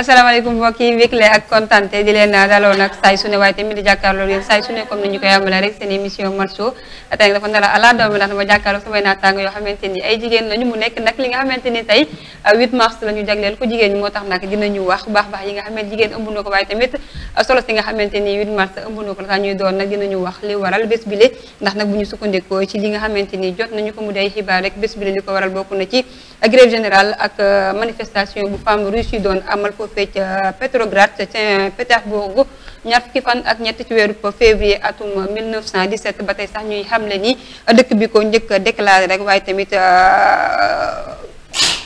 asalaamaaleykum mbokk yi wékle ak kontante di leen daloo nag saay su ne waaye tamit di jàkkaarloo yéen saay su ne comme ni ñu koy amalee rek seen émission Marthiou a ala doomi ndax dama nga xamante ni tey 8 euh, tax nag dinañu wax baax baax yi nga xamante jigéen ëmb na ko waaye tamit euh, solo si na ko lataa ñuy doon nag dinañu wax li waral bés bi ndax nag bu ñu sukkandikoo ci li nga xamante ni jot nañu ko mu day xibaar rek bés bi li ko waral bokk na ci grève générale ak euh, manifestation bu femme russe yi doon amal foofu foofee euh, ca Petrograd ca Pétersbourg fan ak ñett ci weeru février atum 1917 ba tey sax ñuy xamle ni dëkk bi ko njëkk a déclaré rek waaye tamit euh,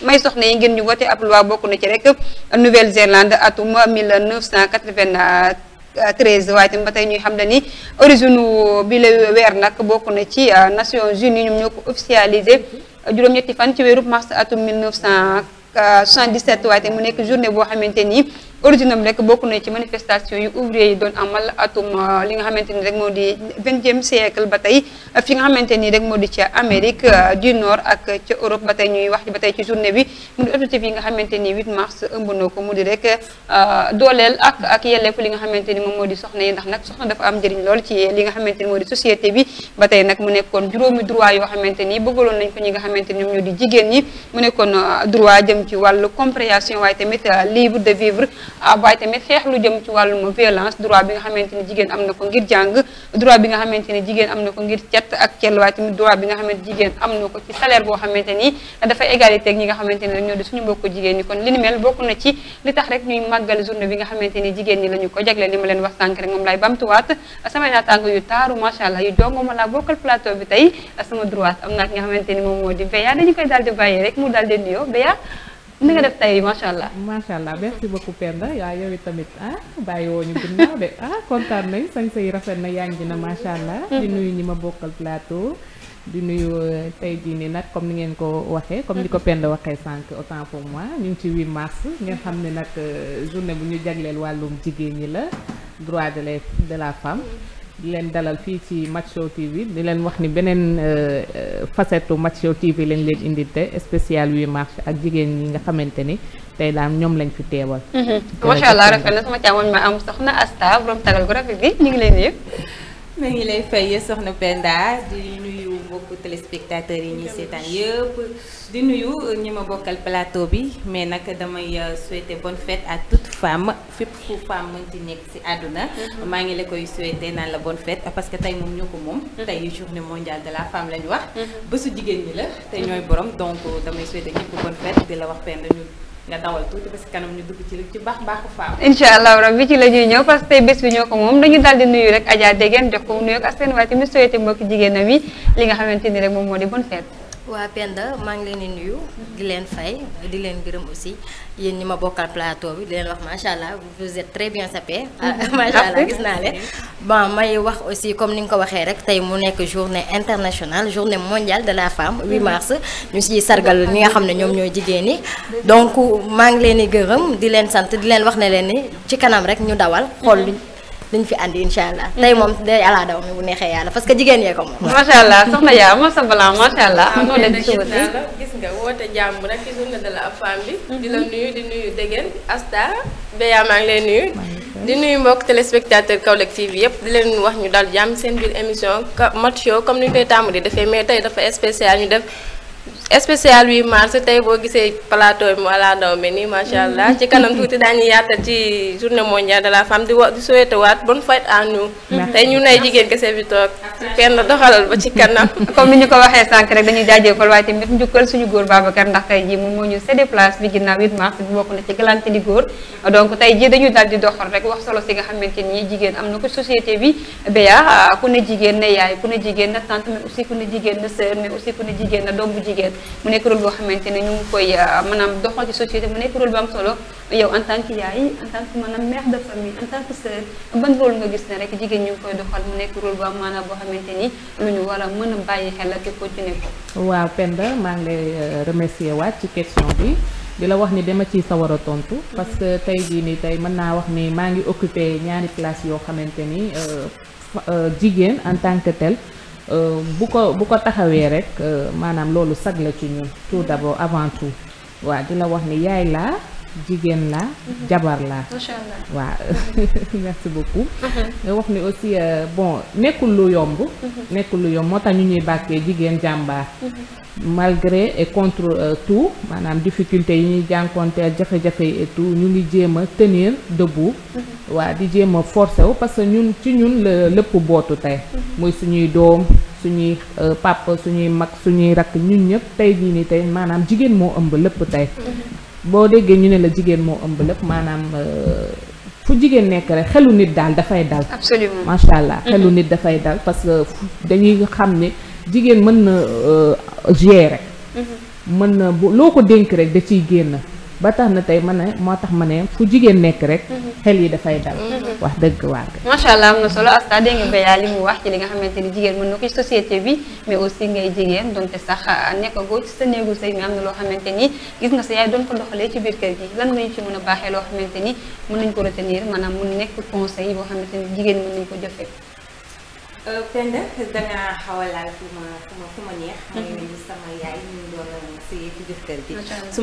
may soxna yi ngir ñu voté ab loi bokk na ci rek Nouvelle-Zélande atum 1980. 13 waaye tamit ba tey ñuy xam ne ni origine bi weer nag bokk na ci euh, Nations Unies ñoom ñoo ko officialisé juróom-ñetti fan ci weeru mars atum 1900. 77 euh, waaye te mu nekk journée boo xamante ni origine am rek bokk na ci manifestation yu ouvrier yi doon amal atum euh, li nga xamante ni rek moo di vingtième siècle ba tey fi nga xamante nii rek moo di ca Amérique euh, du Nord ak ca Europe ba tey ñuy wax ba tey ci journée bi mu di nga xamante ni 8 mars ëmb na ko mu di rek euh, dooleel ak ak yelleefu li nga xamante ni moom moo di soxna yi ndax nag soxna dafa am njëriñ lool ci li nga xamante ni moo di société bi ba tey nag mu nekkoon juróomi droit yoo xamante ni bëggaloon nañ ko ñi nga xamante ni ñoom ñoo di jigéen ñi mu nekkoon droit jëm ci wàllu compréhension waaye tamit libre de vivre Ah, waaye tamit xeex lu jëm ci wàllum violence droit bi nga xamante ni jigéen am na ko ngir jàng droit bi nga xamante ni jigéen am na ko ngir cet ak cell waaye tamit droit bi xamante jigéen am na ko ci salaire boo xamante ni dafa égalité ak ñi nga xamante ni ñoo di suñu mbokk jigéen ñi kon li bokk na ci tax rek ñuy màggal journée bi nga xamante ni jigéen ñi la ñu ko jagleel li ma leen wax sànk rek moom laay bamtuwaat samay naataango yu taaru macha allah yu jongo ma bokkal plateau bi tey sama droit am naa ki nga xamante ni moom moo di Béya dañu koy daal di bàyyi rek mu daal di nuyoo Béya ni nga def tey macha allah. macha allah merci beaucoup Penda waaw yow tamit ah bàyyi woo ñu ginnaaw de ah kontaan nañ sañ say rafet na yaa ngi na macha allah. Mm-hmm. di nuyu ñi ma bokkal plateau. di nuyu euh, tey jii nii nag comme ni ngeen ko waxee comme ni ko mm-hmm. pend waxee sànq autant pour mois ñu ngi ci 8 mars ngeen xam ni nag euh, journée bu ñu jagleel wàllum jigéen ñi la droit de la de di leen dalal fii ci Match Show TV di leen wax ni beneen facette Match Show TV lañ leen indil te spécial 8 mars ak jigéen ñi nga xamante ni tey daal ñoom lañ fi teewal. macha allah rafet na sama càmmoñ ma am soxna Asta borom tagal gu rafet bi ñu ngi lay nuyu. il est fait fay soxna Penda di nuyu mbokku téléspectateurs yi ñuy seetaan yëpp di nuyu ñi ma bokkal plateau bi mais nag damay souhaiter bonne fête à toute femme fépp pour femme mënti nekk ci mhm. Mais il ngi quoi, koy souhaiter naan la bonne fête parce que tey moom ñoo ko moom. Mhm. tey journée mondiale de la femme la ñu wax. Mhm. bésu jigéen ñi la te ñooy borom donc damay souhaiter ñëpp bonne fête de la wax Penda ñu. nga dawal tuuti ba si kanam ñu dugg ci ci baax baaxu faaw. incha allah rabbi ci la ñuy ñëw parce que bés bi ñoo ko moom dañu daal di nuyu rek Adja Dégène jox ko mu nuyoog askan wi waaye tamit souhaité mbokki jigéenam yi li nga xamante ni rek moom moo di bonne fête. waa Penda maa ngi leen di nuyu di leen fay di leen gërëm aussi yéen ñi ma bokkal plateau bi di leen wax macha allah vous êtes très bien sapé ah, macha allah gis naa leen bon may wax aussi comme ni nga ko waxee rek tey mu nekk journée internationale journée mondiale de la femme 8 mm-hmm. mars ñu siy sargal ñi nga xam ne ñoom ñooy donc maa ngi leen di gërëm di leen sant di leen wax ne leen ni ci kanam rek ñu dawal xool mm-hmm. dañ fi andi incha allah. tey moom day ala daw mi bu neexee yàlla parce que jigéen yee ko moom. macha allah soxna yaa ma sa balan macha allah. noo def gis nga woote jàmm rek ci journée de la di la nuyu di nuyu Degen Asta Beya maa ngi lay nuyu. di nuyu mbokk téléspectateur Kaolack TV yëpp di leen wax ñu daal jàmm seen biir émission match comme ni ñu koy tàmm di defee mais tey dafa spécial ñu def. spécial 8 mars tay bo gisé plateau mo ala ndaw mi nii macha allah ci kanam touti daañu yaatal ci journée mondiale de la femme di di souhaiter wat bonne fête à nous. tay ñu nay jigen kessé bi tok kenn doxalal ba ci kanam. comme niñu ko waxé sank rek dañuy jaajëfal waaye tamit ñukkal suñu góor Babacar ndax tay ji mo mo ñu cédé place bi ginnaw 8 mars bi bokku na ci galante di goor donc tay ji dañuy dal di doxal rek wax solo si nga xamanteni ñi jigen amna ko société bi béya ku ne jigen na yaay ku ne jigen na tante mais aussi ku ne jigen na sœur mais aussi ku ne jigen na doom jigen mu nekk rôle boo xamante ne ñu ngi koy euh, maanaam doxal ci société mu nekk rôle bu am solo yow en tant que yaay en tant que maanaam mère de famille en tant que sœur ban nga gis ne rek jigéen ñu ngi koy doxal mu nekk rôle boo am maanaam boo xamante ni lu ñu war a mën a bàyyi xel ak continuer ko. waaw Penda maa ngi lay euh, remercier waat ci question bi. di la wax ni dama ciy sawar a tontu. Mm-hmm. parce que tey jii nii tey mën naa wax ni maa ngi occupé ñaari place yoo xamante ni euh, jigéen en tant que tel. Euh, bu ko bu ko taxawee rek euh, maanaam loolu sag la ci ñun tout d'abord avant tout waa di la wax ni yaay laa jigéen la mhm. jabar la merci beaucoup mhm. nga wax aussi euh, bon nekkul lu yomb mhm. nekkul lu yomb moo ñuy bàkkee jigéen jàmbaar malgré et contre euh, tout maanaam difficulté yi ñuy jànkonteel jafe-jafe et tout ñu ngi jéem tenir debout waa di jéem a forcé wu parce que ñun ci ñun la lépp bootu tey muy suñuy doom suñuy euh, papa suñuy mag suñuy rakk ñun ñëpp tey jii nii tey maanaam jigéen moo ëmb lépp tey boo déggee ñu ne la jigéen moo ëmb lépp maanaam euh, fu jigéen nekk rek xelu nit daal dafay dal. absolument macha allah mm-hmm. xelu nit dafay dal parce que dañuy xam ne jigéen mën na euh, gérer. Mm-hmm. mën na bu loo ko dénk rek da ciy génn. ba tax na tey mën a moo tax ma ne fu jigéen nekk rek mhm. xel yi dafay dal mhm. wax dëgg waar macha allah am na solo asta dégg nga béyaa li mu wax ci li nga xamante ni jigéen mën na ko ci société bi mais aussi ngay jigéen donte sax ah, nekkagoo ci sa néegu am na loo xamante ni gis nga sa yaay doon ko ci biir kër lan nga ñu ci mën a baaxee loo xamante ni mën nañ ko retenir maanaam mu nekk conseil boo xamante ni jigéen mën nañ ko jëfee Penda danga xaw su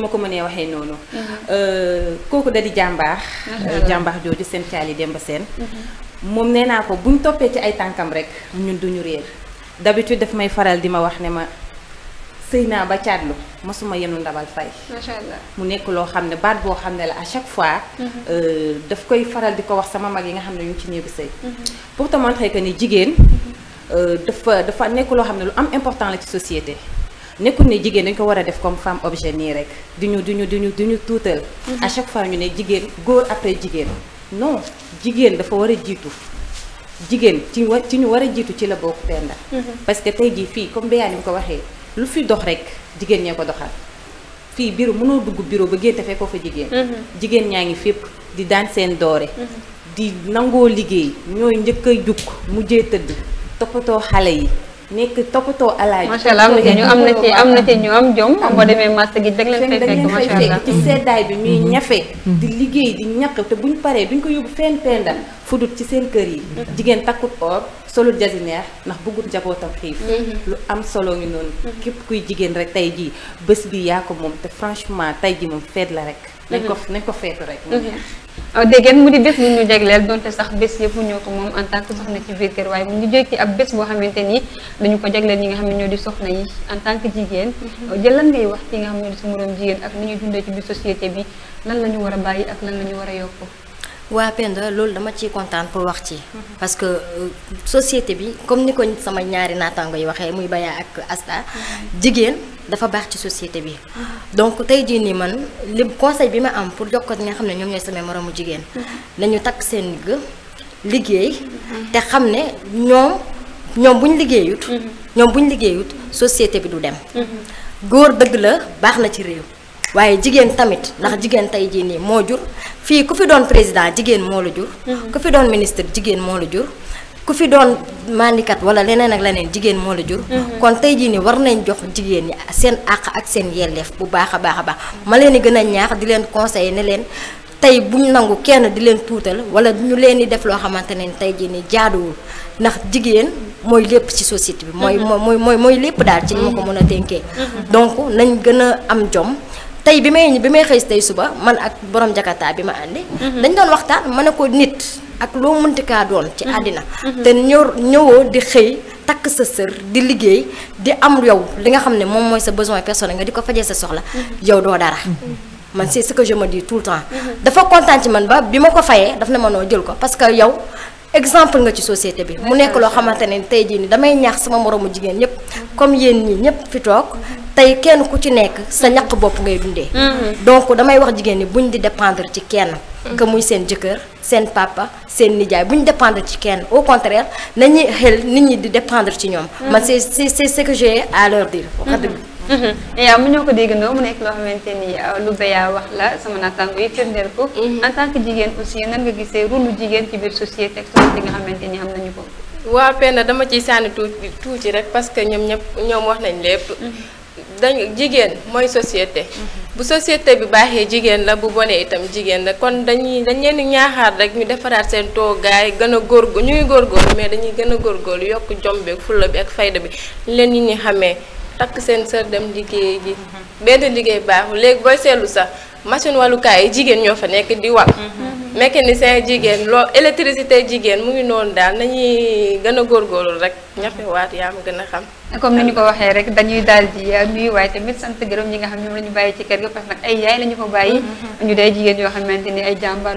ma ko mënee waxee noonu. kooku da di jàmbaar. jàmbaar jooju seen caali Demba Seen. moom nee naa ko buñ toppee ci ay tànkam rek ñun duñu réer d'habitude daf may faral di ma wax ne ma. sëy naa ba caat caatlu mosuma yenu ndabal fay mu nekk loo xam ne baat boo xam ne la à chaque fois mm-hmm. euh, daf koy faral di ko wax sama mag yi nga xam ne ñu ci néegu sëy mm-hmm. pour te montrer que ni jigéen mm-hmm. euh, dafa dafa nekk loo xam ne lu am important la ci societé nekkul ne jigéen dañ ko war a def comme femme objet nii rek di ñu di ñu di ñu di ñu tuutal à chaque fois ñu ne jigéen góor après jigéen non jigéen dafa war a jiitu jigéen ci wa ci ñu war a jiitu ci la bokk tenda parce que tey jii fii comme Béyani bi ko waxee lu fi dox rekk jigéen ñee ko doxal fii bureau mënoo dugg bureau ba génn te fekkoo fa jigéen. Mhm. jigéen ñaa ngi fépp di daan seen doore. Mhm. di nangoo liggéey ñooy njëkk a jukk mujjee tëdd toppatoo xale yi. nekk toppatoo alaaj. macha allah ñu am na ci am na ci ñu am jom. boo demee màtt gi dégg leen fay fekk macha allah ci seddaay bi ñuy mhm. ñafe. Mhm. di liggéey di ñaq te buñ paree duñ ko yóbbu fenn pendal fudut ci seen kër yi. Mhm. jigéen takkut or solul jasineer ndax bëggut jabootam xiif lu am solo ngi noonu. képp kuy jigéen rek tey jii bés bi yaa ko moom te franchement tey jii moom feet la rek. nañ ko nañ ko feetu rek. Euh, dégg ngeen mu di bés bu ñu jéglél donte sax bés yëpp ñoo ko moom en tant que soxna ci biir kër way mu ñu jég ab bés bo xamanteni dañu ko jéglél ñi nga xamni ñoo di soxna yi en tant que mm-hmm. euh, jël lan ngay wax ki nga xamni ak ni dundé ci bi société bi lan lañu wara bayyi ak lan lañu wara yokku waa Penda loolu dama ciy kontaan pour wax ci. parce que euh, société bi comme ni ko sama ñaari naataango yi waxee muy Baya ak Asta. jigéen dafa baax ci société bi. donc tey jii nii man li conseil bi ma am pour jokkoo ñi nga xam ne ñoom ñooy samay moromu jigéen. nañu takk seen gë liggéey. te xam ne ñoom ñoom buñ liggéeyut. ñoom buñ liggéeyut société bi du dem. Mhm. góor dëgg la baax na ci réew. waaye jigéen tamit ndax jigéen tey jii nii moo jur fii ku fi doon président jigéen moo la jur mhm. ku fi doon ministre jigéen moo la jur ku fi doon mandikat wala leneen ak leneen jigéen moo la jur mhm. kon tey jii nii war nañ jox jigéen ñi seen àq ak seen yelleef bu baax a baax a baax ma leen di gën a ñaax di leen conseiller ne leen tey buñ nangu kenn di leen tuutal wala ñu leen di def loo xamante ne tey jii nii jaaduwul ndax jigéen mooy lépp ci société bi mooy mhm. mooy mooy mooy lépp daal ci ni ma ko mën a dénkee donc nañ gën a am jom tey bi may ñi bi may xëy tey suba man ak borom jakarta bi ma àndi mhm. dañ doon waxtaan mën a ko nit ak loo mënti kaa doon ci mhm. àddina mhm. te ñëw ñëwoo di xëy takk sa sër di liggéey di am yow li nga xam ne moom mooy sa besoin personnel nga di ko fajee sa soxla yow doo dara man c'est ce que je me tout le temps dafa kontaan ci man ba bi ma ko fayee daf na ma noo jël ko parce que yow exemple nga ci société bi mu nekk loo xamante ne tey jii ni damay ñaax sama moroomu jigéen ñëpp comme yéen ñi ñëpp fi toog tey kenn ku ci nekk sa ñaq bopp ngay dundee mm-hmm. donc damay wax jigéen ñi buñ di dépendre ci kenn mm-hmm. que muy seen jëkkër seen papa seen nijaay bu ñu dépendre ci kenn au contraire nañuy xel nit ñi di dépendre ci ñoom mm-hmm. man c'est c'est ce que j'ai à leur dire yaa mm-hmm. euh, mu ñoo ko déggandoo mu nekk loo xamante ni euh, lu béyaa wax la sama naataango yi firndeel ko mm-hmm. en tant que jigéen aussi nan nga gisee rôle jigéen ci biir société ak société nga xamante ni am nañu ko waa Penda dama ciy sànni tuuti tuuti rek parce que ñoom ñëpp ñoom wax nañ lépp mm-hmm. dañu jigéen mooy societé bu société bi baaxee jigéen la bu bonee itam jigéen la kon dañuy dañ leen di ñaaxaar rek ñu defaraat seen toogaay gën a góor góorgóorlu ñuy góor góorgóorlu mais dañuy gën a góorgóorlu yokk jom bi ak fulla fayda bi leen ñi ñu xamee takk seen sër dem liggéey gi benn liggéey baaxul léegi booy seetlu sax machine walukaay yi jigéen ñoo fa nekk di wal mhm. mécanicien jigéen loo électricité jigéen mu ngi noonu daal nañuy gën a góor góorgóorlu rek ñafe waat yaa ma gën a xam comme ni ñu ko waxee rek dañuy daal di nuyu waaye tamit sant gërëm ñi nga xam ñoom la bàyyi ci kër gi parce nag ay yaay la ko bàyyi mm-hmm. ñu day jigéen yoo xamante ni ay jàmbaar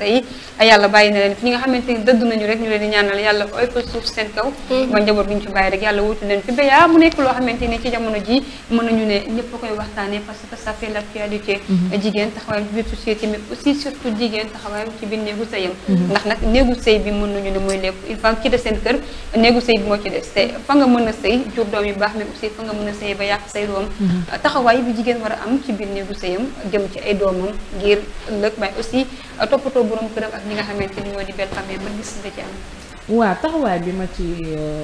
ay a yàlla bàyyi na leen fi nga xamante ni dëdd nañu rek ñu leen ñaanal yàlla oy ko suuf seen kaw mm-hmm. ba njaboot bi ñu ci bàyyi rek yàlla wutu leen fi ba yaa mu nekk loo xamante ni ci jamono ji mën nañu ne ñëpp koy waxtaanee parce que ça fait l'actualité mm-hmm. jigéen taxawaayam ci ci biir néegu sëyam ndax nag néegu sëy bi mën nañu ne mooy lépp une femme ki de seen kër néegu sëy bi moo ci des te fa nga mën a sëy jur doom yu baax mais aussi fa nga mën a sëy ba yàq say doom mhm. taxawaay bi jigéen war a am ci biir néegu sëyam jëm ci ay doomam ngir ëllëg mais aussi toppatoo boroom këram ak ñi nga xamante ni ñoo di belle famille ba gis nga ci am waaw bi ma ci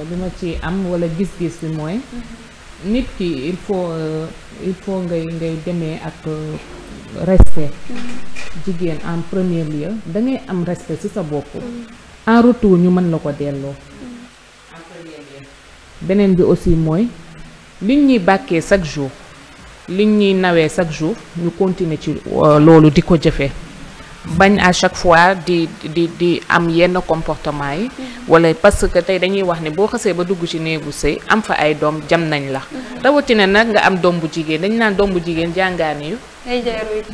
bi ci am wala gis-gis mooy mhm. nit ki il faut euh, il faut ngay ngay demee ak euh, respect jigéen en premier lieu da am respect ci sa bopp en retour ñu mën la ko delloo en beneen bi aussi mooy liñ ñuy bàkkee chaque jour liñ ñuy nawee chaque jour ñu continuer ci euh, loolu di ko jëfe bañ à chaque fois di di di am yenn comportement yi wala parce que tey dañuy wax ne boo xasee ba dugg ci néegu sëy am fa ay doom jam nañ la mm-hmm. rawatina nag nga am doom bu jigéen dañ naan doom bu jigéen jàngaani yu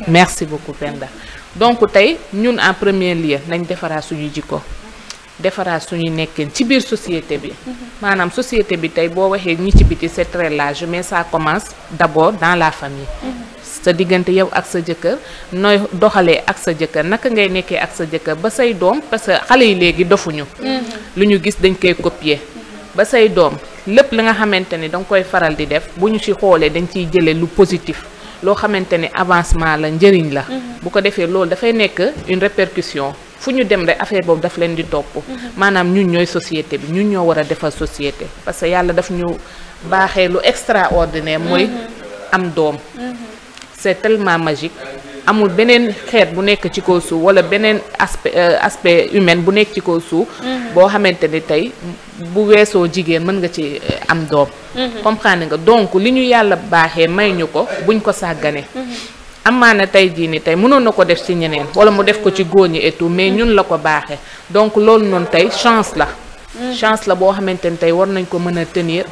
merci beaucoup Penda donc tey ñun en première lieu nañ defaraat suñu jikko defaraat suñu nekkin ci biir société bi maanaam société bi tey boo waxee ñi ci biti c'est très large mais ça commence d'abord dans la famille sa diggante yow ak sa jëkkër nooy doxalee ak sa jëkkër naka ngay nekkee ak sa jëkkër ba say doom parce que xale yi léegi dofuñu mm-hmm. lu ñu gis dañ koy copier ba say doom lépp li nga xamante ni danga koy faral di def bu ñu ci xoolee dañ ciy jëlee lu positif loo xamante ni avancement la njëriñ la mhm. bu ko defee loolu dafay nekk une répercussion fu ñu dem rek affaire boobu daf leen di topp mhm. maanaam ñun ñooy société bi ñun ñoo war a defal société parce que yàlla daf ñu baaxee lu extraordinaire mooy mhm. am doom c'est tellement magique amul beneen xeet bu nekk ci ko suuf wala beneen euh, aspect aspect humaine bu nekk ci ko suuf. Mm-hmm. boo xamante ni tey bu weesoo jigéen mën nga ci euh, am doom. Mm-hmm. comprendre nga donc li ñu yàlla baaxee may ñu ko buñ ko sàggane mm-hmm. amaana tey jii ni tey mënoon na ko def ci ñeneen wala mu def ko ci góor ñi et mais ñun la ko baaxee donc loolu noonu tey chance la. chance la boo xamante ni tey war nañ ko mën a tenir.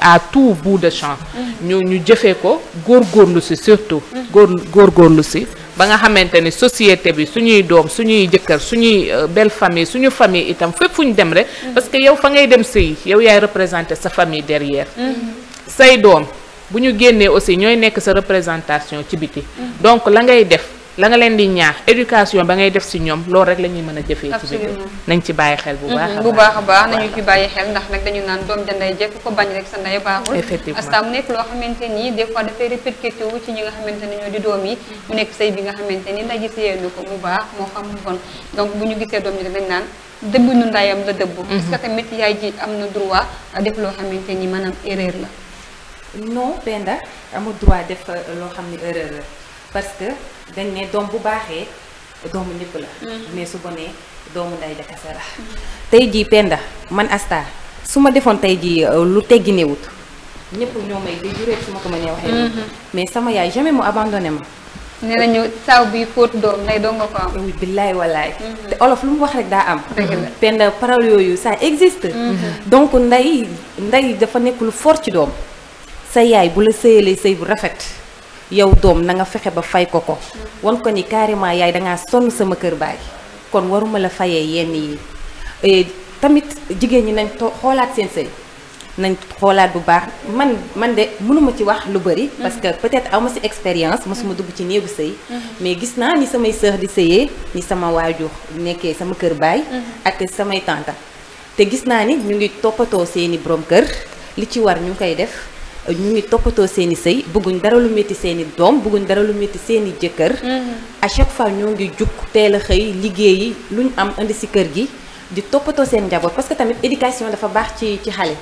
à tout bout de champ. nous ñu surtout. nous société bi suñuy euh, belle famille famille itam des choses. Mm-hmm. parce que yow fa sa famille derrière. Mm-hmm. say aussi sa représentation ci biti. Mm-hmm. donc la ngay la nga len di ñaax éducation ba ngay def ci ñom lool rek lañuy mëna jëfé ci bëgg nañ ci bàyyi xel bu mhm, baax bu baax a baax nañu ci bàyyi xel ndax nak dañu naan doom janday jekk ko bañ rek sa nday baaxul effectivement parce que mu nekk loo xamante des fois da fay répercuté wu ci ñi nga xamante ñoo di doom yi mu nekk sey bi nga xamanteni la gis nu ko mu baax mo xam mu bon donc bu ñu gisee doom yi dañ naan debbu ñu ndayam la debbu mhm. est ce que tamit yaay ji am na droit def lo xamanteni manam erreur la non benda amu droit def euh, lo xamni erreur parce que dañ ne doom bu baaxee doomu ñëpp la mais mm-hmm. su bonee doomu nday jakase la tey jii Penda man Asta su ma defoon tey jii euh, lu teggi newut ñëpp ñoo may di jureet su ma ko mënee waxee mm-hmm. mais sama yaay jamais mu abandonné ma ne nañu saw bi fóot doom nday doo nga ko am billaay wallaay mm-hmm. te olof lu mu wax rek daa am Penda parole yooyu saa existe donc nday nday dafa nekk lu fort ci doom sa yaay bu la sëyalee sëy bu rafet yow dom na nga fexé ba fay koko won ko ni carrément yaay da nga son sama kër baay kon waruma la fayé yenn yi eh, tamit jigéen ñi nañ xolaat seen sey nañ xolaat bu baax man man de mënuma ci wax lu bari parce que mhm. peut-être awma ci expérience mosuma dugg ci néegu sey mhm. mais gis na ni samay sœur di seyé ni sama wajur nekkee sama kër baay mhm. ak samay tante té gis na ni ñu ngi topato seeni borom kër li ci war ñu koy def ñu ngi toppatoo seeni i sëy bëgguñ dara lu métti seeni doom bëgguñ dara lu métti seen i jëkkër. Mm-hmm. à chaque fois ñoo ngi jug teel a xëy liggéeyi ñu am indi si kër gi di toppatoo seen njaboot parce que tamit éducation dafa baax ci ci xale.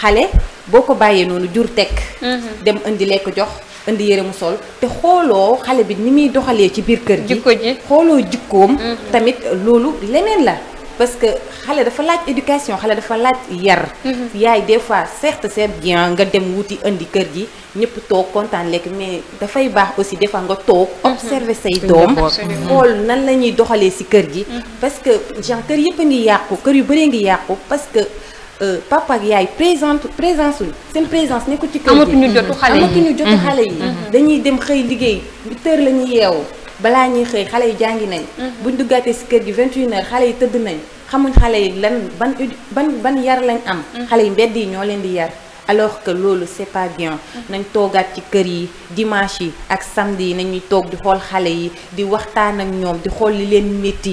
xale boo ko bàyyee noonu jur tekk mm-hmm. dem indi lekk jox indi yére mu sol te xooloo xale bi ni muy doxalee ci biir kër gi jikko ji xooloo jikkoom mm-hmm. tamit loolu leneen la parce que xalé dafa laaj éducation xalé dafa laaj yar. Mhm. yaay des fois certes c'est bien nga dem wuti indi kër gi ñëpp toog kontaan lekk mais fay bax aussi des fois nga toog. Mhm. observer say doom xool nan lañuy doxalé ci kër gi. Mhm. parce que genre kër yëpp ngi yaqku kër yu bëree ngi yaqku parce que. Euh, papa ak yaay présente présence c'est une présence nekkul ci kër gi amatuñu jotu xale yi amatuñu jotu xale yi dañuy dem xëy liggéey huit heures la ñuy yeewu balaa ñuy xëy xale yi jàngi nañ mhm. buñ duggaatee si kër gi 21 heures xale yi tëdd nañ xamuñ xale yi lan ban ban ban yar lañ am mhm. xale yi mbedd yi ñoo di yar alors que loolu c'est pas bien mhm. nañ toogaat ci kër yi dimanche yi ak samedi yi nañuy toog di xool xale yi di waxtaan ak ñoom di xool li leen métti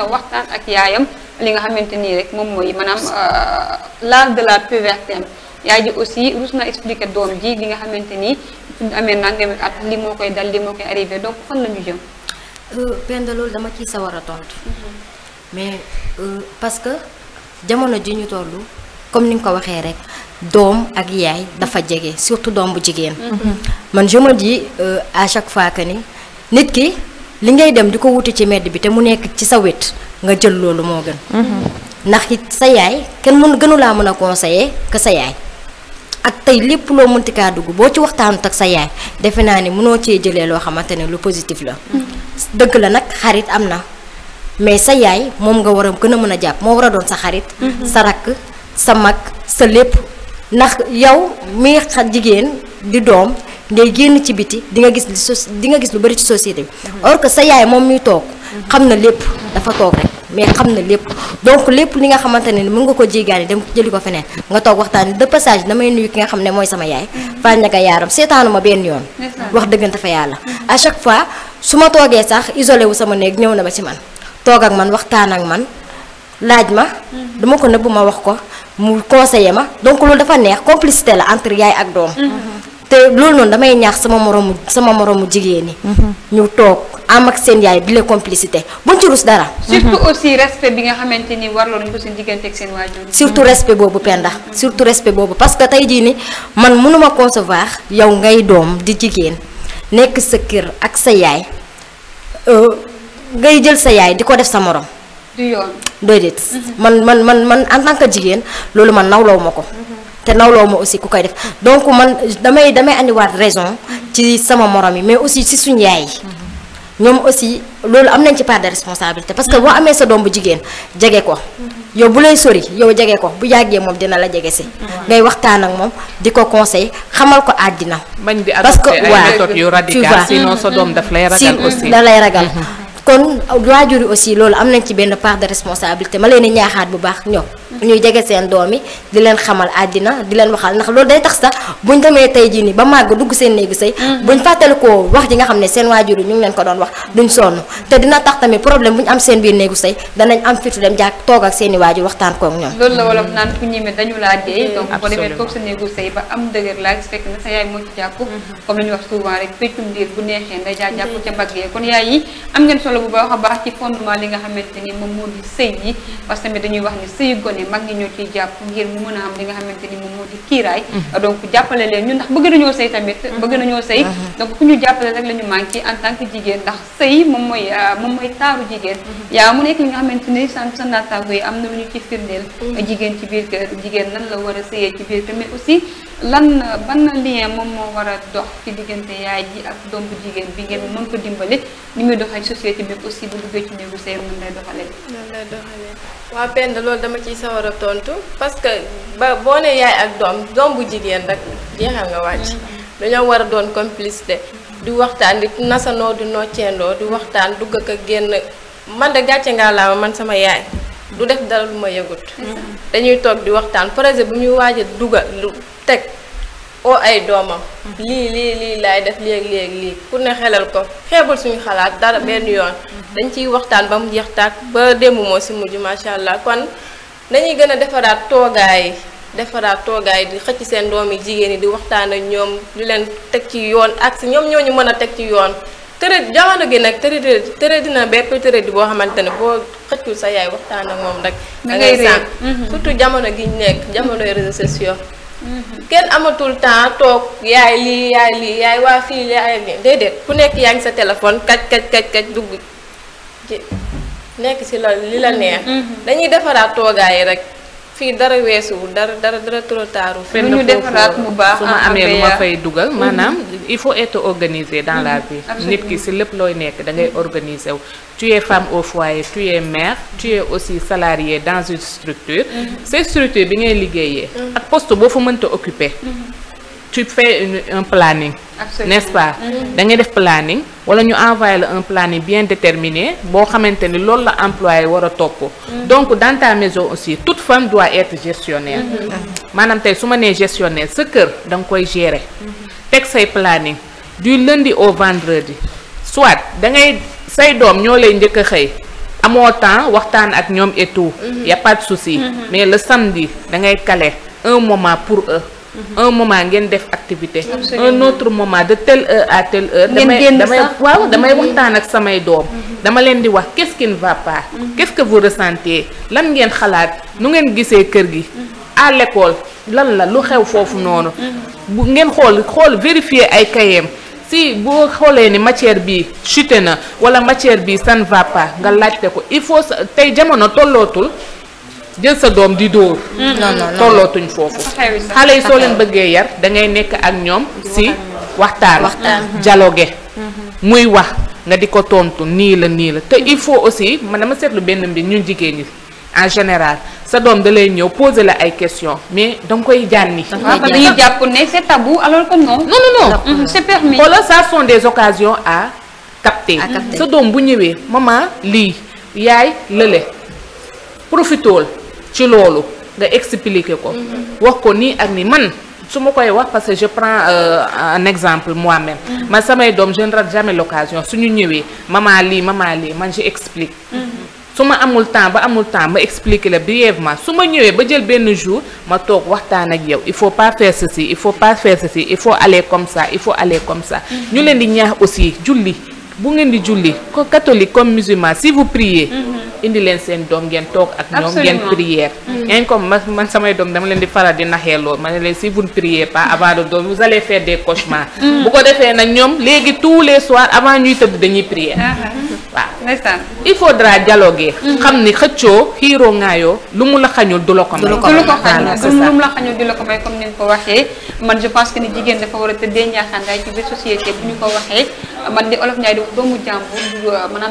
na waxtaan ak yaayam li nga xamante nii rek moom mooy maanaam euh, l'âge de la puberté yaay ji aussi rus na expliqué doom ji li nga xamante nii suñu amee nangami at li moo koy dal li moo koy arrivé donc fan la ñu jëm. Euh, Penda loolu dama ciy sawar a tontu. Mm-hmm. mais euh, parce que jamono ji ñu toll comme ni nga ko waxee rek doom ak yaay dafa jege surtout doom bu jigéen. Mm-hmm. man je me à chaque fois que ni nit ki. li ngay dem di ko wuti ci medd bi te mu nekk ci sa wet nga jël loolu moo gën. Mm-hmm. ndax it sa yaay kenn mën gënu laa mën a conseiller que sa yaay. ak tey lépp loo mënti kaa dugg boo ci waxtaanut ak sa yaay defe naa ni munoo cee jëlee loo xamante ne lu positif la. Mm-hmm. dëgg la nag xarit am na mais sa yaay moom nga war a gën a mën a jàpp moo war a doon sa xarit. Mm-hmm. sa rakk sa mag sa lépp. ndax yow mi xa jigéen di doom ngay génn ci biti di nga gis li so di nga gis lu bari ci société bi mhm. or que sa yaay moom muy toog xam na lépp dafa toog rek mais xam na lépp donc lépp li nga xamante ne mën nga ko jéegaane dem jëli ko feneen nga toog waxtaan de passage damay nuyu ki nga xam ne mooy sama yaay mhm. faa ñaga yaaram seetaanuma benn yoon wax dëggante fa yàlla à chaque fois su ma toogee sax isolé wu sama néeg ñëw na ba ci man toog man waxtaan ak man laaj ma. dama ko nëbb ma wax ko mu conseiller ma donc loolu dafa neex complicité la entre yaay ak doom. te loolu noonu damay ñaax sama moromu sama moromu jigéen ñi. ñu toog am ak seen yaay bi la complicité buñ ci rus dara. surtout aussi respect bi nga xamante ni warloo nañ ko seen diggante seen waajur. surtout respect boobu Penda. surtout respect boobu parce que tey jii ni man mënuma concevoir yow ngay doom di jigéen nekk sa kër ak sa yaay euh, ngay jël sa yaay di ko def sa morom. du yoon man man man man en tant que jigéen loolu man nawloo ma ko. te nawloo ma aussi ku koy def donc man damay damay andiwaat raison ci sama morom yi mais aussi si suñu yaay yi. ñoom aussi loolu am nañ ci part de responsabilité parce que boo amee sa doom bu jigéen jege ko yow bu lay sori yow jege ko bu yàggee moom dina la jege si. ngay waxtaan ak moom di ko conseil xamal ko àddina. bañ di adopté ay méthodes yu sa doom daf lay ragal aussi lay ragal. Mm-hmm. kon waajur yi aussi loolu am nañ ci benn part de responsabilité ma leen di ñaaxaat bu baax ñoom. Mm-hmm. ñuy jege seen doom yi di leen xamal àddina di leen waxal ndax loolu day tax sax buñ demee tey jii nii ba màgg dugg seen néegu sëy mm-hmm. buñ fàttali ko wax ji nga xam ne seen waajur yi ñu ngi leen ko doon wax duñ sonn te dina tax tamit problème bu ñu am seen biir néegu sey danañ am fitu dem jàkk toog ak seen i waajur waxtaan koog ñoom. loolu la wolof naan ku mm-hmm. ñu wax souvent neexee nday solo bu baax a baax ci fondement li nga xamante ni moom moo di sëy yi parce que tamit dañuy wax ni sëyu gone mag ñi ñoo ciy jàpp ngir mu mën a am li nga xamante ni moom moo di kiiraay mm-hmm. donc jàppale leen ñu ndax bëgg nañoo sëy mm-hmm. mm-hmm. donc ku ñu jàppale rek la ñu en tant jigéen ndax sëy moom mooy euh, moom mooy taaru jigéen yaa mu nekk li nga xamante ni san sa naataango yi am na lu ñu ci firndeel jigéen ci biir kër jigéen nan la war a sëyee ci biir kër mais aussi lan ban na lien moom moo war a dox ci diggante yaay ji ak doom bu jigéen bi ngeen mën ko dimbali li muy doxee société bi aussi bu duggee ci néegu sëy mën lay doxalee. nan lay doxalee waa Penda loolu dama ciy sawar a tontu parce que ba boo nee yaay ak doom doom bu jigéen rek jeexal nga wàcc. Mm-hmm. dañoo war a doon complicité. Mm-hmm. di waxtaan di nasanoo di noccendoo di waxtaan dugg ak génn man de gàcce ngaa laa man sama yaay. du def dara lu ma yëgut dañuy toog di waxtaan projet bu ñuy waaj a dugal lu teg oo ay doomam lii lii lii laay def léeg-léeg lii pour ne xelal ko xeebal suñu xalaat dara benn yoon dañ ciy waxtaan ba mu jeex tàkk ba démb moo si mujj macha allah kon dañuy gën a defaraat toogaay defaraat toogaay di xëcc seen doom yi jigéen yi di waxtaan ak ñoom di leen teg ci yoon ak si ñoom ñoo ñu mën a teg ci yoon tërë jamono gi nag tërë tërë dina bépp tërë di boo xamante ne boo xëccul sa yaay waxtaan ak moom rek. da ngay sànq mhm. surtout jamono gi nekk jamono réseaux sociaux. Mhm. kenn amatul temps toog yaay lii yaay lii yaay waa fii yaay lii déedéet ku nekk yaa ngi sa téléphone kaj kaj kaj kaj dugg ci nekk si la li la neex. Mhm. dañuy defaraat toogaay rek. il faut être organisé dans la mhm. vie. tu es femme au foyer tu es mère tu es aussi salarié dans une structure. Mhm. ces structures bi ngay mhm. poste tu fais un planning. n'est-ce pas mm-hmm. da ngay def planning wala ñu envoyé la un planning bien déterminé boo xamante ni loolu la employé war a topp mm-hmm. donc dans maison aussi tout femme doit être gestionnaire mm-hmm. maanaam tey su ma nee gestionnaire sa kër da nga koy gérer teg say planning du lundi au vendredi soit da ngay say doom ñoo lay njëkk a xëy amoo temps waxtaan ak ñoom et tout y a souci mais le samedi da ngay caler un moment pour eux un moment ngeen def activité. un autre moment de telle heure à telle heure. damay damay waaw damay mhm. waxtaan ak samay doom. Mhm. dama leen di wax qu'est-ce qui ne va pas. Mhm. qu'est-ce vous ressentez lan ngeen xalaat nu ngeen gisee kër gi. à l'école lan la lu xew foofu noonu. bu ngeen xool xool vérifier ay kayem si boo xoolee ni matière bi chuté na wala matière bi san vapa va nga laajte ko il faut tey jamono tollootul. jël sa doom di dóor. Mm. non non tollootuñ foofu. xale yi soo leen bëggee yar da ngay nekk ak ñoom si waxtaan. Mm-hmm. dialogue mm-hmm. muy wax nga di ko tontu nii la nii la te il faut aussi man dama seetlu benn mbir ñun jigéen ñi en général sa doom da lay ñëw poser la ay question mais danga koy jànni. Ah, dañuy jàpp ne c'est tabou alors que non. non non non mm-hmm. c'est permis. Alors ça sont des occasions à capter. sa doom bu ñëwee maman lii yaay lële profitool ci loolu nga expliquer ko. Mhm. wax ko ni ak ni man. su koy wax parce que je prends euh, un exemple moi-même. Mhm. Ma samay dom je ne rate jamais l'occasion suñu ñëwé mama maman mama maman man je explique. Mhm. su ma amul temps ba amul temps ma expliquer le brièvement su ma ba jël ben jour ma tok waxtaan ak yow il faut pas faire ceci il faut pas faire ceci il faut aller comme ça il faut aller comme ça. ñu leen di ñaax aussi julli. bu ngeen di julli ko catholique comme musulman si vous priez. Mhm. indi leen seen doom ngeen toog ak ñoom ngeen prière ngeen mhm. comme man samay doom dama leen di faral di naxee lool ma ne leen si vous ne priez pas avant de dormir vous allez faire des mhm. bu ko defee nag ñoom léegi tous les soirs avant ñuy tëdd dañuy prière ah, ah. waaw il faudra dialoguer xam ni xëccoo xiiroo ngaayoo lu mu la xañul du la ko may du la ko xañul du may comme ni ko waxee man je pense que ni jigéen dafa war a tëddee njaaxaandaay ci biir société bu ñu ko waxee man di olof Njaay doomu jàmbur euh, man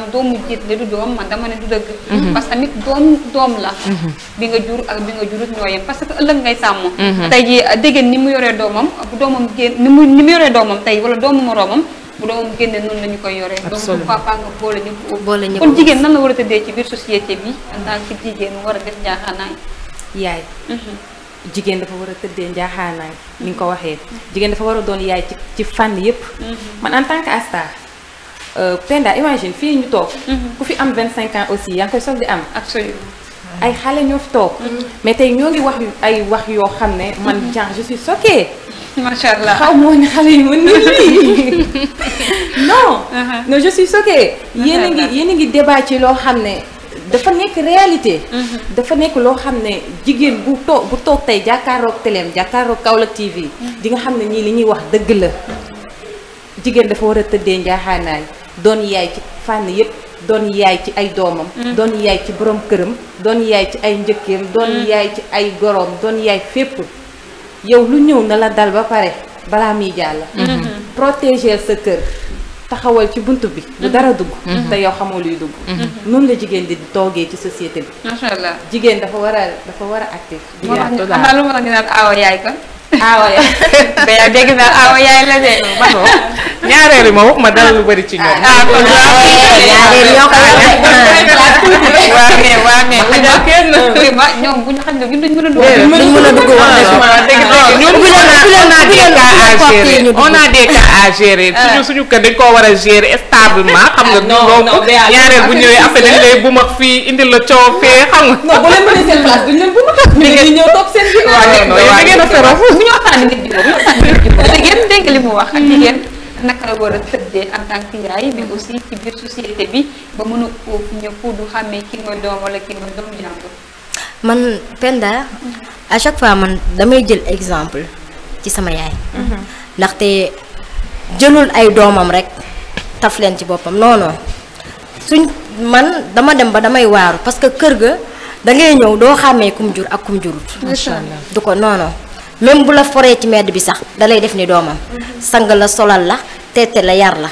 dama ne du dëgg mhm. parce que tamit doom doom la mhm. bi nga jur ak bi nga jurut ñoo yem parce que ëllëg ngay sàmm mhm. tey ji euh, ni mu yoree doomam bu doomam génn ni mu ni mu yoree doomam tey wala doomu moroomam bu doomam génne noonu la ñu koy yoree donc papa nga boole ñu boole ñu kon jigéen nan la war a tëddee ci biir société bi en tant que jigéen war a def jigéen dafa war a tëddee njaaxaanaay ni nga ko waxee jigéen dafa war a doon yaay ci ci fànn yépp mm-hmm. man en tant que Asta euh, Penda imagine fii ñu toog mm-hmm. ku fi am vingt cinq ans aussi yaa ngi koy soog di am ay xale ñoo fi toog mm-hmm. mais tey ñoo ngi wax ay wax yoo xam ne man genre je suis choquée macha allah xaw moo ne xale yi mën na lii non uh-huh. non je a ngi yéen a ngi débat ci loo xam ne dafa nekk réalité. Mm-hmm. dafa nekk loo xam ne jigéen bu toog bu toog tey jàkkaaroog teleem jàkkaaroog Kaolack TV. Mm-hmm. di nga xam ne ñii li ñuy wax dëgg la. jigéen dafa war a tëddee njaaxaanaay doon yaay ci fànn yépp doon yaay ci ay doomam. Mm-hmm. doon yaay ci boroom këram. doon yaay ci ay njëkkeem. doon yaay ci ay goroom doon yaay fépp. yow lu ñëw na la dal ba pare balaa muy jàll. protéger sa kër. taxawal ci bunt bi du mhm. dara dugg mhm. te yow xamoo luy dugg mhm. noonu la jigéen di toogee ci société bi macha allah jigéen dafa war a dafa war a actif am na lu ma yaay kan awa dégg naa awa yaay la de man moom ñaareel ma dal bari ci ñoom. ah kon xam ne bu ñu xam ne duñ mën a dugg. duñ a dugg wax dëgg ñun on a des cas à gérer suñu kër dañ koo war a gérer stablement xam nga. non non ñaareel bu ñëwee après dañ lay bu fii indil la coow xam nga. bu leen mënee seen place duñ leen bu mag. ñu ñëw toog seen ginnaaw. waaw non non bu nit nit dégg li mu wax ak la tëddee en tant mais aussi ci biir a du ki doom wala ki doom man Penda à chaque fois man damay jël exemple ci sama yaay hmm. jëlul ay doomam rek taf ci non man dama dem ba damay parce que kër ga da ngay kum jur même bu la foree ci medd bi sax dalay def ni doomam mm-hmm. sang la solal la tete la yar la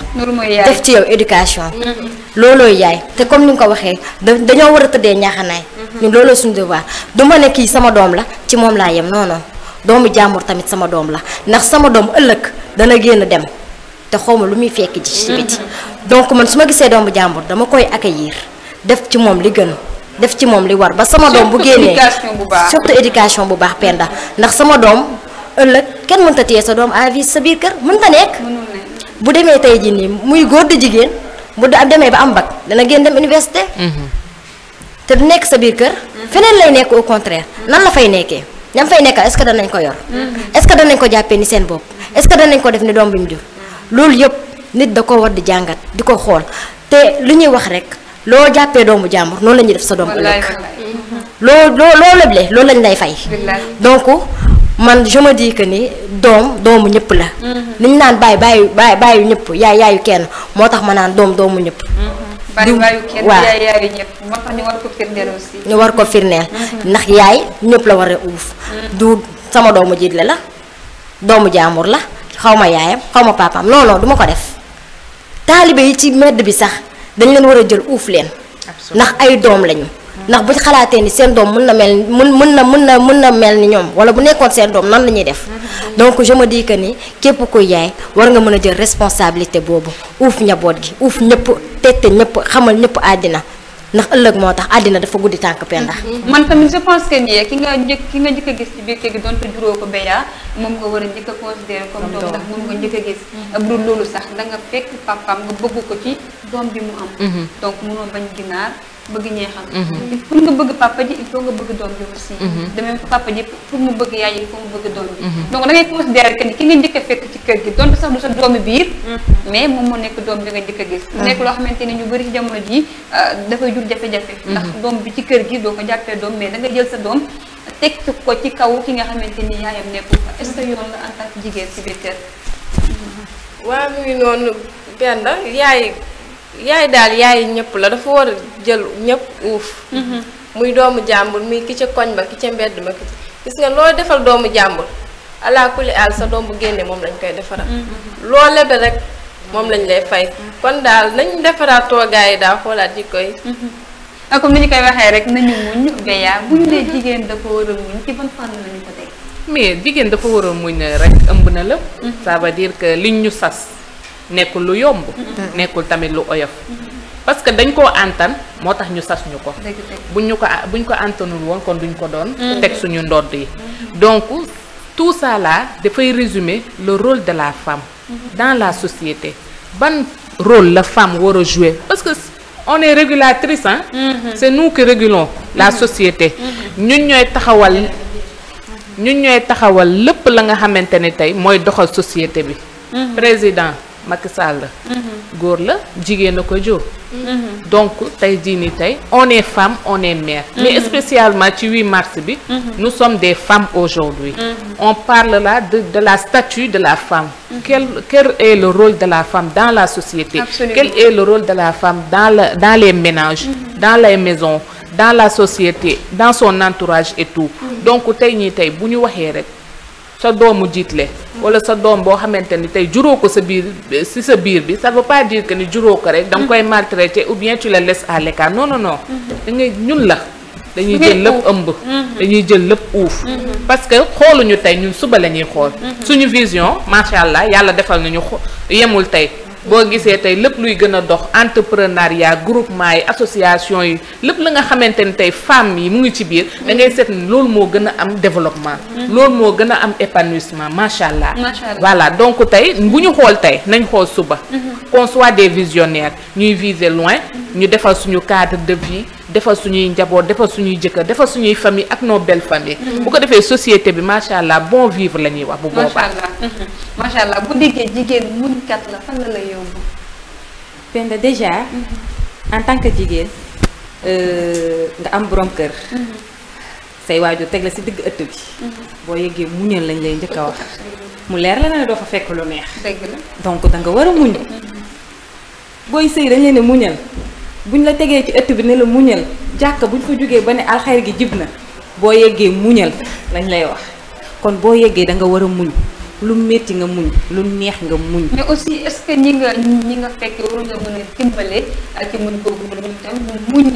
def ci yow éducation mm-hmm. loolooy yaay te comme ni nga ko waxee dañoo war a tëddee ñaaxanaay mm-hmm. ñun looloo suñu devoir du ma ne kii sama doom la ci moom laa yem non doomu jàmbur tamit sama doom la ndax sama doom ëllëg dana génn dem te xawma lu muy fekk ji ci biti donc man su ma gisee doomu jàmbur dama koy accueillir def ci moom li gën def ci moom li war ba sama doom bu génnee surtout éducation bu baax penda ndax sama doom ëllëg kenn mënta téye sa doom à vie sa biir kër mënta nekk bu demee tey jii nii muy góor di jigéen bu demee ba am bac dana génn dem université mhm. te du nekk sa biir kër feneen lay nekk au contraire nan la fay nekkee ñam fay nekkal est-ce que danañ ko yor mhm. est-ce que danañ ko jàppee ni seen bopp est-ce que danañ ko def ni doom bi mu jur loolu yëpp nit da ko war di jàngat di ko xool te lu ñuy wax rek loo jàppee doomu jàmbur noonu la def sa doom ëllëg loo loo loo leble loolu lañ lay fay donc man je me dis ni doom doomu ñëpp la li mm-hmm. ñu naan bàyyi bàyyi bàyyi bàyyi ñëpp yaay yaayu kenn moo tax ma naan doom doomu ñëpp mm-hmm. ñu war ko firndeel mm-hmm. ndax yaay ñëpp la war a uuf du sama doomu jiit la doomu jaambur la xaw ma yaayam xaw ma papaam non duma ko def taalibe yi ci medd bi sax dañ leen war a jël uuf leen ndax ay doom lañu ndax bu xalaatee ni seen doom mën na mel mën mën na mën na mën na mel ni ñoom wala bu nekkoon seen doom nan lañuy def donc je me ni képp kuy yaay war nga mën a jël responsabilité boobu uuf njaboot gi uuf ñëpp tette ñëpp xamal ñëpp àddina ndax ëllëg moo tax àddina dafa guddi tànk penda mhm. man tamit je pense que nii ki nga njëkk ki nga njëkk a gis ci biir kër gi donte juróo ko béyaa moom nga war a njëkk a considéré comme doom ndax moom nga njëkk a gis mhm. bu dul loolu sax da nga fekk papam nga bëgg ko ci doom bi mu am mhm. donc mënoo bañ ginaar bëgg ñeexam mhm. pour nga bëgg papa ji il faut nga bëgg doom ji aussi mhm. de même que papa ji pour mu bëgg yaay ji il faut bëgg doom ji mhm. donc da ngay considérer ni ki nga njëkk fekk ci kër gi euh, bi ci kër gi doo ko jàppee doom mais da nga jël sa doom teg ko ci kaw ki nga xamante ni yaayam nekku fa est yoon la en tant que jigéen ci biir kër waaw muy noonu benn yaay yaay daal yaay ñëpp la dafa war jël ñëpp uuf mhm. muy doomu jàmbur muy ki ca koñ ba ki ca mbedd ma ki gis nga loo defal doomu jàmbur ala kulli sa doom bu génnee moom lañ koy defaral mhm. loo lebe rek moom lañ lay fay mhm. kon daal nañu defaraat toogaay yi daal xoolaat ji koy ak comme ni ñu koy waxee rek nañu muñ Beya bu ñu nee jigéen dafa war a muñ ci ban fànn lañu ko teg mais jigéen dafa war a muñ rek ëmb na la ça veut li ñu sas nekul lu yomb. nekul tamit lu oyof. parce que dañ ko antan motax ñu sas ñuko ko. buñ ko buñ ko antanul won kon duñ ko doon. Mm. tek suñu ndodd yi. donc tout ça là dafay résumer le rôle de la femme. Mm-hmm. dans la société ban rôle la femme wara jouer parce que on est régulatrice hein, mm-hmm. c'est nous qui régulons la mm-hmm. société. ñun ñoy taxawal ñun ñoy taxawal lepp la nga xamantene tay moy doxal société bi. président. Macky Sall mm-hmm. la. la mm-hmm. donc on est femme on est mère. Mm-hmm. mais spécialement ci 8 mars nous sommes des femmes aujourd'hui on parle là de la statue de la femme. quel est le rôle de la femme dans la société. quel est le rôle de la femme dans dans les ménages. dans les maisons dans la société dans son entourage et tout donc tay ni tay sa doomu jiitle wala sa doom boo xamante ni tey juróo ko sa biir si sa biir bi ça veut pas dire que ni juróo ko rek danga koy maltraité ou bien tu la laisses à l'écart non non non ngay ñun la dañuy jël lépp ëmb mm-hmm. dañuy jël lépp uuf mm-hmm. parce que xooluñu tey ñun suba la ñuy xool mm-hmm. suñu vision macha allah yàlla defal nañu yemul tey boo gisee tey lépp luy gën a dox entrepreneuriat groupement yi association yi lépp la nga xamante ni tey femmes yi mu ngi ci biir da ngay seet ni loolu moo gën a am développement mm-hmm. loolu moo gën a am épanouissement macha allah voilà donc tey bu ñu xool tey nañ xool suba mm-hmm. qu'on soit des visionnaires ñuy viser loin mm-hmm. ñu defal suñu cadre de vie defal suñuy njaboot defal suñuy jëkkër defal suñuy famille ak nos belles familles. Mm-hmm. bu ko defee société bi macha allah bon vivre la ñuy wax. bu boobaa macha allah mm-hmm. macha allah bu déggee jigéen muñkat la fan la la yóbbu. Penda déjà. Mm-hmm. en tant que jigéen euh, nga am borom kër. say waajur teg la si digg ëtt bi. boo yeggee muñal lañ lay njëkk a wax. mu leer la ne doo fa fekk lu neex. dëgg la donc danga nga war a muñ. booy sëy dañ leen ne muñal. buñ la tegee ci ëtt bi ne la muñal jàkka buñ fa jógee ba ne alxayr gi jib na boo yeggee muñal lañ lay wax kon boo yeggee da nga war a muñ lu métti nga muñ lu neex nga muñ. mais aussi est-ce que ñi nga ñi nga fekk waru nga mën a dimbale ak ci muñ googu muñ tam muñ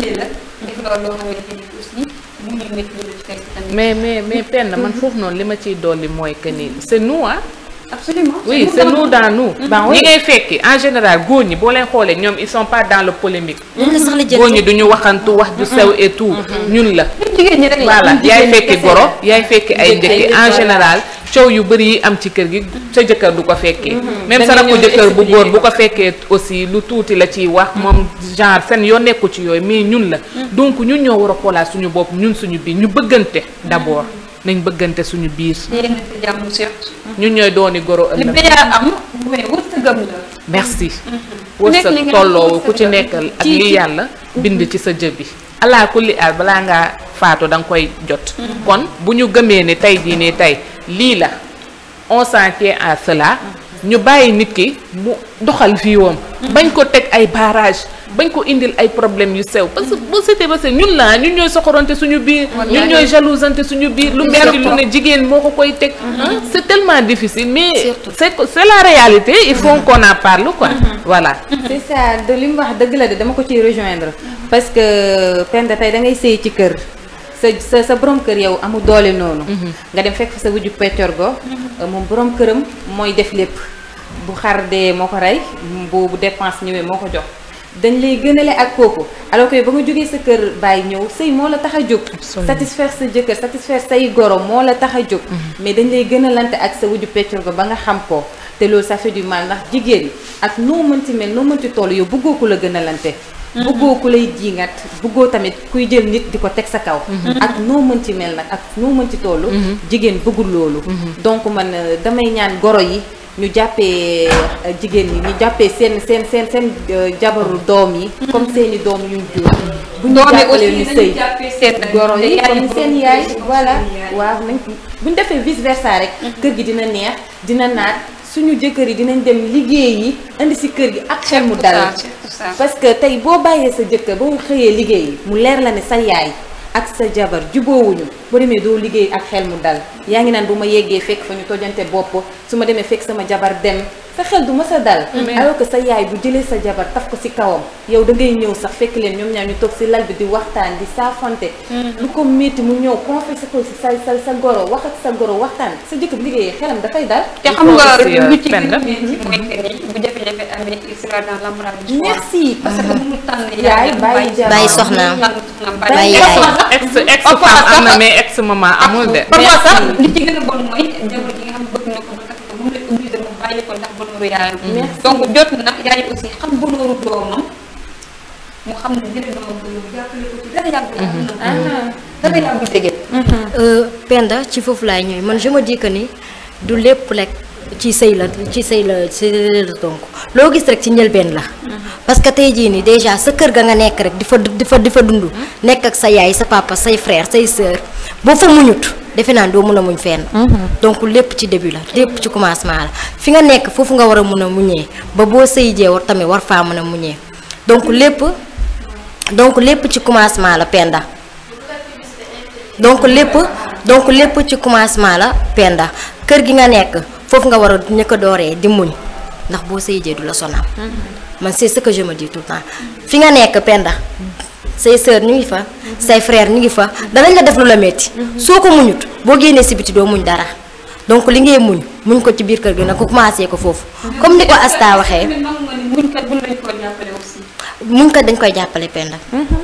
mais mais mais na man foofu noonu li ma ciy dolli mooy que ni c'est nous oui c'est nous dans nous. Mhm. Ni ben ngay que en général ne sont pas leen la ils sont pas dans le polémique. Mhm. wax ils sew mhm. et tout. ñun la. voilà goro ay en général les yu bari am ci kër gi sa même sa la bu bu ko aussi la polémique, wax mom genre ci mais ñun la. donc ñun ñoo wara suñu nous ñun suñu bi ñu d'abord. nañ bëggante suñu biir. ñu ñooy dooni goro ëllëg. li am mais mm-hmm. tolloowu ku ci nekk ak li yàlla bind ci sa jëb bi. alaa kulli al balaa ngaa faatu da koy jot. Mm-hmm. kon bu ñu gëmee ni tey jii tey lii la on s'en à cela. ñu bàyyi nit ki mu doxal viwam bañ ko teg ay barrage bañ ko indil ay problème yu sew parce que boo seetee ba seet ñun laa ñun ñooy soxorante suñu biir ñun ñooy jalousante suñu biir lu metti lu ne jigéen moo ko koy teg mm-hmm. hein? c'est tellement difficile mais c'est c'est la réalité il faut mm-hmm. qu'on en parle quoi mm-hmm. voilà c'est ça de li mu wax dëgg la de dama ko ciy rejoindre parce que Penda tey da ngay sëy ci kër sa sa borom kër yow amul doole noonu nga dem fekk fa sa wujju peccorgo moom borom këram mooy def lépp bu xar dee moo ko rey bu bu dépense ñëwee moo ko jox dañ lay gënale ak kooku alors ba nga jógee sa kër bàyyi ñëw sëy moo la tax a jóg satisfaire sa jëkkër satisfaire say goro moo la tax a jóg mm-hmm. mais dañ lay gënalante ak sa wuju peccor ba ba nga xam ko te loolu ça fait mal ndax jigéen ak noo mënti mel noo mënti toll yow bëggoo ku la gënalante mm-hmm. bëggoo ku lay jiingat bëggoo tamit kuy jël nit di ko teg sa kaw mm-hmm. ak noo mënti mel nag ak noo mënti toll jigéen bëggul loolu donc man damay ñaan goro yi ñu jàppee euh, jigéen ñi ñu jàppee seen seen seen seen euh, jabaru doom yi. comme seeni doom yu ñu jur. bu ñu jàppalee ñu sëy yi comme seen yaay voilà waaw nañ bu ñu defee vice versa rek. Mhm. kër gi dina neex dina naat suñu jëkkër yi dinañ dem liggéey yi indi si kër gi ak xel mu dal. parce que tey boo bàyyee sa jëkkër ba xëyee liggéey mu leer la ne sa yaay. ak sa jabar wuñu bo demé do liggéey ak xel mu dal yaangi nan buma yeggé ma yeggee fekk fa ñu tojante bopp fekk sama jabar dem sa xel du massa dal alors que sa yaay bu jëlé sa jabar taf ko ci kawam yow da ngay ñëw sax fekk leen ñom ñaar ñu toog si lal bi di waxtaan di saafante mm-hmm. lu ko metti mu ñëw confesser ko si sal sal sa goro wax ak sa goro waxtaan sa jëk liggéeyee xelam fay dal té xam nga lu ci gën a métti jafe-jafe merci parce que bu mu tànn yaay bàyyi soxnaam bàyyi soxnaam ex ex amul de. parfois ci donc jot na yaay aussi xam bonooru doomam mu xam ne jël doomam ko yow jàppale ko mhm. Mhm. Mhm. Euh, Penda ci foofu laay ñëw man je me ni du lépp lekk. ci sëy la ci sëy la ci donc loo gis rek ci njëlbeen la. Mm-hmm. parce que tey jii nii déjà sa kër ga nga nekk rek di fa di fa di fa dundu mm-hmm. nekk ak sa yaay sa papa say frère say sœur boo fa muñut defe naa doo mun a muñ fenn. Mm-hmm. donc lépp ci début la lépp ci commencement la fi nga nekk foofu nga war a mun a muñee ba boo sëy jee war tamit war faa mun a muñee donc lépp donc lépp ci commencement la penda donc lépp donc lépp ci commencement la penda kër gi nga nekk. foofu nga war a ña ko dooree di muñ ndax boo sëy jee du la sonal. Mm-hmm. man c'est sa que je me dis fi nga nekk Penda say sœur ñu ngi fa mm-hmm. say frère ñu ngi fa danañ la def lu la metti mm-hmm. soo ko muñut boo génnee si biti doo muñ dara donc li ngay muñ muñ ko ci biir kër gi nag ko commencé ko foofu comme ni ko Asta waxee muñ ko dañ koy jàppale Penda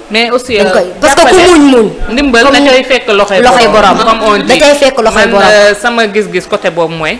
mais aussi dañ euh, koy parce que ku muñ muñ ndimbal da cay fekk loxoy borom da cay fekk loxoy borom euh, sama gis-gis côté boobu mooy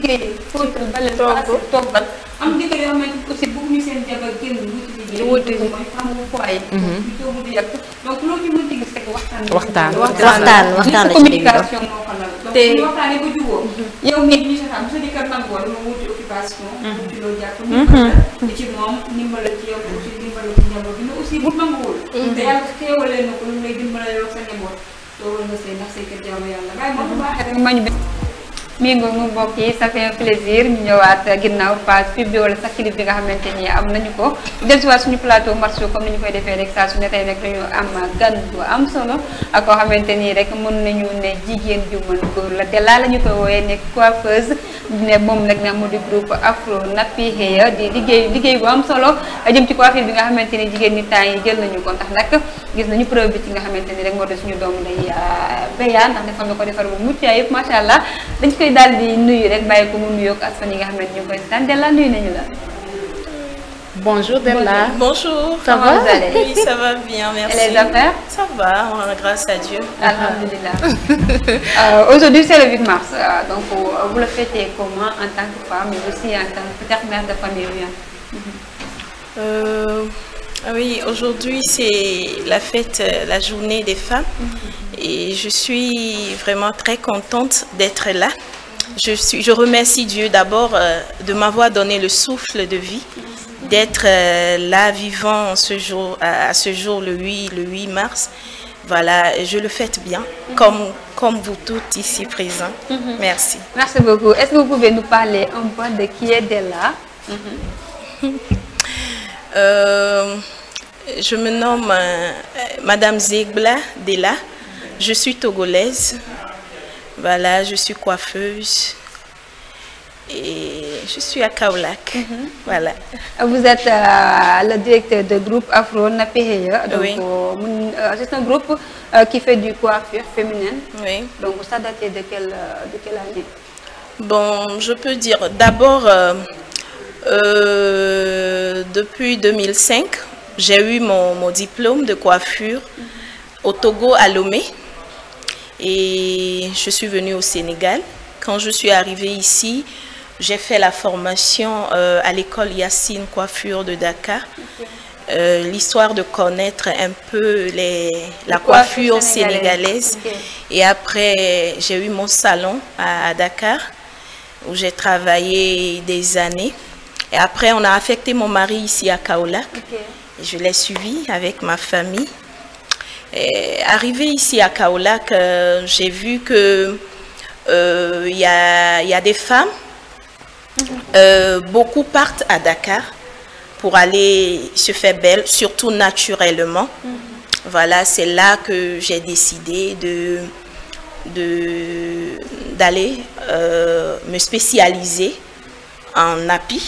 liggéey fóotal bale togg toggal am jëkkër yoo xamante aussi bëgguñu seen jabar génn wuti liggéey wuti mooy xam nga foyer ñu mhm. toogu di yàgg donc loolu ñu mënti gis rek waxtaan waxtaan waxtaan la communication moo ko lal donc ñu waxtaanee ba juboo mhm. yow mii ñu seetaan bu sa jëkkër nangoon ma wuti occupation mhm. wuti loo jàpp ni ci moom ndimbal la ci yow aussi ndimbal la ci njaboot bi mais aussi bu nanguwul te yàlla xéewalee na ko lu lay dimbalee yow sa njaboot loolu nga sëy ndax say kër jaamu yàlla waaye moom bu baaxee rek mañu mi ngi mu mbokk yi ça fait un plaisir ñu ñëwaat ginnaaw page pub bi wala sax bi nga xamante nii am nañu ko del siwaat suñu plateau marché comme ni ñu koy defee rek saa su ne tey rek dañu am gan bu am solo ak koo xamante nii rek mën nañu ne jigéen ju mën góor la te laa la ñu koy wooyee ne coiffeuse ne moom nag na mu di groupe afro nappi xëya di liggéey liggéey bu am solo jëm ci coiffure bi nga xamante ni jigéen ñi temps yi jël nañu ko ndax na gis nañu preuve bi ci nga xamante ni rek moo de suñu doom day euh, béya ndax defal na ko defar bu mucc ayib macha allah dañ koy daal di nuyu rek bàyyi ko mu nuyoog askan yi nga xamante ñu ngi koy seetaan Della nuyu nañu la. Bonjour Della. Bonjour. Ça va Oui, ça va bien, merci. Et les affaires Ça va, grâce à Dieu. Alhamdulillah. euh, Aujourd'hui, c'est le 8 mars. Euh, donc, euh, vous le fêtez comment en tant que femme, mais aussi en tant que mère de famille euh, ah oui, aujourd'hui c'est la fête, euh, la journée des femmes et je suis vraiment très contente d'être là. Je, suis, je remercie Dieu d'abord euh, de m'avoir donné le souffle de vie, d'être euh, là vivant ce jour, à ce jour le 8, le 8 mars. Voilà, je le fête bien, comme, comme vous toutes ici présents. Mhm. Merci. Merci beaucoup. Est-ce que vous pouvez nous parler un peu de qui est Della Euh, je me nomme euh, Madame Zegbla Dela, Je suis togolaise. Voilà, je suis coiffeuse. Et je suis à Kaolak. Mhm. Voilà. Ah, vous êtes euh, la directrice du groupe Afro Napeheya. Oui. C'est un groupe qui fait du coiffure féminine. Oui. Donc, ça date de de quelle année Bon, je peux dire d'abord. Euh, depuis 2005, j'ai eu mon, diplôme de coiffure au Togo, à Lomé. Et je suis venue au Sénégal. Quand je suis arrivée ici, j'ai fait la formation euh, à l'école Yacine Coiffure de Dakar. Euh, l'histoire de connaître un peu la coiffure sénégalaise. Et après, j'ai eu mon salon à Dakar où j'ai travaillé des années. Et après, on a affecté mon mari ici à Kaolac. Je l'ai suivi avec ma famille. Et arrivé ici à Kaolac, euh, j'ai vu que il euh, y, a, des femmes. Mhm. Euh, beaucoup partent à Dakar pour aller se faire belle, surtout naturellement. Mhm. Voilà, c'est là que j'ai décidé de d'aller me spécialiser en API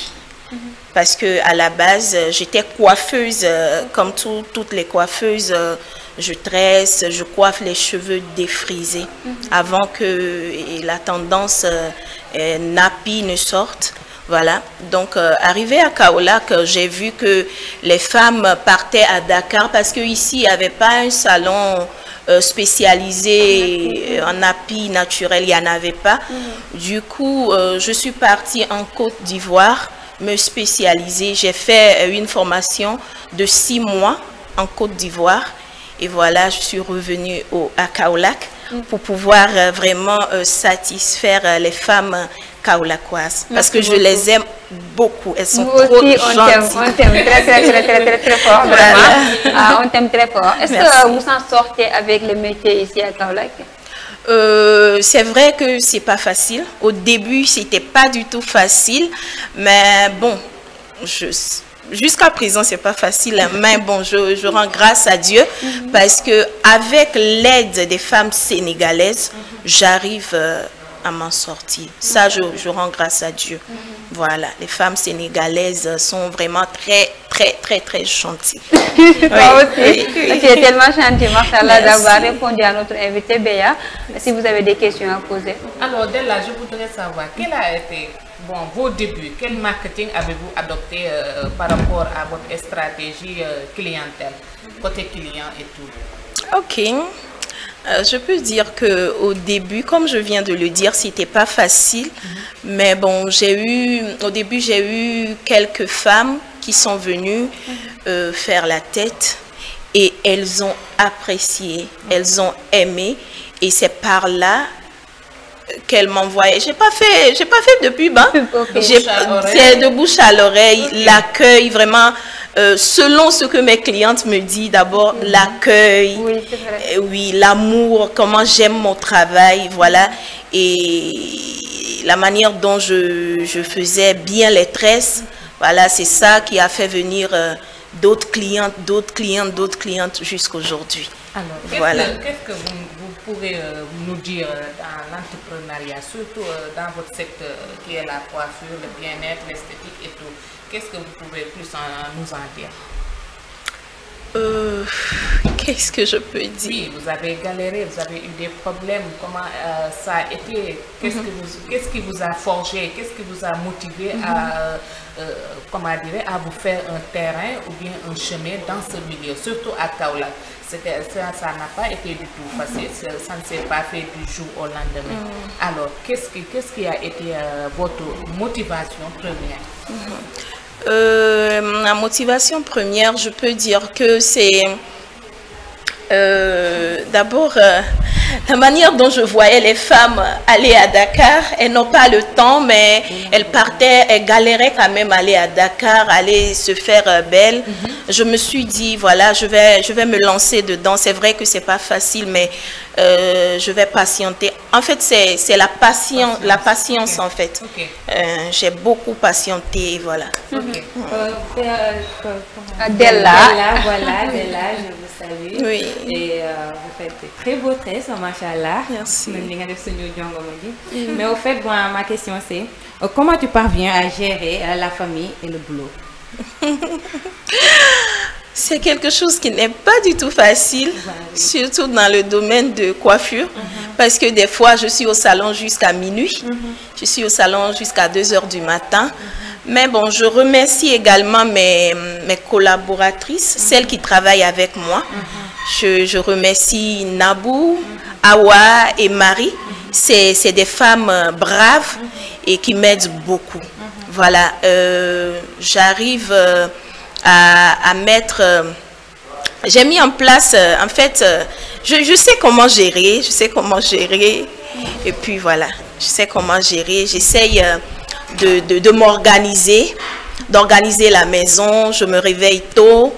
parce que à la base, j'étais coiffeuse, euh, comme toutes les coiffeuses, euh, je tresse, je coiffe les cheveux défrisés mhm. avant que la tendance euh, nappie ne sorte. Voilà, donc arrivée arrivé à Kaolac, j'ai vu que les femmes partaient à Dakar parce qu'ici, il n'y avait pas un salon spécialisé en nappie naturel, il n'y en avait pas. Mhm. Du coup, je suis partie en Côte d'Ivoire me spécialiser. J'ai fait euh, une formation de six mois en Côte d'Ivoire. Et voilà, je suis revenue au, à Kaolac mm. pour pouvoir euh, vraiment euh, satisfaire les femmes kaolakoises. Parce que je les aime beaucoup. Elles sont trop aussi, on gentilles. on t'aime très, très, très, très, très, fort, ah, on t'aime très fort. Est-ce que vous en sortez avec le métier ici à Kaolac euh, c'est vrai que c'est pas facile. Au début, c'était pas du tout facile, mais bon, jusqu'à présent, c'est pas facile. Hein. mais bon, je, rends grâce à Dieu mhm. parce que avec l'aide des femmes sénégalaises, mhm. j'arrive. Euh, à m'en sortir. Ça, je, rends grâce à Dieu. Voilà, les femmes sénégalaises sont vraiment très, très, très, très gentilles. Ok, tellement gentil, Marcella, d'avoir répondu à notre invité Béa. Si vous avez des questions à poser. Alors, Della, je voudrais savoir, quel a été bon, vos débuts Quel marketing avez-vous adopté euh, par rapport à votre stratégie euh, clientèle, côté client et tout Ok. Euh, je peux dire que au début, comme je viens de le dire, c'était pas facile. Mhm. Mais bon, j'ai eu, au début, j'ai eu quelques femmes qui sont venues mhm. euh, faire la tête et elles ont apprécié, mhm. elles ont aimé. Et c'est par là qu'elle m'envoyait. J'ai pas fait, j'ai pas fait depuis pub. Hein. C'est de bouche à l'oreille, l'accueil vraiment. Euh, selon ce que mes clientes me disent, d'abord mhm. l'accueil, euh, oui, l'amour, comment j'aime mon travail, voilà, et la manière dont je, faisais bien les tresses, voilà, c'est ça qui a fait venir euh, d'autres clientes, d'autres clientes, d'autres clientes jusqu'aujourd'hui. Voilà pouvez euh, nous dire euh, dans l'entrepreneuriat, surtout euh, dans votre secteur qui est la coiffure, le bien-être, l'esthétique et tout, qu'est-ce que vous pouvez plus nous en dire Qu'est-ce que je peux dire Oui, vous avez galéré, vous avez eu des problèmes. Comment ça a été mm-hmm. Qu'est-ce qui vous a forgé Qu'est-ce qui vous a motivé à, mm-hmm. comment dire, à vous faire un terrain ou bien un chemin dans ce milieu, surtout à Kaolack ça n'a pas été du tout facile, ça ne s'est pas fait du jour au lendemain. Mm. Alors, qu'est-ce qui, qui, a été euh, votre motivation première mm-hmm. euh, Ma motivation première, je peux dire que c'est euh, d'abord, euh, la manière dont je voyais les femmes aller à Dakar, elles n'ont pas le temps, mais elles partaient, elles galéraient quand même aller à Dakar, aller se faire euh, belle. Mhm. Je me suis dit, voilà, je vais, je vais me lancer dedans. C'est vrai que c'est pas facile, mais je vais patienter. En fait, c'est la patience, la patience en fait. J'ai beaucoup patienté, voilà. Okay. Mhm. Adela. voilà, Adela, je vous salue. Oui et euh, vous faites de très beaux tresses, hein, machallah. Merci. à les mm. Mais au fait, ma question c'est euh, comment tu parviens à gérer euh, la famille et le boulot C'est quelque chose qui n'est pas du tout facile, surtout dans le domaine de coiffure, mhm. parce que des fois, je suis au salon jusqu'à minuit, mhm. je suis au salon jusqu'à 2 heures du matin. Mhm. Mais bon, je remercie également mes, mes collaboratrices, celles qui travaillent avec moi. Je, remercie Nabou, Awa et Marie. C'est des femmes euh, braves et qui m'aident beaucoup. Voilà, euh, j'arrive... Euh, à, mettre... Euh, j'ai mis en place, euh, en fait, euh, je, sais comment gérer, je sais comment gérer. Et puis voilà, je sais comment gérer. J'essaye de, de, m'organiser, d'organiser la maison. Je me réveille tôt,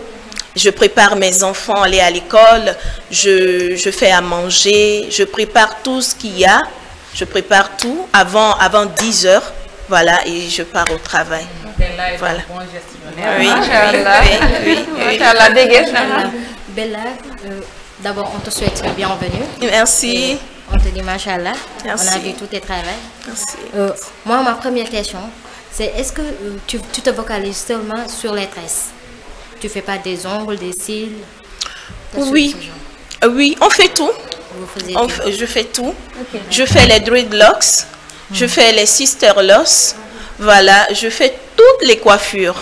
je prépare mes enfants à aller à l'école, je, je, fais à manger, je prépare tout ce qu'il y a. Je prépare tout avant, avant 10 heures. Voilà, et je pars au travail. Bella est voilà. un bon gestionnaire. Oui, ah, oui, Bella, euh, d'abord, on te souhaite le bienvenue. Merci. on te dit Machallah. On a vu tout tes travaux. Merci. Euh, moi, ma première question, c'est est-ce que euh, tu, tu, te vocalises seulement sur les tresses Tu fais pas des ongles, des cils Oui. Oui, on fait tout. Je fais tout. Je fais les dreadlocks. Je fais les sister loss, Voilà, je fais toutes les coiffures.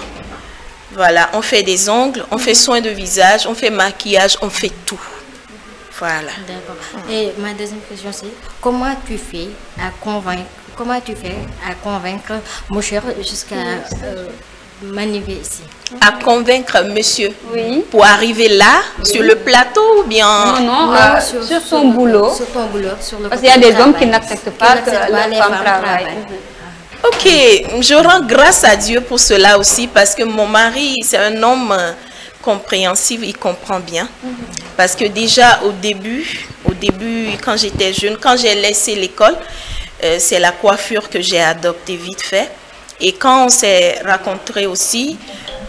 Voilà, on fait des ongles, on fait mhm. soin de visage, on fait maquillage, on fait tout. Voilà. Et ma deuxième question, c'est comment tu fais à convaincre, comment tu fais à convaincre mon cher jusqu'à... Euh, à convaincre monsieur pour arriver là, sur le plateau ou bien euh, sur, son boulot. Sur Parce qu'il y a des hommes qui n'acceptent pas que la travaille. Ok, je rends grâce à Dieu pour cela aussi parce que mon mari, c'est un homme euh, compréhensif, il comprend bien. Mhm. Parce que déjà au début, au début quand j'étais jeune, quand j'ai laissé l'école, euh, c'est la coiffure que j'ai adoptée vite fait. Et quand on s'est rencontrés aussi,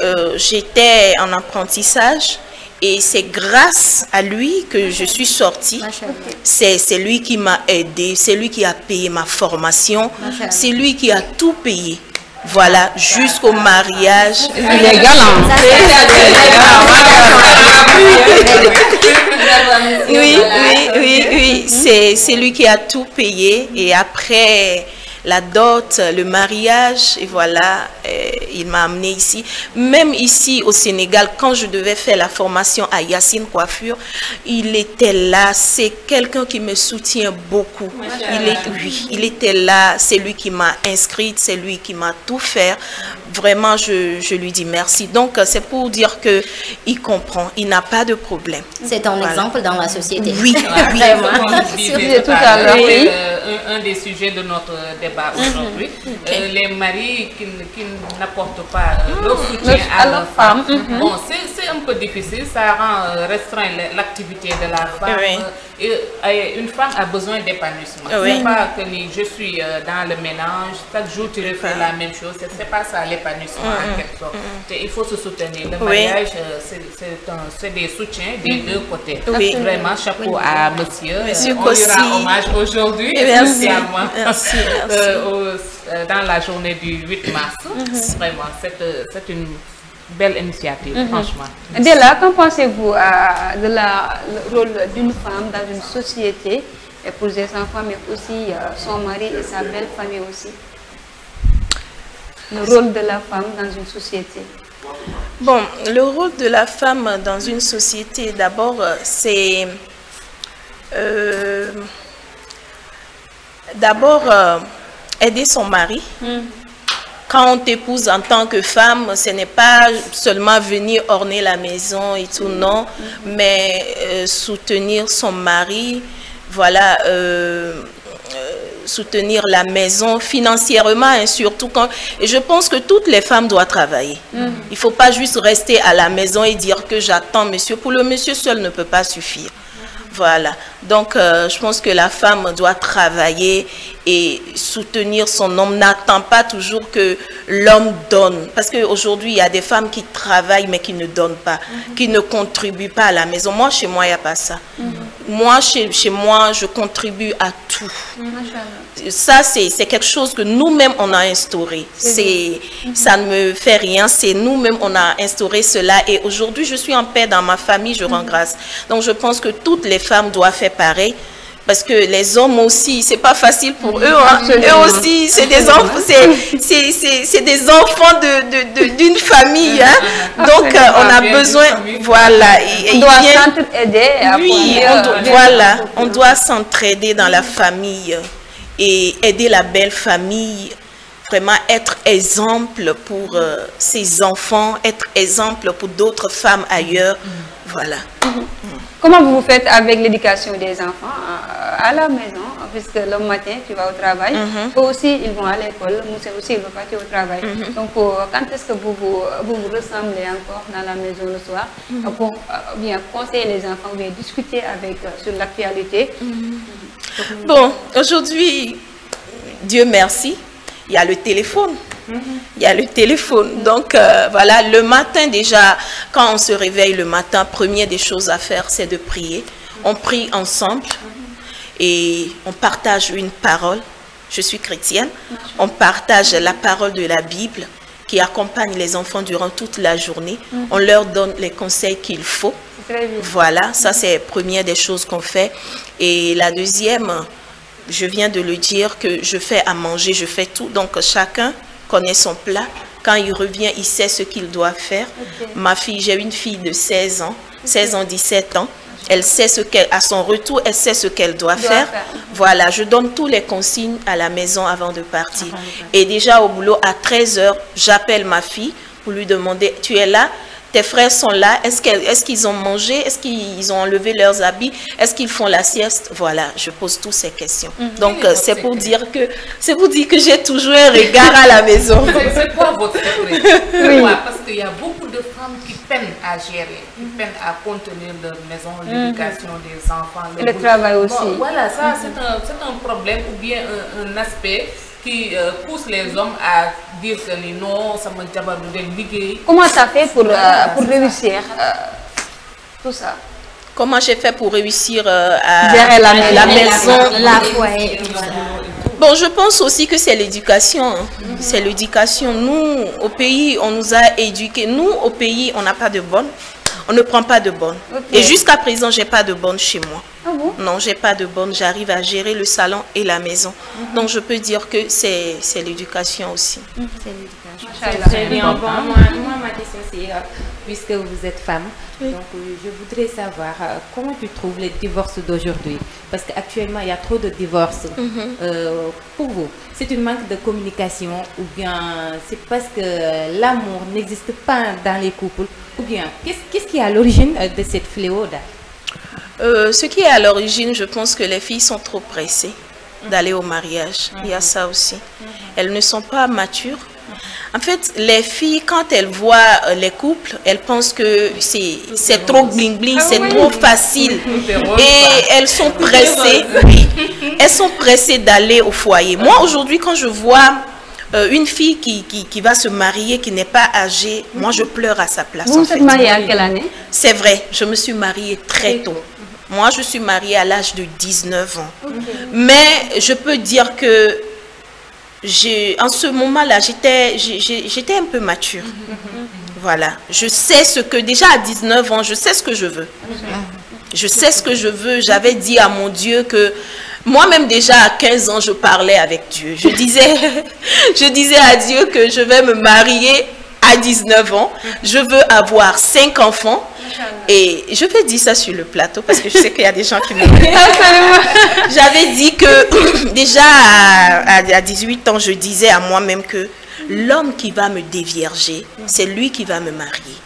euh, j'étais en apprentissage et c'est grâce à lui que je suis sortie. C'est lui qui m'a aidé, c'est lui qui a payé ma formation, c'est lui qui a tout payé. Voilà, jusqu'au mariage. Il est galant. Oui, oui, oui, oui. C'est lui qui a tout payé. Et après, la dot, le mariage, et voilà, euh, il m'a amené ici. Même ici au Sénégal, quand je devais faire la formation à Yacine Coiffure, il était là, c'est quelqu'un qui me soutient beaucoup. Il, est, il était là, c'est lui qui m'a inscrite, c'est lui qui m'a tout fait. Vraiment, je, lui dis merci. Donc, euh, c'est pour dire qu'il comprend, il n'a pas de problème. C'est un exemple dans la société. Oui, oui. un, des sujets de notre euh, Mhm. aujourd'hui. Euh, les maris qui, n'apportent pas mhm. leur soutien à, leur femme. Mhm. Bon, c'est un peu difficile, ça rend, euh, restreint l'activité de la femme. Euh, et, une femme a besoin d'épanouissement. C'est pas que je suis dans le ménage chaque jour tu refais la même chose, c'est pas ça l'épanouissement mm, mm, quelque mm. Il faut se soutenir. Le mariage, c'est des soutiens des deux côtés. Vraiment, chapeau à monsieur. Monsieur on lui rend hommage aujourd'hui. Merci. à merci. Euh, euh, dans la journée du 8 mars. Mm-hmm. Vraiment, euh, c'est une belle initiative, mm-hmm. franchement. franchement. Della, qu'en pensez-vous de la rôle d'une femme dans une société pour ses enfants, mais aussi son mari et sa belle famille aussi Le rôle de la femme dans une société Bon, le rôle de la femme dans une société, d'abord, c'est... D'abord, aider son mari. Hmm. Quand on t'épouse en tant que femme, ce n'est pas seulement venir orner la maison et tout, hmm. non, hmm. mais euh, soutenir son mari, voilà, euh, euh, soutenir la maison financièrement et hein, surtout quand et je pense que toutes les femmes doivent travailler. Il faut pas juste rester à la maison et dire que j'attends monsieur pour le monsieur seul ne peut pas suffire. Voilà. Donc, euh, je pense que la femme doit travailler et soutenir son homme. N'attend pas toujours que l'homme donne. Parce qu'aujourd'hui, il y a des femmes qui travaillent mais qui ne donnent pas, mhm. qui ne contribuent pas à la maison. Moi, chez moi, il n'y a pas ça. Mhm. Moi, chez, moi, je contribue à tout. Mhm. Ça, c'est quelque chose que nous-mêmes, on a instauré. C'est Ça ne me fait rien. C'est nous-mêmes, on a instauré cela. Et aujourd'hui, je suis en paix dans ma famille. Je rends grâce. Donc, je pense que toutes les femmes doivent faire parce que les hommes aussi, c'est pas facile pour eux. Hein. Eux aussi, c'est des, c'est des enfants d'une de, de, famille. Hein. Donc, euh, on a ah, besoin, voilà. Il on doit s'entraider. Oui, euh, voilà, on doit s'entraider dans la famille et aider la belle famille. Vraiment être exemple pour euh, ses enfants, être exemple pour d'autres femmes ailleurs. Mm. Voilà. Comment vous vous faites avec l'éducation des enfants à la maison Puisque le matin, tu vas au travail. Mhm. aussi, ils vont à l'école. Mousset aussi, il va partir au travail. Mhm. Donc, quand est-ce que vous vous, vous ressemblez encore dans la maison le soir mhm. pour euh, bien conseiller les enfants, bien discuter avec euh, sur l'actualité Bon, aujourd'hui, Dieu merci, il y a le téléphone il y a le téléphone. Donc euh, voilà, le matin déjà, quand on se réveille le matin, première des choses à faire, c'est de prier. On prie ensemble et on partage une parole. Je suis chrétienne. On partage la parole de la Bible qui accompagne les enfants durant toute la journée. On leur donne les conseils qu'il faut. Voilà, ça c'est la première des choses qu'on fait. Et la deuxième, je viens de le dire, que je fais à manger, je fais tout. Donc chacun connaît son plat. Quand il revient, il sait ce qu'il doit faire. Ma fille, j'ai une fille de 16 ans, 16 ans, 17 ans. Elle sait ce qu'elle, à son retour, elle sait ce qu'elle doit, faire. Voilà, je donne tous les consignes à la maison avant de partir. Avant de partir. Et déjà au boulot, à 13 heures, j'appelle ma fille pour lui demander, tu es là tes frères sont là, est-ce qu'ils ont mangé, est-ce qu'ils ont enlevé leurs habits, est-ce qu'ils font la sieste Voilà, je pose toutes ces questions. Mm-hmm. Donc, euh, c'est pour dire que c'est vous dire que j'ai toujours un regard à la maison. C'est quoi votre Parce y a beaucoup de femmes qui peinent à gérer, ils peinent à contenir leur maison, mhm. l'éducation des enfants. Le, travail aussi. voilà, ça mhm. c'est un, un, problème ou bien un, aspect qui euh, pousse les hommes à dire que non, ça de déjà Comment ça fait pour, euh, pour réussir euh, tout ça Comment j'ai fait pour réussir à gérer la, maison, la, maison, foyer, je pense aussi que c'est l'éducation. Hein. C'est l'éducation. Nous, au pays, on nous a éduqués. Nous, au pays, on n'a pas de bonne. On ne prend pas de bonne. Et jusqu'à présent, j'ai pas de bonne chez moi. Ah non, j'ai pas de bonne. J'arrive à gérer le salon et la maison. Mhm. Donc, je peux dire que c'est l'éducation aussi. Mhm. C'est l'éducation. Hein. Moi, ma question, c'est puisque vous êtes femme. Donc, euh, je voudrais savoir euh, comment tu trouves les divorces d'aujourd'hui Parce qu'actuellement, il y a trop de divorces. Mhm. Euh, pour vous, c'est une manque de communication ou bien c'est parce que l'amour n'existe pas dans les couples Ou bien, qu'est-ce qui est à l'origine de cette fléau-là Ce qui est à l'origine, je pense que les filles sont trop pressées mhm. d'aller au mariage. Il y a mhm. ça aussi. Elles ne sont pas matures en fait, les filles, quand elles voient euh, les couples, elles pensent que c'est trop bling-bling, c'est trop facile. Et elles sont pressées, elles sont pressées d'aller au foyer. Moi, aujourd'hui, quand je vois euh, une fille qui, va se marier, qui n'est pas âgée, moi, je pleure à sa place. Vous vous êtes mariée à quelle année C'est vrai, je me suis mariée très tôt. Moi, je suis mariée à l'âge de 19 ans. Mais je peux dire que en ce moment-là, j'étais un peu mature. Voilà. Je sais ce que, déjà à 19 ans, je sais ce que je veux. Je sais ce que je veux. J'avais dit à mon Dieu que moi-même déjà à 15 ans, je parlais avec Dieu. Je disais, je disais à Dieu que je vais me marier à 19 ans. Je veux avoir 5 enfants et je vais dire ça sur le plateau parce que je sais qu'il y a des gens qui me J'avais dit que déjà à, 18 ans, je disais à moi-même que l'homme qui va me dévierger, c'est lui qui va me marier.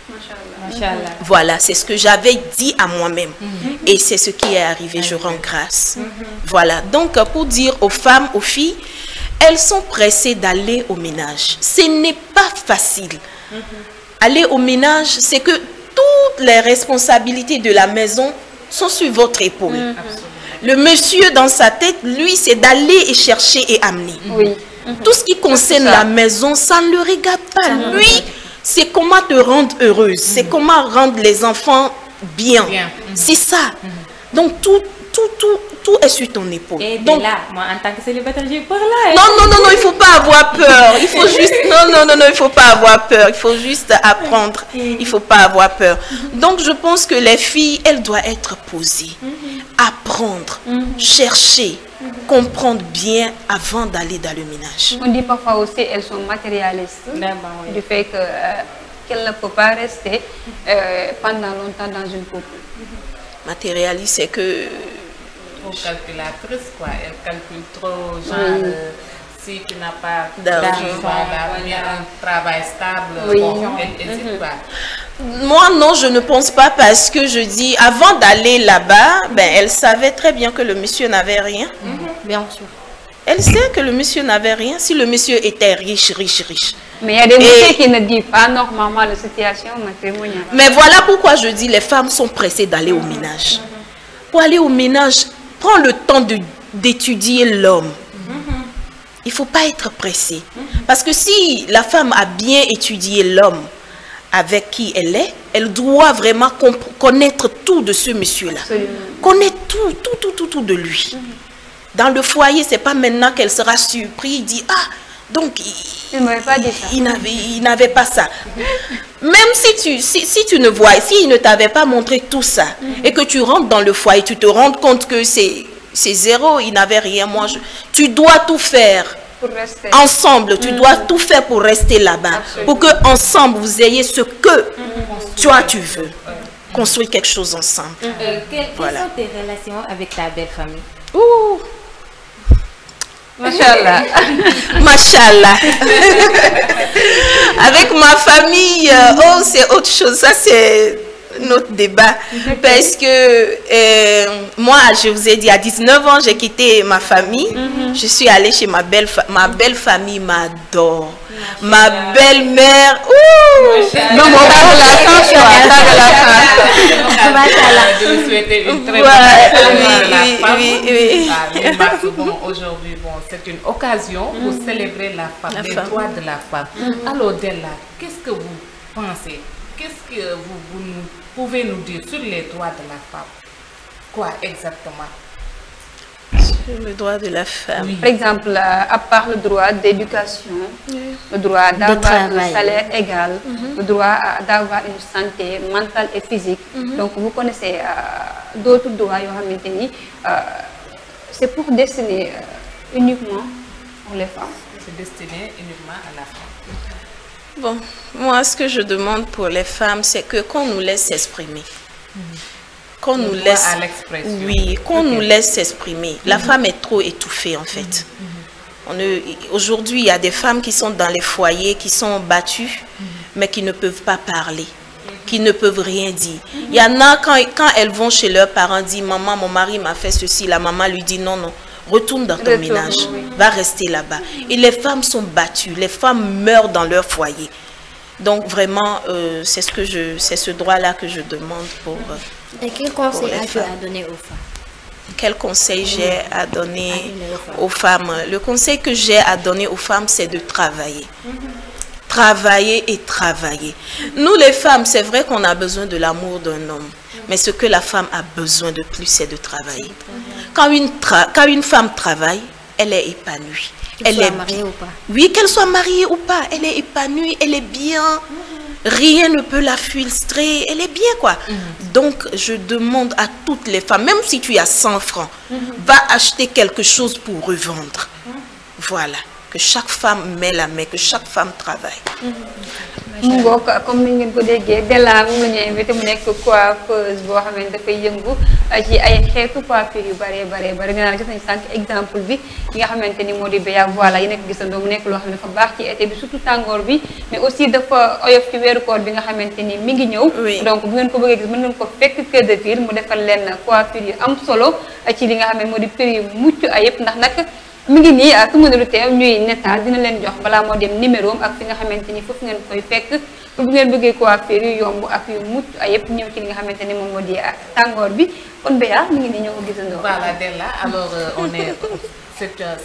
Voilà, c'est ce que j'avais dit à moi-même. Mhm. Et c'est ce qui est arrivé. Je rends grâce. Mhm. Voilà. Donc, pour dire aux femmes, aux filles, elles sont pressées d'aller au ménage. Ce n'est pas facile. Mhm. Aller au ménage, c'est que toutes les responsabilités de la maison sont sur votre épaule. Mm-hmm. Le monsieur dans sa tête, lui, c'est d'aller et chercher et amener. Mm-hmm. Tout ce qui concerne la maison, ça ne le regarde pas. lui, c'est comment te rendre heureuse, c'est mm-hmm. comment rendre les enfants bien. C'est ça. Donc tout, tout, tout, tout est sur ton épaule. Et Donc, là, moi, en tant que célibataire, j'ai peur là. Hein. Non, non, non, non, il faut pas avoir peur. Il faut juste. Non, non, non, non, il faut pas avoir peur. Il faut juste apprendre. Mm-hmm. Il faut pas avoir peur. Donc, je pense que les filles, elles doivent être posées, mm-hmm. apprendre, mm-hmm. chercher, comprendre bien avant d'aller dans le ménage. On dit parfois aussi, elles sont matérialistes. Du fait que. Euh, qu'elle ne peut pas rester euh, pendant longtemps dans une couple. Matérialiste, c'est que calculatrice, quoi. Elle calcule trop, genre, mm. euh, si tu n'as pas d'argent, ben, un travail stable, mm-hmm. Moi, non, je ne pense pas parce que je dis, avant d'aller là-bas, ben, elle savait très bien que le monsieur n'avait rien. Mm-hmm. Bien sûr. Elle sait que le monsieur n'avait rien si le monsieur était riche, riche, riche. Mais il y a des messieurs qui ne disent pas normalement la situation Mais voilà pourquoi je dis les femmes sont pressées d'aller au ménage. Pour aller au ménage, Prends le temps d'étudier l'homme. Mm-hmm. Il ne faut pas être pressé. Mm-hmm. Parce que si la femme a bien étudié l'homme avec qui elle est, elle doit vraiment connaître tout de ce monsieur-là. Connaître tout, tout, tout, tout, tout de lui. Mm-hmm. Dans le foyer, c'est pas maintenant qu'elle sera surprise, dit « Ah, donc, il, n'avait pas ça. Même si tu, si, tu ne vois, s'il ne t'avait pas montré tout ça, et que tu rentres dans le foyer, tu te rends compte que c'est zéro, il n'avait rien. Moi, tu dois tout faire. Ensemble, tu dois tout faire pour rester mm. là-bas. Pour que ensemble, vous ayez ce que mm. toi, tu veux. Construire quelque chose ensemble. Euh, quelles sont tes relations avec ta belle famille Macha Allah. Avec ma famille, euh, oh, c'est autre chose. Ça, c'est notre débat. Parce que euh, moi, je vous ai dit, à 19 ans, j'ai quitté ma famille. Mm-hmm. Je suis allée chez ma belle, ma belle famille, m'adore ma belle-mère. Non, mon Je vous souhaite une très bonne oui, oui, ah, Aujourd'hui, c'est une occasion pour mm. célébrer la femme, les droits de la femme. Mm. Alors, Della, qu'est-ce que vous pensez Qu'est-ce que vous, pouvez nous dire sur les droits de la femme Quoi exactement sur le droit de la femme. Par exemple, euh, à part le droit d'éducation, le droit d'avoir un salaire égal, mhm. le droit d'avoir une santé mentale et physique. Mhm. Donc, vous connaissez euh, d'autres droits, euh, c'est pour destiner euh, uniquement pour les femmes. C'est destiné uniquement à la femme. Bon, moi, ce que je demande pour les femmes, c'est que qu'on nous laisse s'exprimer. Mhm qu'on nous laisse, oui, qu'on nous laisse s'exprimer. La mhm. femme est trop étouffée en fait. Mhm. Mhm. on Aujourd'hui, il y a des femmes qui sont dans les foyers, qui sont battues, mais qui ne peuvent pas parler qui ne peuvent rien dire. Il y en a, quand, quand elles vont chez leurs parents, disent « Maman, mon mari m'a fait ceci », la maman lui dit « Non, non, retourne dans ton ménage, va rester là-bas. Et les femmes sont battues, les femmes meurent dans leur foyer. Donc vraiment, euh, c'est ce que je, c'est ce droit-là que je demande pour. Euh, et quel conseil as à donner aux femmes quel conseil mmh. j'ai à donner aux femmes Le conseil que j'ai à donner aux femmes, c'est de travailler. Mmh. Travailler et travailler. Nous, les femmes, c'est vrai qu'on a besoin de l'amour d'un homme. Mmh. Mais ce que la femme a besoin de plus, c'est de travailler. Quand une, quand une femme travaille, elle est épanouie. Elle soit est mariée ou pas. Oui, qu'elle soit mariée ou pas, elle est épanouie, elle est bien rien ne peut la filtrer. Elle est bien, quoi. Mhm. Donc, je demande à toutes les femmes, même si tu as 100 francs, mhm. va acheter quelque chose pour revendre. Mhm. Voilà. Que chaque femme met la main, que chaque femme travaille. mu ngoog comme ni ngeen ko déggee Della moom la ñu invité mu nekk coiffeuse boo xam ne dafay yëngu euh, ci ay xeetu coiffure yu bare bare bare nee naa jot nañu sànq exemple bi nga xamante ni moo di béya voilà yi nekk gisandoo mu nekk loo xam ne dafa baax ci été bi surtout tàngoor bi mais aussi dafa oyof ci weeru koor bi nga xamante ni mi ngi ñëw donc bu ngeen ko bëggee gis mën ngeen ko fekk Cœur mu defal leen coiffure yu am solo euh, ci li nga xam ne moo di prix yu mucc ayib ndax nag mi ngi nii ak mën a lu teew ñuy netaal dina leen jox balaa moo dem numéro am ak fi nga xamante ni foofu ngeen koy fekk bu ngeen bëggee coiffure yu yomb ak yu mucc ayëpp ñëw ci li nga xamante ni moom moo ak tàngoor bi kon Béya mi ngi nii ñoo ko gisandoo. voilà Della alors euh, on est.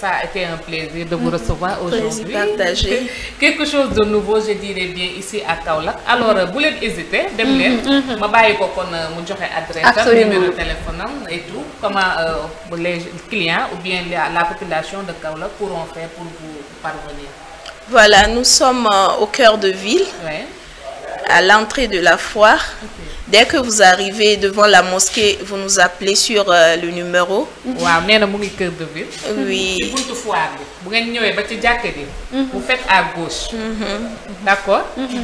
ça a été un plaisir de vous mm-hmm. recevoir aujourd'hui. Partager Quelque chose de nouveau, je dirais bien, ici à Kaolak. Alors, vous voulez hésiter, me leen. Mm-hmm. Mm-hmm. ma Je kon euh, mu adresse numéro de téléphone et tout. Comment euh, les clients ou bien la, population de Kaulak pourront faire pour vous parvenir? Voilà, nous sommes euh, au cœur de ville à l'entrée de la foire. Dès que vous arrivez devant la mosquée, vous nous appelez sur euh, le numéro. Oui. Mhm. Vous faites à gauche. Mhm. D'accord. Mhm.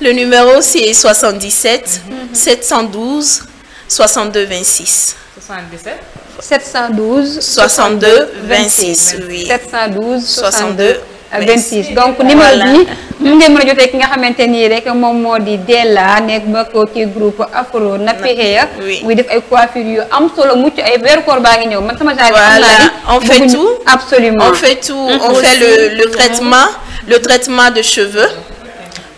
Le numéro c'est 77 712 62 26. 712 62 26. 712 62 26 donc numéro bi mu ngeen mën a jotee ki nga xamante nii rek moom moo di Della nekk bokkoo ci groupe afro Nafiheya muy def ay coiffure yu am solo mucc ay weeru koor baa ngi ñëw man sama genre on fait tout absolument on fait tout mhm. on fait le le traitement le traitement de cheveux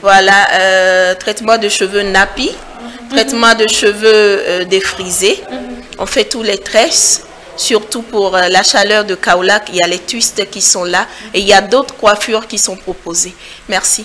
voilà euh, traitement de cheveux nappy mhm. traitement de cheveux euh, défrisés mhm. on fait tous les tresses surtout pour euh, la chaleur de Kaulak, Il y a les twists qui sont là et il y a d'autres coiffures qui sont proposées. Merci.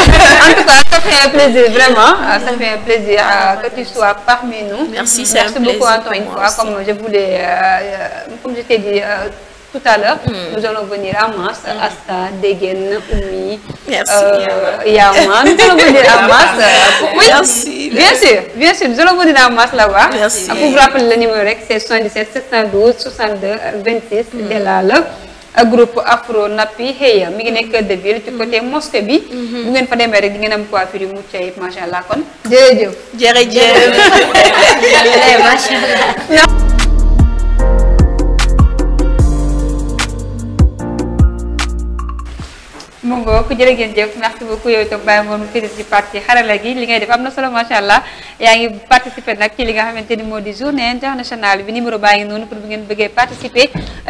en tout cas, ça fait un plaisir, vraiment. Ah, ça fait un plaisir euh, que tu sois parmi nous. Merci, c'est Merci beaucoup, Antoine, Une Comme je voulais, euh, euh, comme je t'ai dit, tout à l'heure, hmm. nous allons venir à Mars, hmm. Asta, Degen, Oumi, Yaman. Nous allons venir à Mars. oui, bien sûr, bien sûr, nous allons venir à Mars là-bas. Pour vous rappeler le numéro, c'est 77 712 62 26 mm. de la ak groupe afro nappi xëya mi ngi nekk de ville ci côté mosquée bi bu mhm. ngeen fa demee rek di ngeen am coiffure ya, allah kon jërëjëf jërëjëf macha allah mungo ngoo ku jërë ngeen jeuf merci beaucoup yow tam baye ngoon fete ci parti xarala gi li ngay def amna solo machallah yaangi participer nak ci li nga xamanteni modi journée internationale bi numéro baangi nonu pour bu ngeen beugé participer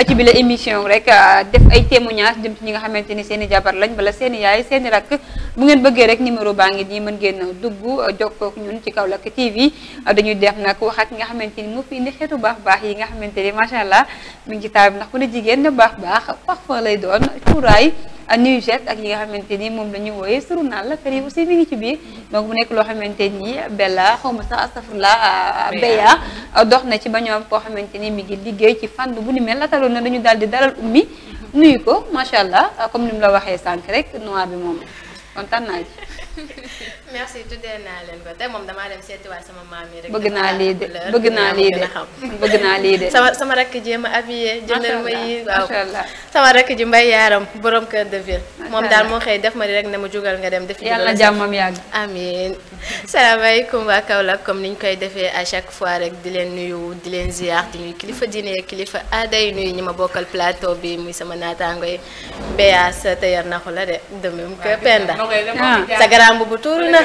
ci bi la émission rek def ay témoignage dem ci ñi nga xamanteni ni seen jabar lañ bala seen yaay seen rak bu ngeen beugé rek numéro baangi ngi nii mën ngeen dugg jokkook ñun ci kawlak TV dañuy def nak wax ak nga xamanteni ni fi indi xetu bax bax yi nga xamanteni machallah macha mu ngi ci taal bi ndax ku ne bax bax baax baax lay doon touray NUGET ak yi nga xamante ni moom la ñu wooyee surnaal la kër yi aussi mi ngi ci biir donc mu nekk loo xamante ni Bella xaw ma sax astafurla ah, ah, Beya ah, dox na ci ba ñoom koo xamante ni mi ngi liggéey ci fànn bu ni mel lataloon na dañu daal di dalal ummi mhm. nuyu ko macha allah comme ni mu la waxee sànq rek noir bi moom kontaan naa ci merci tuddee naa leen ko damaa dem seetiwaat sama maam yi rek. bëgg naa lii de bëgg naa lii de bëgg naa lii de. sama sama rakk ji ma habillé jëndal ma yi waaw sama rakk ji mbay yaaram borom kër de ville. moom daal moo xëy def ma di rek ne ma jugal nga dem. def ci yàlla jàmmam yàgg. amiin salaamaaleykum waa Kaolack comme ni ñu koy defee à chaque fois rek di leen nuyu di leen ziar di nuyu kilifa diine kilifa aaday nuyu ñi ma bokkal plateau bi muy sama naataango yi Mbeya sa teyar naxu la de de même que Penda. garaambu bu tuuru na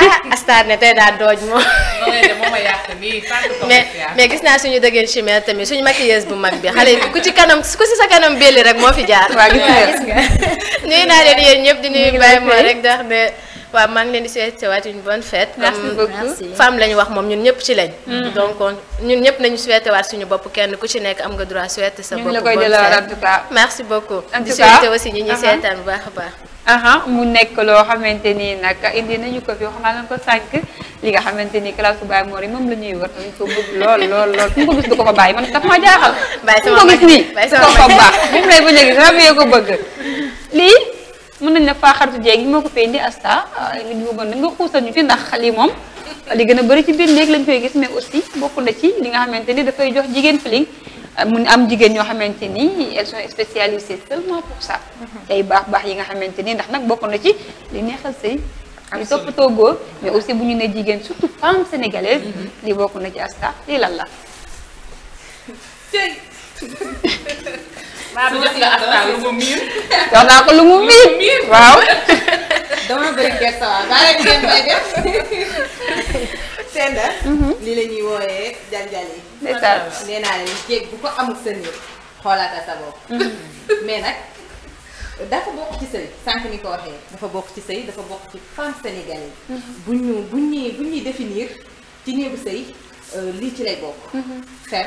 ah astar ne tey daa dooj moom mais mais gis naa suñu dëggeen chimère tamit suñu maquilleuse bu mag bi xale ku ci kanam ku ci sa kanam belli rek moo fi jaar waa gis nga naa leen yéen ñëpp di nuyu bàyyi moo rek dax ne waaw maa ngi leen di souhaiter une bonne fête. merci euh, lañu wax moom ñun ñëpp ci lañ. Mm. donc ñun ñëpp nañu souhaiter waat suñu bopp kenn ku ci nekk am nga droit souhaiter sa bopp. bonne fête ñu ngi la koy aussi ñi ñuy uh-huh. seetaan bu baax a baax. mu nekk loo xamante ni nag indi nañu ko fi wax naa leen ko sànq li nga xamante ni classe Baye Mor yi moom la ñuy war ko bëgg lool lool fu ko gis du ko bàyyi man daf ma jaaxal. bàyyi sama ma ko fa bëgg lii. mën nañ nag faaxartu jeeg gi moo ko fee indi asta li ñu bëggoon nga xuusal ñu ci ndax lii moom li gën a bëri ci biir néeg lañ koy gis mais aussi bokk na ci li nga xamante ni dafay jox jigéen feeling Les am qui sont spécialisées seulement pour ça. Mhm. ay bax bax yi nga xamanteni ndax été ci li neexal mais aussi bu ñu été surtout femme sénégalaise. Mhm. li ci asta lan la. Senda. Mhm. lii la ñuy wooyee janjal yi. nee naa jéeg bu ko amul sën yi xoolaata sa bopp. Mhm. mais nag dafa bokk ci sëy sànq ni ko waxee dafa bokk ci sëy dafa bokk ci femme sénégalais. Mhm. bu ñu bu ñuy bu ñuy définir ci néegu sëy euh, lii ci lay bokk. fer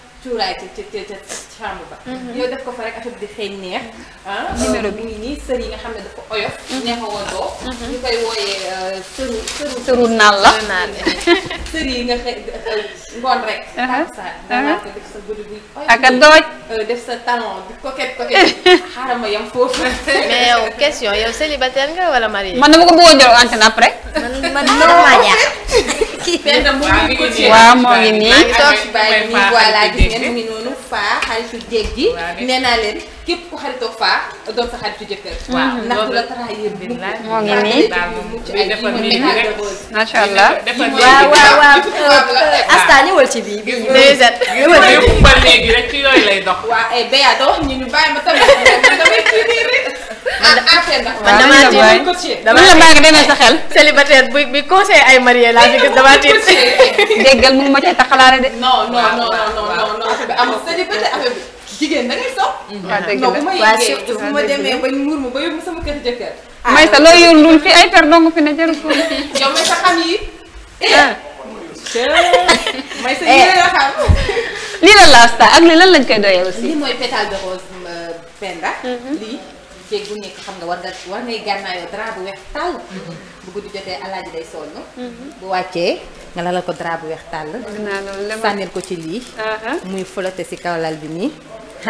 cuuraay ci ci ca charme ba yow def ko fa rek affaire bi di xeeñ neex ah numéro bi ngi nii sër yi nga xam ne dafa oyof neex a woddoo ñu koy wooyee sëru sëru sëru nal la sër yi nga xëy ngoon rek sa danaa ko def sa guddi bi ak a dooj def sa talon di coquette coquette xaaral ma yam foofu mais yow question yow célibataire nga wala marié man dama ko bëggoon jël antenne après man man maa jaax waaw moo ngi nii toog ngeen mu ngi noonu faa xaritu jéeg ji nee naa leen képp ku xaritoo faa doon sa xaritu jëkkër waaw ndax du la taraa bi moo ngi nii macha allah waaw waaw waaw asta ñëwal ci bii bii léegi rek lay dox waaw ay eh, béya doo wax ñu ñu bàyyi ma tamit damay man damaa tiit dama la baax demee sa xel. célibataire bi bi conseil ay ma cay da ngay sopp. Mm. waaw dëgg la waaw surtout bu ma demee bañ muur ma ba yóbbu sama kër ah. may sa loo yor lul fi ay per dong fi ne jarul ko. yow may sa xam yi. Ah. Eh. may sa eh. yéen la xam. lii ak lii lan lañ koy doyee aussi. lii ceeb bu nekk xam nga war nga war ngay gànnaayoo drap bu weex tàll. Mhm. bu guddi jotee alaaji day sonn. Mhm. bu wàccee nga lalal ko drap bu weex tàll. sànnil ko ci lii. Ah, ah. muy flotté si kaw lal bi nii.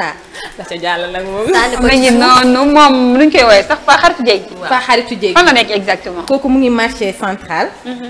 ah da ca jàll nag moom. sànni ko ci noonu moom nuñ koy woowee sax Paa xaritu jéeg. waaw Paa xaritu jéeg fan la nekk exactement. kooku mu ngi marché central. Mhm.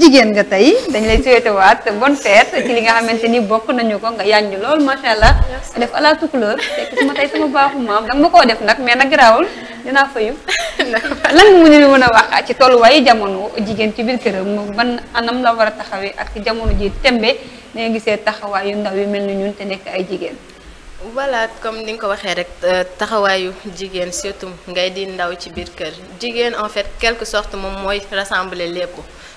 jigen nga tay dañ lay souhaité wat bonne fête ci li nga xamanteni bokku nañu ko nga yañu lol ma sha allah. def ala tout couleur tek suma tay suma baaxu maam danga ma def nak mais nak grawul dina fayu. lan mu ñu mëna wax ci tollu way jamono jigen ci bir kërëm ban anam la wara taxawé ak ci jamono ji tembé ne taxaway yu ndaw yu melni ñun té nek ay jigen wala comme ni nga ko waxee rek euh, taxawaayu jigen surtout ngay di ndaw ci bir kër jigen en fait quelque sorte mom moy rassembler lépp.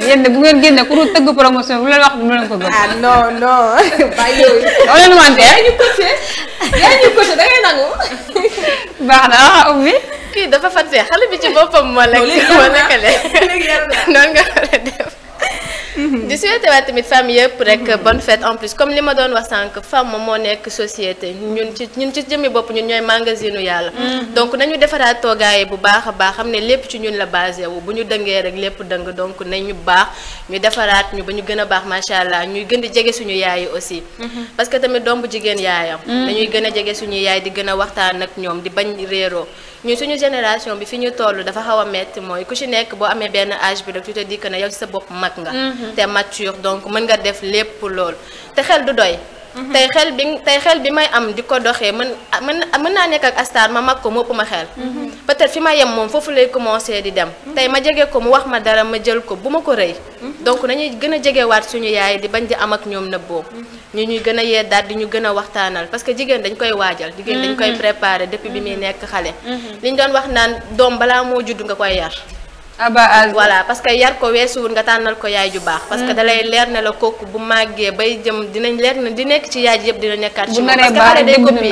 yéen bu ngeen génne ku dul tëgg promotion bu leen wax du leen ko gëm. ah non non. bàyyi yooyu. on leen wante. yaa ñu coaché yaa ñu coaché da ngay nangu. baax na ah Oumy. kii dafa fàtte xale bi ci boppam moo lekk. moo lekkale noonu nga di souhaité waat tamit femme yëpp rek mhm. bonne fête en plus comme li ma doon wax sànq femme moo nekk société ñun ci ñun ci jëmmi bopp ñun ñooy magasinu yàlla mhm. donc nañu defaraat toogaaye bu baax a baax xam ne lépp ci ñun la basé wu bu ñu dëngee rek lépp dëng donc nañu baax ñu defaraat ñu ba ñu gën a baax macha allah ñuy gën di jege suñu yaay yi aussi mhm. parce que tamit doom bu jigéen yaayam dañuy gën a jege suñu yaay di gën a waxtaan ak ñoom di bañ réeroo ñu suñu génération bi fi ñu toll dafa xaw a metti mooy ku ci nekk boo amee benn âge bi rek tu te dis que sa bopp mag nga te mature donc mën nga def lépp loolu te xel du doy. Mhm. tey xel bi tey xel bi may am di ko doxee mën mën mën naa nekk ak astar ma mag ko mu ma xel. Mhm. peut-être fi ma yem moom foofu lay commencé di dem. Mhm. tey ma jege ko mu wax ma dara ma jël ko bu ma ko rëy. donc nañuy gën a waat suñu yaay di bañ di am ak ñoom nëbboo. ñu ñuy gën a yeddaat di ñu gën a waxtaanal parce que jigéen dañ koy waajal. jigéen dañ koy préparer depuis bi muy nekk xale. liñ doon wax naan doom balaa moo judd aba ah, ah, voilà parce que yar ko weesuwul nga tànnal ko yaay ju baax. parce que mm. dalay leer ne la kooku bu màggee bay jëm dinañ leer ne di nekk ci yaay ji yëpp dina nekkaat. ci moom parce que xale day copier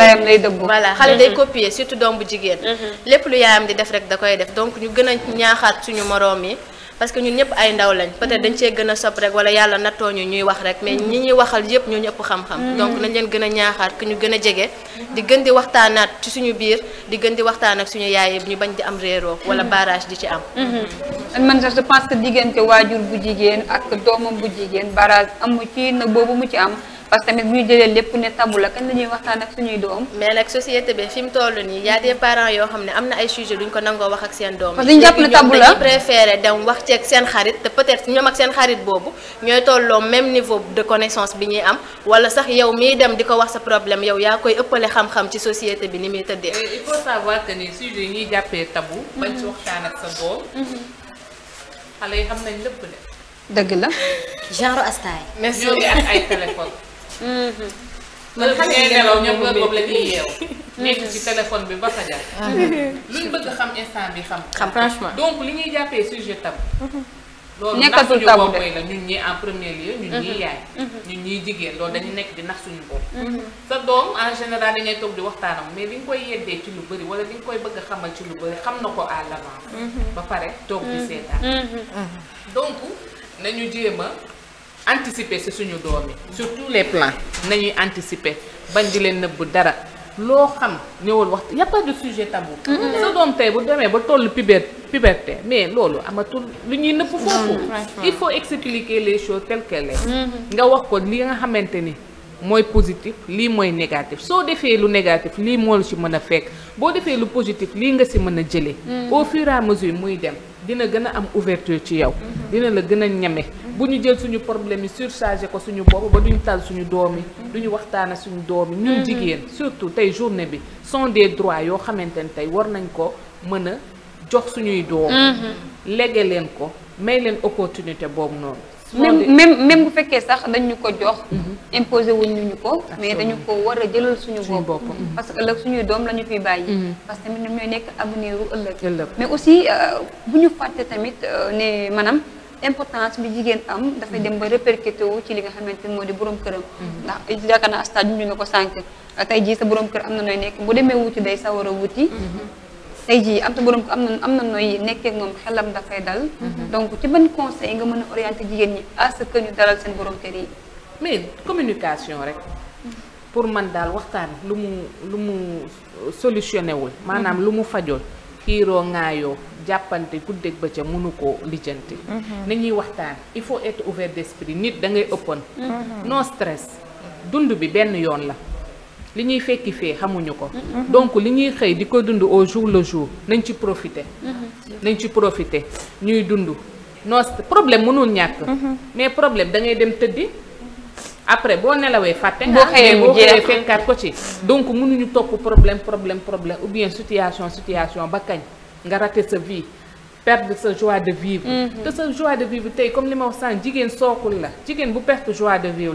voilà xale mm-hmm. day copier surtout doom bu jigéen. Mm-hmm. lépp lu yaayam di def rek da koy def donc ñu gën ñaaxaat suñu moroom yi. parce que ñun ñëpp ay ndaw lañ peut-être dañ cee gën a sob rek wala yàlla nattoo ñu ñuy wax rek mais ñi ñuy waxal yëpp ñoo ñëpp xam-xam mm-hmm. donc nañ leen gën a ñaaxaat ku ñu gën a jege di gën di waxtaanaat ci suñu biir di gën di waxtaan ak suñu yaay ñu bañ di am réeroo wala mm-hmm. barrage di ci am mm-hmm. man je pense que diggante waajur bu jigéen ak doomam bu jigéen barrage amu ci nag boobu mu ci am parce que tamit bu jëlee lépp ne tabu la kañ la ñuy waxtaan ak suñuy doom. mais ak société bi fi mu toll nii y a des yoo xam ne am na ay sujet duñ ko nangoo wax ak seen doom. parce que ñu jàpp ne seen xarit te peut-être ñoom seen xarit boobu ñooy tolloo même niveau de connaissance bi ñuy am wala sax yow miy dem di ko wax sa problème yow yaa koy ëppale xam ci société bi ni muy tëddee. il faut savoir que ñuy jàppee tabu. Mm-hmm. bañ ci waxtaan ak sa doom. Mm-hmm. xale yi am nañ lépp de. dëgg la. genre astaay. merci ak ay téléphone man xam ngay nelaw ñoom heure boobu la yeew nekk ci téléphone bi ba fajar mm-hmm. luñ bëgg xam instant bi xam xam franchement donc li ñuy jàppee sujet tab mm-hmm. loolu nax suñu bopp la ñun ñi en premier lieu ñun ñi mm-hmm. yaay ñun ñiy jigéen loolu dañu nekk di nax suñu bopp sa doom en général da ngay toog di waxtaanam mais li nga koy yeddee ci lu bëri wala li nga koy bëgg a xamal ci lu bëri xam na ko à l'avance ba pare toog di seetaan donc nañu jéem anticiper que suñu nous sur tous les plans nous anticiper Il di a pas de sujet tabou. bu puberté puberté mais ne mm-hmm. il faut expliquer les choses telles qu'elles sont. Mm-hmm. nga wax li nga positif li négatif so le négatif li fait. le positif nga mm-hmm. au fur et à mesure dina gën a am ouverture ci yow mhm. dina la gën a ñeme mhm. bu ñu jël suñu problème yi surchargé ko suñu bopp ba duñu tal suñu doom yi mhm. duñu waxtaan ak suñu doom yi ñun jigéen surtout tey journée bi son des droits yoo xamante ne tey war nañ ko mën a jox suñuy doom lege leen ko may leen opportunité boobu noonu même même même bu fekkee sax dañu ko jox. Mhm. imposé wuñu ñu ko. mais dañu ko war a jëlal suñu bopp. Mhm. parce que ëllëg suñuy doom lañu ñu fiy bàyyi. Mhm. parce que tamit ñoom ñooy nekk avenir u ëllëg. mais aussi euh, bu ñu fàtte tamit euh, ne maanaam. importance bi jigéen am dafay dem ba répercuté wu ci li nga xamante ni moo di borom këram ndax yaakaar naa stade ñu nga ko sànq tey jii sa borom kër am na nooy nekk bu demee wuti day sawar a wuti tey jii am na borom am na am na nooy nekkee moom xelam dafay dal. Mhm. donc ci ban conseil nga mën a orienter jigéen ñi à ce que ñu dalal seen borom kër yi. mais communication rek. Mhm. pour man daal waxtaan lu mu lu mu solutionné wul. maanaam mhm. lu mu fajol xiiroo ŋaayoo jàppante guddeeg bëccëg mënu ko lijjanti. na ñuy waxtaan il faut être ouvert d'esprit nit da ngay ëppoon. non stress dund bi benn yoon la. li ñuy fekki fe xamuñu ko donc li ñuy xëy di dund au jour le jour nañ ci profiter nañ ci profiter ñuy dund non problème mënul ñak mais problème da ngay dem tëddi après bon elle faté nga boo jéré fekkaat ko ci donc mënuñu top problème problème problème ou bien situation situation ba kañ nga raté sa vie perdre sa joie de vivre mm-hmm. te sa joie de vivre tay comme les ma wax sànq jigéen sookul la jigen bu perte joie de vivre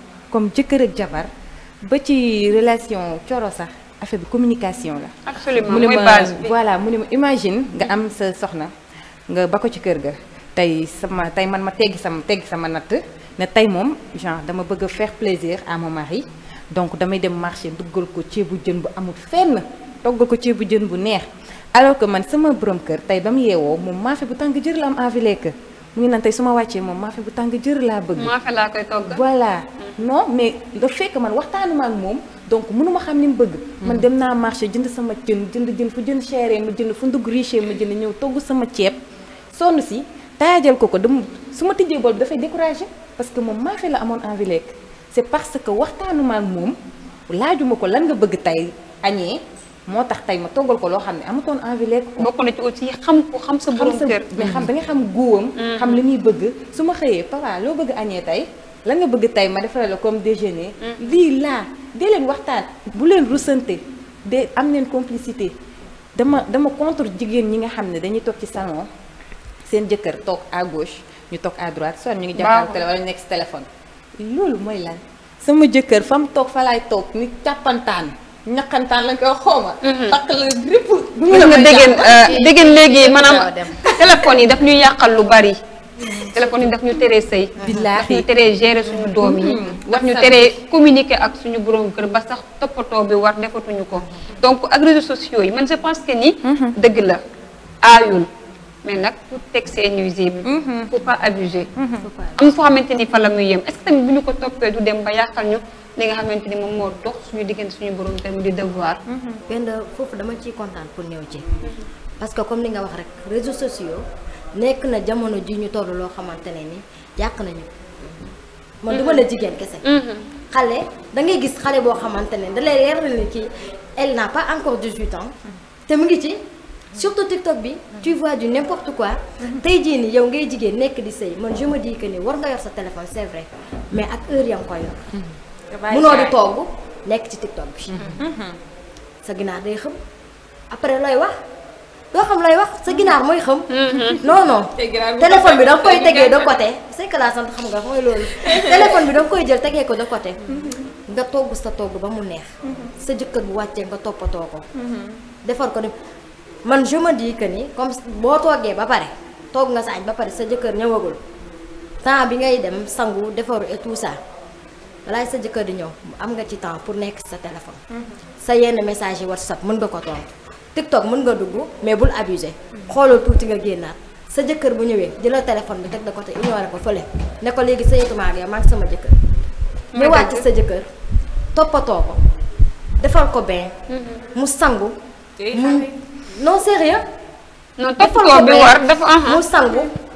comme jëkkër ak jabar ba ci relation coro sax affaire de communication là. absolument mooy base voilà mon imagine nga am sa soxna nga ba ko ci kër ga. tey sama tey man ma teggi sama teggi sama natt ne tey moom genre dama bëgg faire plaisir à mon mari donc damay dem marché duggal ko ceebu jën bu amul fenn toggal ko ceebu jën bu neex alors que man sama borom kër tey ba yéwo, yeewoo moom maafe bu tàng jër la am envie mu ngi naan tey su ma wàccee moom maafe bu tàng jër laa bëgg. maafe laa koy togg. voilà non mais le fekk que man waxtaanuma ak moom donc mënuma xam ni mu bëgg. man mm. dem naa marché jënd sama jën jënd jën fu jën chéré ma jënd fu ndugg riche ma jënd ñëw togg sama ceeb sonn si taajal ko ko dem su ma tijjee bool bi dafay découragé parce que moom maafe la amoon envie lekk c'est parce que waxtaanuma ak moom laajuma ko lan nga bëgg tey añee. moo tax tey ma toggal ko loo xam ne amatoon envie lekk ko. bokk na ci aussi xam ko xam sa borom kër. mais xam ba nga xam góowam. Mm-hmm. xam la muy bëgg su ma xëyee papa loo bëgg añee tey. la nga bëgg tey ma defaral la comme déjeuner. Mm-hmm. lii laa dee leen waxtaan. bu leen rusante de am leen complicité dama dama contre jigéen ñi nga xam ne dañuy toog ci salon seen jëkkër toog à gauche ñu toog à droite soit ñu ngi. jàkkaarloo wala nekk si téléphone. loolu mooy lan sama jëkkër fa mu toog fa lay toog ñu càppantaan. ñaqantaan lañ koy xawma. takk la lépp. bu ñu la nga déggeen déggeen euh, léegi maanaam téléphone yi daf ñuy yàqal lu bari. Mm-hmm. téléphone yi daf ñu teree sëy. daf ñu teree gérer suñu doom yi. Mm-hmm. daf ñu teree communiqué ak suñu borom kër ba sax toppatoo bi war defatuñu ko. donc ak réseaux sociaux yi man je pense que ni. Mm-hmm. dëgg la aayul. mais nag pour teg c'est bi pour pas abuser. am foo xamante ni fa la muy yem est-ce que tamit bu ñu ko toppee du dem ba yàqal ñu. li nga xamante ni moom moo dox suñu diggante suñu borom tamit di devoir. benn foofu dama ci kontaan pour ñëw ci. parce que comme li nga wax rek réseaux sociaux nekk na jamono ji ñu toll loo xamante ne ni yàq nañu. man du ma la jigéen kese. xale dangay gis xale boo xamante ne da lay leer ni kii elle n'a pas encore 18 ans. te mu ngi ci surtout TikTok bi. tu vois du n'importe quoi. tey jii ni yow ngay jigéen nekk di sëy man je ma dis que war nga sa téléphone c'est vrai mais ak heure yaa yor. munoo di togg nekk ci tiktok bi. Mhm. Mhm. sa ginaar day xam après looy wax doo xam looy wax sa ginaar mooy xam. Mhm. non non téléphone bi da nga koy tegee de côté. c'est que la mooy loolu. bi da nga koy jël tegee ko de côté. nga togg sa togg ba mu neex. sa jëkkër bu wàccee nga toppatoo ko. defar ko dem man je me dis que ni comme boo toggee ba pare togg nga sa añ ba pare sa jëkkër ñëwagul temps bi ngay dem sangu defaru et tout balaa sa jëkkër di ñëw am nga ci temps pour nekk sa téléphone. Mhm. sa yenn message yi whatsapp mën nga ko tontu. tiktok mën nga dugg mais bul abusé. xoolal tuuti nga génnaat. sa jëkkër bu ñëwee jëlal téléphone bi teg de côté ignoré ko fële ne ko léegi sëyatuma ak yow maa ngi sama jëkkër. mu wàcc sa jëkkër toppatoo ko defal ko bain. Mhm. mu sangu. mu non sérieux. non toppatoo bi war dafa mu sangu.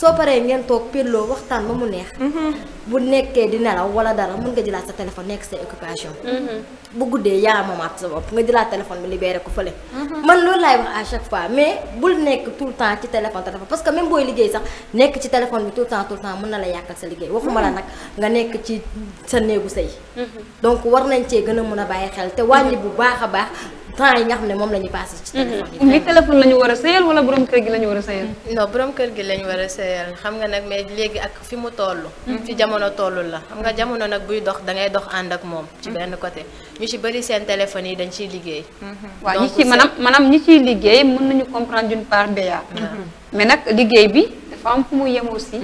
soo paree ngeen toog pirloo waxtaan ba mu neex. Mm-hmm. bu nekkee di nelaw wala dara mën nga jëlaat sa téléphone nekk sa occupation. Mm-hmm. bu guddee yaa moomaat sa bopp nga jëlaat téléphone bi libéré ko fële. Mm-hmm. man loolu laay wax à chaque fois mais bul nekk tout le temps ci téléphone téléphone parce que même booy liggéey sax nekk ci téléphone bi tout le temps tout le temps mën na la yàqal sa liggéey waxuma la nag nga nekk ci sa néegu sëy donc war nañ cee gën a mën a bàyyi xel te wàññi bu baax a baax. temps yi nga xam mom moom la ñu passé ci téléphone yi téléphone la ñu war a sëyal wala borom kër gi la ñu war a sëyal non borom kër gi la ñu war a sëyal xam nga nag mais léegi ak fi mu toll mm-hmm. fi jamono toll la xam nga jamono nag buy dox da ngay dox ànd ak moom ci mm-hmm. benn côté ñu ci bëri seen téléphone yi dañ ciy liggéey mm-hmm. waaw ñi ci maanaam maanaam ñi ciy liggéey mën nañu comprendre d'une part béya mais liggéey bi dafa am fu mu yem aussi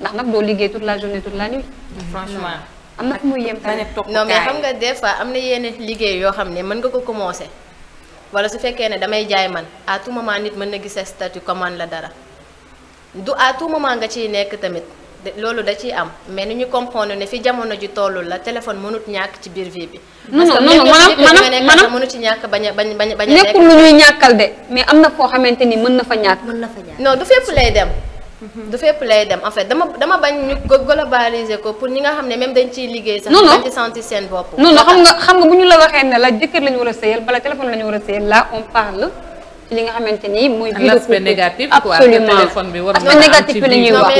ndax nag liggéey toute la journée toute la nuit franchement am na fu muy yem tamit non xam nga des fois am na yenn liggéey yoo xam ne mën nga ko commencer wala su fekkee ne damay jaay man à tout moment nit mën na gis sa statut commande la dara du à tout moment nga ciy nekk tamit loolu da ciy am mais ni ñu comprendre ne fi jamono ji toll la téléphone mënut ñàkk ci biir vie bi. parce que même ñoom ñëpp mënut ci ñàkk bañ a bañ a bañ a. nekkul lu ñuy ñàkkal de mais am na foo xamante ni mën na fa ñàkk. mën na fa ñàkk non du fépp lay dem. Mhm. du fépp lay dem en fait dama dama bañ ñu globaliser ko pour ñi nga xam ne même dañ ciy liggéey sax. non non ci sentir seen bopp. non non xam nga xam nga bu ñu la waxee ne la jëkkër la ñu war a sëyal bala téléphone la ñu war a sëyal là on parle ci li nga xamante ni mooy. vie de couple négatif quoi téléphone bi war aspect négatif bi la ñuy wax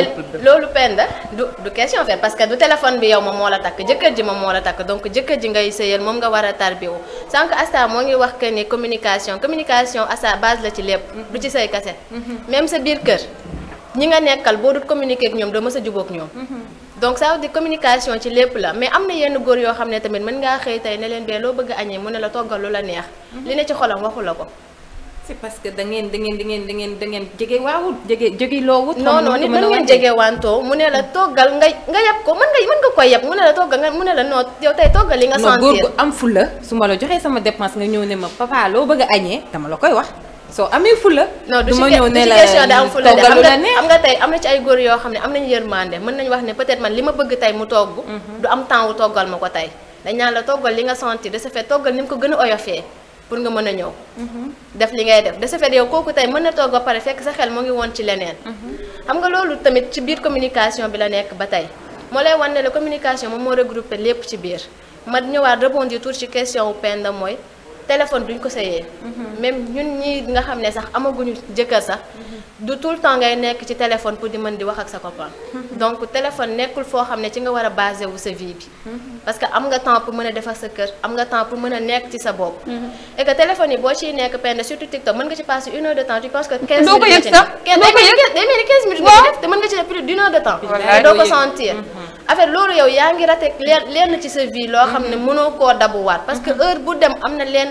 loolu penda du du question en fait parce que du téléphone bi yow moom moo la takk jëkkër ji moom moo la takk donc jëkkër ji ngay sëyal moom nga war a tarbiwu sànq Asta moo ngi wax que ni communication communication Asta base la ci lépp mhm. du ci say kase même sa biir kër ñi nga nekkal boo dut communiquer ak ñoom doo mës a jubóog ñoom mm-hmm. donc ça communication ci lépp la mais am na yenn góor yoo xam ne tamit mën ngaa xëy tey ne leen bee loo bëgg a añee mu ne la toggal lu la neex mm-hmm. li ne ci xolam waxu la ko c'est parce que da ngeen da ngeen da ngeen da ngeen da ngeen jege waawut jege jege loowut non non wantoo mu ne la toggal nga nga yab ko mën nga mën nga koy yab mu ne la toggal nga mu ne la noo tey toggal li nga sentir góor gu am fulla su ma la joxee sama dépense nga ñëw ne ma papa loo bëgg a añee dama la koy wax soo amee fula. du ma ñëw ne la question da am fula de xam nga tey am na ci ay góor yoo xam ne am nañu yërmande mën nañu wax ne peut-être man li ma bëgg tey mu togg. Mhm. du am temps wu toggal ma ko tey dañ naan la toggal li nga senti de ce fait toggal ni mu ko gën a oyofee pour nga mën a ñëw. Mhm. def li ngay def de ce fait yow kooku tey mën na togg ba pare fekk sa xel mu ngi woon ci leneen. Mhm. xam nga loolu tamit ci biir communication bi la nekk ba tey moo lay wan ne la communication moom moo regroupé lépp ci biir ma ñëwaat rebondir tuuti ci question wu Penda mooy téléphone duñ ko sëyee mhm. même ñun ñi nga xam ne sax amaguñu jëkkër sax mhm. du tout le temps ngay nekk ci téléphone pour di mën di wax ak sa copain mhm. donc téléphone foo xam ne ci nga war a wu sa vie parce que am nga temps pour mën a defar sa kër am nga ci sa bopp et que une heure de temps tu que doo ko sentir affaire loolu yow yaa ngi rate lenn ci sa vie loo xam ne mënoo koo dabuwaat parce que heure bu dem am na lenn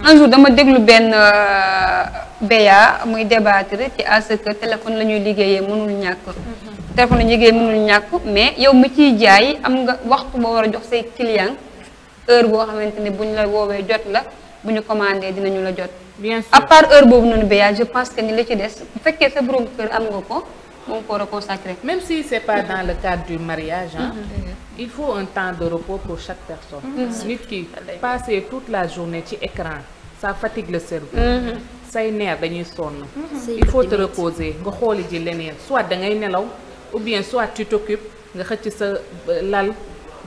un jour dama déglu benn euh, béya muy débattre ci à ce que téléphone la ñuy liggéeyee mënul ñàkk mm-hmm. téléphone la ñuy liggéeyee mënul ñàkk mais yow mi ciy jaay am nga waxtu boo war a jox say client heure boo xamante ne bu ñu la woowee jot la bu ñu commandé dinañu la jot bien sûr heure boobu noonu béya je pense que ni la ci des bu fekkee sa borom kër am nga ko moom ko war a consacré même si c'est pas dans le cadre du mariage hein mm-hmm. il faut un temps de repos pour chaque personne. Mm-hmm. Mm-hmm. nit qui passer toute la journée sur écran ça fatigue le cerveau. ça mm-hmm. énerve dañuy sonn. il faut te reposer soit ou bien soit tu t'occupes nga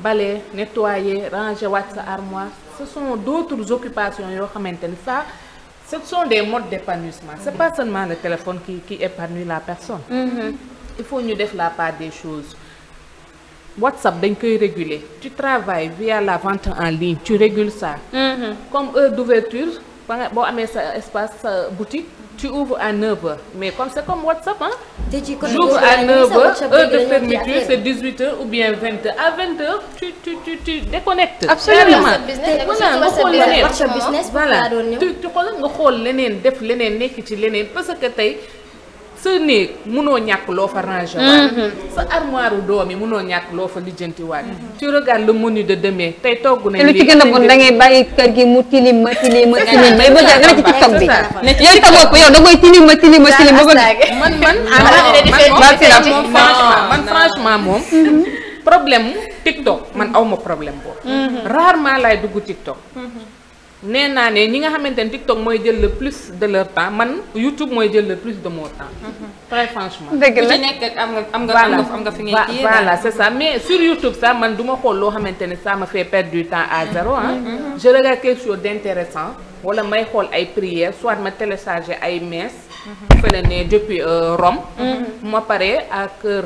euh, nettoyer ranger ta armoire ce sont d'autres occupations ça. ce sont des modes d'épanouissement c'est pas seulement le téléphone qui épanouit la personne. il faut nous def la part des choses. WhatsApp dañ que régulé. tu travailles via la vente en ligne tu régules ça mm-hmm. comme heure d'ouverture espace boutique tu ouvres à 9h mais comme c'est comme WhatsApp hein j'ouvre à 9h heure de fermeture c'est 18h ou bien 20h à 20h tu tu tu tu déconnectes absolument voilà le Tu voilà tu nga def ci parce que sa néeg munoo ñàkk loo fa rangé mm-hmm. sa armoire doom yi munoo ñàkk loo fa lijjanti waat mm-hmm. tu regardes le menu de demain tey togg nañ li ci gën a bon da ngay bàyyi kër gi mu tilim ma tilim ma tilim bay bëgg da ngay tilim ma tilim ma tilim ba bëgg man man ah, moom franchement man franchement moom mm-hmm. problème TikTok man awma problème boobu rarement laay dugg néna you ne TikTok le plus de leur temps YouTube le plus de mon temps. Mm-hmm. très franchement. voilà c'est ça mais sur YouTube ça, man ça me fait perdre du temps à mm-hmm. zéro hein. mm-hmm. je regarde quelque chose d'intéressant wala may prières soit ma télécharger ay depuis euh, Rome. moi à cœur.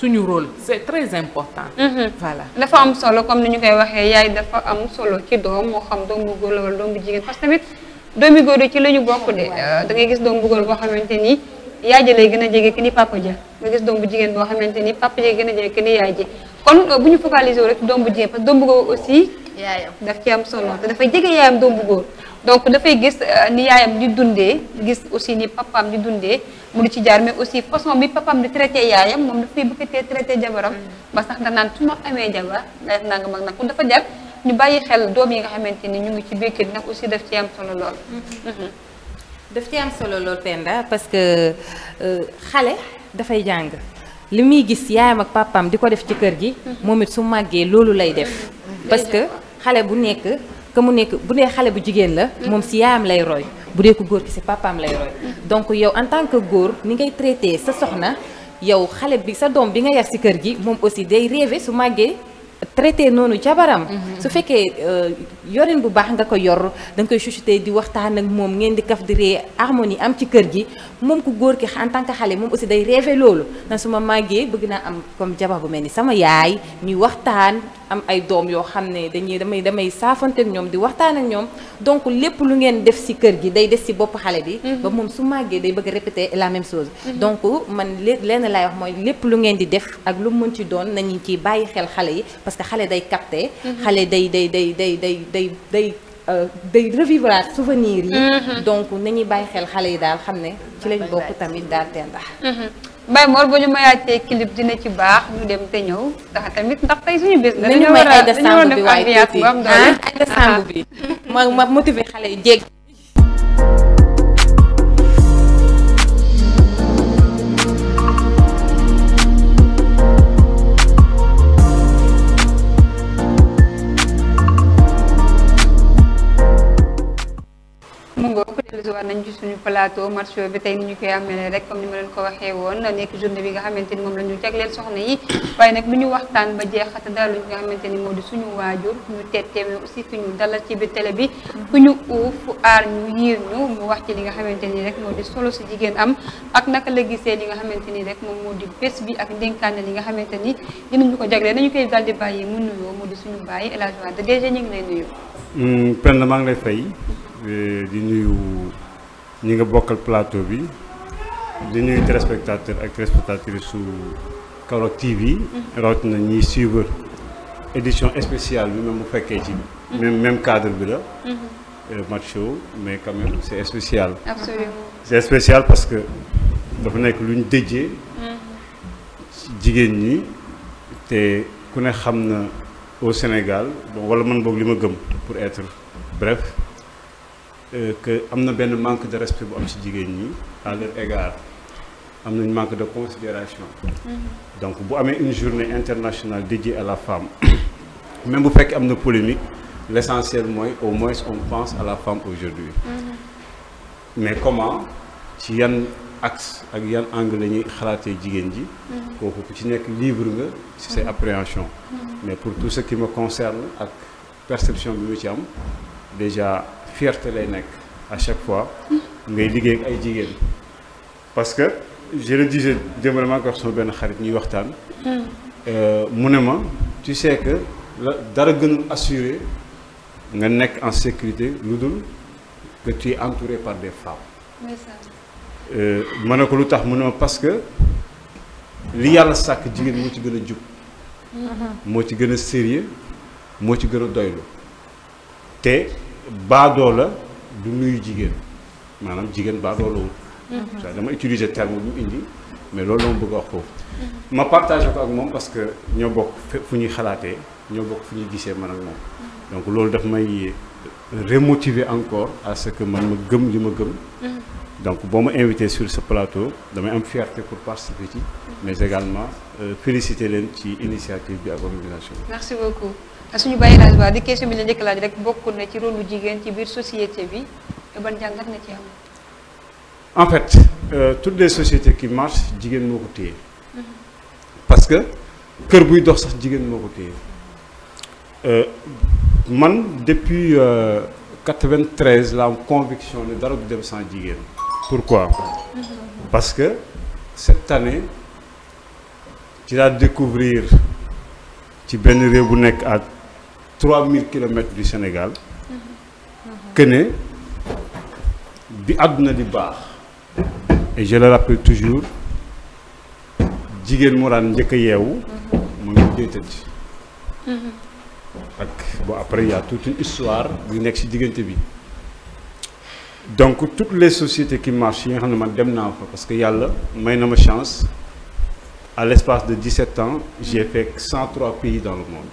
suñu rôle c'est très important. Mhm. voilà dafa am solo comme ni ñu koy waxee yaay dafa am solo ci doom moo xam doom bu góor la wala parce que tamit doomi góor yi ci la ñu bokk de euh, da ngay gis doom bu góor boo xamante ni yaay ji lay gën a jege papa ja nga gis doom bu jigéen boo xamante papa ja gën a jege ki ni yaay ji kon euh, bu ñu focaliser rek doom bu jigéen parce que doom bu góor aussi. yaayam daf ci am solo te dafay jege yaayam doom bu góor. donc dafay gis euh, ni yaayam di dundee gis aussi ni papaam di dundee mu di ci jaar mais aussi façon bi papaam di traité yaayam moom dafay bëgg a traité jabaram mm. ba sax da naan su ma amee jabar da nanga mag nag kon dafa jar ñu bàyyi xel doom yi nga xamante ni ñu ngi ci biir kër nag aussi daf ci am solo lool mm-hmm. Mm-hmm. daf ci am solo lool Penda parce que euh, xale dafay jàng li muy gis yaayam ak papaam di ko def ci kër gi mm-hmm. moom it su màggee loolu lay def parce que xale bu nekk que mu nekk bu dee xale bu jigéen la moom si yaayam lay roy bu dee ko góor ki si papaam lay roy donc yow en tant que góor ni ngay traité sa soxna yow xale bi sa doom bi nga yar si kër gi moom aussi day rêvé su màggee traité noonu jabaram mhm. su fekkee euh, yorin bu baax nga ko yor da nga koy chuchuté di waxtaan ak mom ngeen di kaf di harmonie am ci kër gi moom ku góor ki en tant que xale moom aussi day rêvé loolu na ma bëgg am comme jabar bu mel sama yaay ñuy waxtaan am ay doom yoo xam ne dañuy damay damay saafante ak ñoom di waxtaan ñoom donc lépp lu ngeen def ci kër gi day des ci bopp xale bi. Mhm. ba moom su màggee day bëgg a répéter la même chose. Mhm. donc man lenn laay wax mooy lépp lu ngeen di def ak lu mën ci doon nañu ci bàyyi xel xale yi parce que xale day katte mhm. xale day day day day day day day. Euh, day revivre souvenir yi. donc nañuy bàyyi xel xale yi daal xam ne ci lañ bokk tamit daal teel Baye Mor ba ñu mayaatee clip dina ci baax ñu dem te ñëw ndax tamit ndax tey suñu bés. dañu war a dañu war a def ambiance bu am doole nañu ah, may Aïda Samb bi waaye tuuti. Aïda Samb bi mooy motiver xale yi jéggi. mu ngoog dellusiwaat nañ ci suñu plateau marché bi tey ni ñu koy amee rek comme ni ma leen ko waxee woon nekk journée bi nga xamante ni moom la ñu jagleel soxna yi waaye nag lu ñu waxtaan ba jeexata daluñ xamante ni moo di suñu waajur ku ñu tettee mais aussi ku ñu dalal ci bi télé bi ku ñu uuf ñu ñu mu wax ci li nga xamante ni rek moo di solo si jigéen am ak naka la gisee li nga xamante ni rek moom moo di bés bi ak ndénkaane li nga xamante ni dinañu ko jagleel nañu koy daldi bàyyi mu nuyoo moo di suñu bàyyi El Hadj Wade DG ñu ngi lay nuyu hmm, Penda maa ngi lay di nuyu ñi nga bokkal plateau bi di nuyu téléspectateur ak sur su Kaolack TV. Mhm. rawatina ñiy suivre édition spéciale même bu ci. Mhm. même même cadre bi la. Mhm. Euh, match show mais quand même c'est spécial. absolument spécial parce que dafa nekk lu ñu dëjee. ci jigéen ñi te ku ne au Sénégal bon wala man boog li ma gëm pour être bref. Euh, que y a un manque de respect pour am ci à leur égard a un manque de considération mm-hmm. donc bu avoir une journée internationale dédiée à la femme même si fekkee a une polémique l'essentiel est au moins on pense à la femme aujourd'hui mm-hmm. mais comment si a un axe ak un angle la ñuy xalaatee jigéen ji mm-hmm. kooku que ci nekk libre mais pour tout ce qui me concerne la perception que mu déjà fierté lay nek à chaque fois ngay liggéey ak ay jigen parce que je le disais démb maa ngi son ben xarit ñuy waxtaan euh ne tu sais que la dara gënul assuré nga nek en sécurité ludul que tu es entouré par des femmes euh ne ko lu parce que li yalla sak jigen moo ci gën a jub mm-hmm. moo ci gëna sérieux mo ci gëna doylu baadoo la du nuyu jigen manam jigen baadoo la wut. Mhm. dama utiliser terme bu indi mais loolu mo bëgg wax mhm. ma partage ak mom parce que ño bok fuñu xalaté ño bok fuñu fu ñuy man ak moom. Mhm. donc loolu daf may remotiver encore à ce que man ma gëm li ma gëm. donc bon, ma invité sur ce plateau damay am fierté pour participer ci. mais également euh, féliciter len ci initiative bi ak organisation merci beaucoup suñu baye laaj waa di question bi la ñëk laaj rek bokku na ci rôle jigéen ci biir société bi ban jàngat na ci am. en fait euh, toutes les sociétés qui marchent jigéen moo ko téye mm-hmm. parce que kër buy dox sax jigéen moo ko téye euh, man depuis euh, 93 la am conviction ne dara du dem sans jigéen. pourquoi mm-hmm. parce que cette année ci laa découvrir ci benn réew bu nekk à. 3000 km du Sénégal que ne bi et je le rappelle toujours jigéen Mouran, daan njëkk après y a toute une histoire du nekk ci donc toutes les sociétés qui marchent yi nga xam parce que Yalla, chance à l'espace de 17 ans j'ai fait 103 pays dans le monde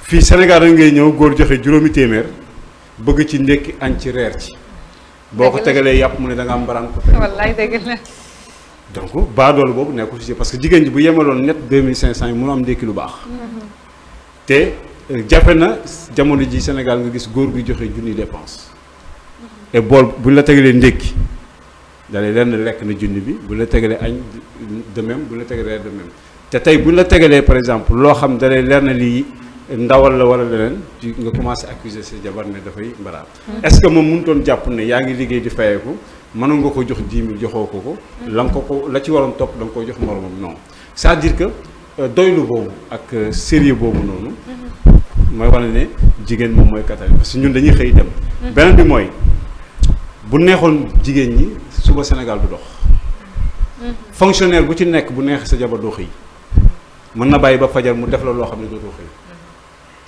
fi Sénégal rek ngay ñëw góor joxe juróomi téeméer bëgg ci ndekki an ci reer ci. boo ko tegalee yàpp mu ne da nga am mbaraan ko fay. wallaay dëgg la. donc baadoolu boobu nekkul ci parce que jigéen ji bu yemaloon net 2500 mu mënu am ndekki lu baax. Mm-hmm. te euh, jafe na jamono ji Sénégal nga gis góor gi joxe junni dépense. Mm-hmm. et bool bu la tegalee ndekki dalee lenn lekk na junni bi bu la tegalee añ de même bu la tegalee reer de même te tey bu la tegalee par exemple loo xam dalee leer na lii. ndawal la wala leneen ci nga commencé accuser sa jabar ne dafay mbaraat est-ce que moom mënutoon jàpp ne yaa ngi liggéey di fayeeku mënoon nga ko jox 10 joxoo ko ko la nga ko ko la ci waroon topp danga nga jox moromam non c'est-à-dire que euh, doylu boobu ak euh, sérieux boobu noonu mooy wane ne jigéen moom mooy kattan parce que ñun dañuy xëy dem beneen bi mooy bu neexoon jigéen ñi suba Sénégal du dox fonctionnaire bu ci nekk bu neex sa jabar doo xëy mën na bàyyi ba fajar mu def la loo xam ne dootoo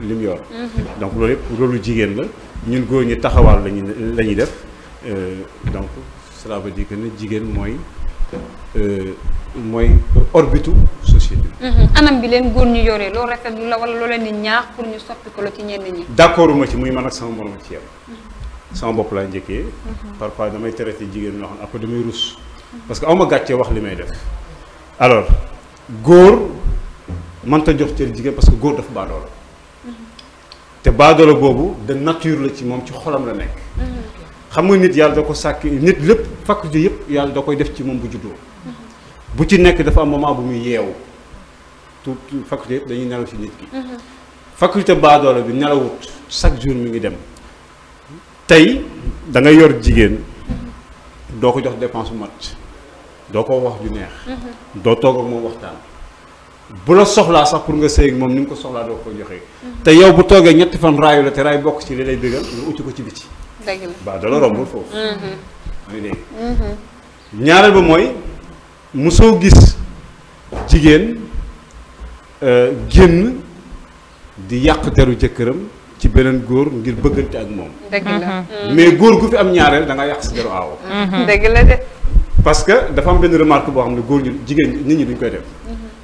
li yor. donc loolu yëpp rôle jigéen la ñun góor ñi taxawaal lañu la ñuy def euh, donc cela veut dire que jigéen mooy euh, mooy orbitu société bi. Mm-hmm. anam bi leen góor ñu yoree loolu rafetlu la wala loo leen di ñaax pour ñu soppi ko la ci ñenn ñi. d' ci muy man ak sama morom ci yam mm-hmm. sama bopp laa njëkkee. Mm-hmm. parfois damay traité jigéen ñoo xam ne après damay rus. parce que aw ma gàccee wax li may def alors góor mënta jox cër jigéen parce que góor dafa baadoo te baadoola bobu de nature la ci mom ci xolam la nekk xam nga nit yalla dako sak nit lepp faculté yëpp yalla dako def ci mom bu juddoo bu ci nek dafa am moment bu muy yeewu tout faculté yëpp dañuy nelaw ci nit ki faculté baadoola bi nelawut chaque jour mi ngi dem tay da nga yor jigen doko jox dépense bu mat doo wax ju neex do toog ak moom waxtaan bu la soxlaa sax pour nga sëy moom ni nga ko soxlaa doo ko joxee te yow bu toogee ñetti fan raayu la te raay bokk ci li lay bëggal nga ucc ko ci biti dëgg la waaw dala rombul foofu muy mm-hmm. dégg mm-hmm. ñaareel ba mooy mosoo gis jigéen euh, génn di yàq deru jëkkëram ci beneen góor ngir bëggante ak moom dëgg mm-hmm. mais góor gu fi am ñaareel da nga yàq si deru aaw dëgg la de parce que dafa am benn remarque boo xam ne góor ñi jigéen nit ñi duñ koy def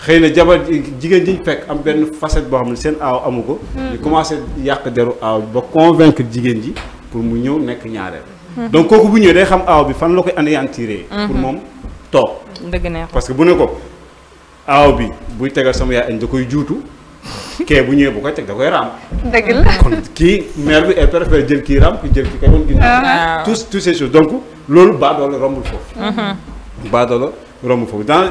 xeyna na jabar jigéen ji ñu am ben facette bo xam sen aw aaw ni commencer yak deru aw ba convaincre jigéen ji pour mu ñew nek ñaareel. Hmm. donc kooku bu ñew day xam aw bi fan la koy anéantiré. Hmm. pour mom top dëgg neex parce que bu ne ko aaw bi buy tégal sama yaay añ koy juutu. kee bu ñew bu ko tek da koy ram dëgg la kon kii mère bi elle préfère jël ki ram ki jël ki ko doon ah. tous tous ces choses donc lolu ba loolu baadoola rombul do hmm. baadoola rombul foofu dans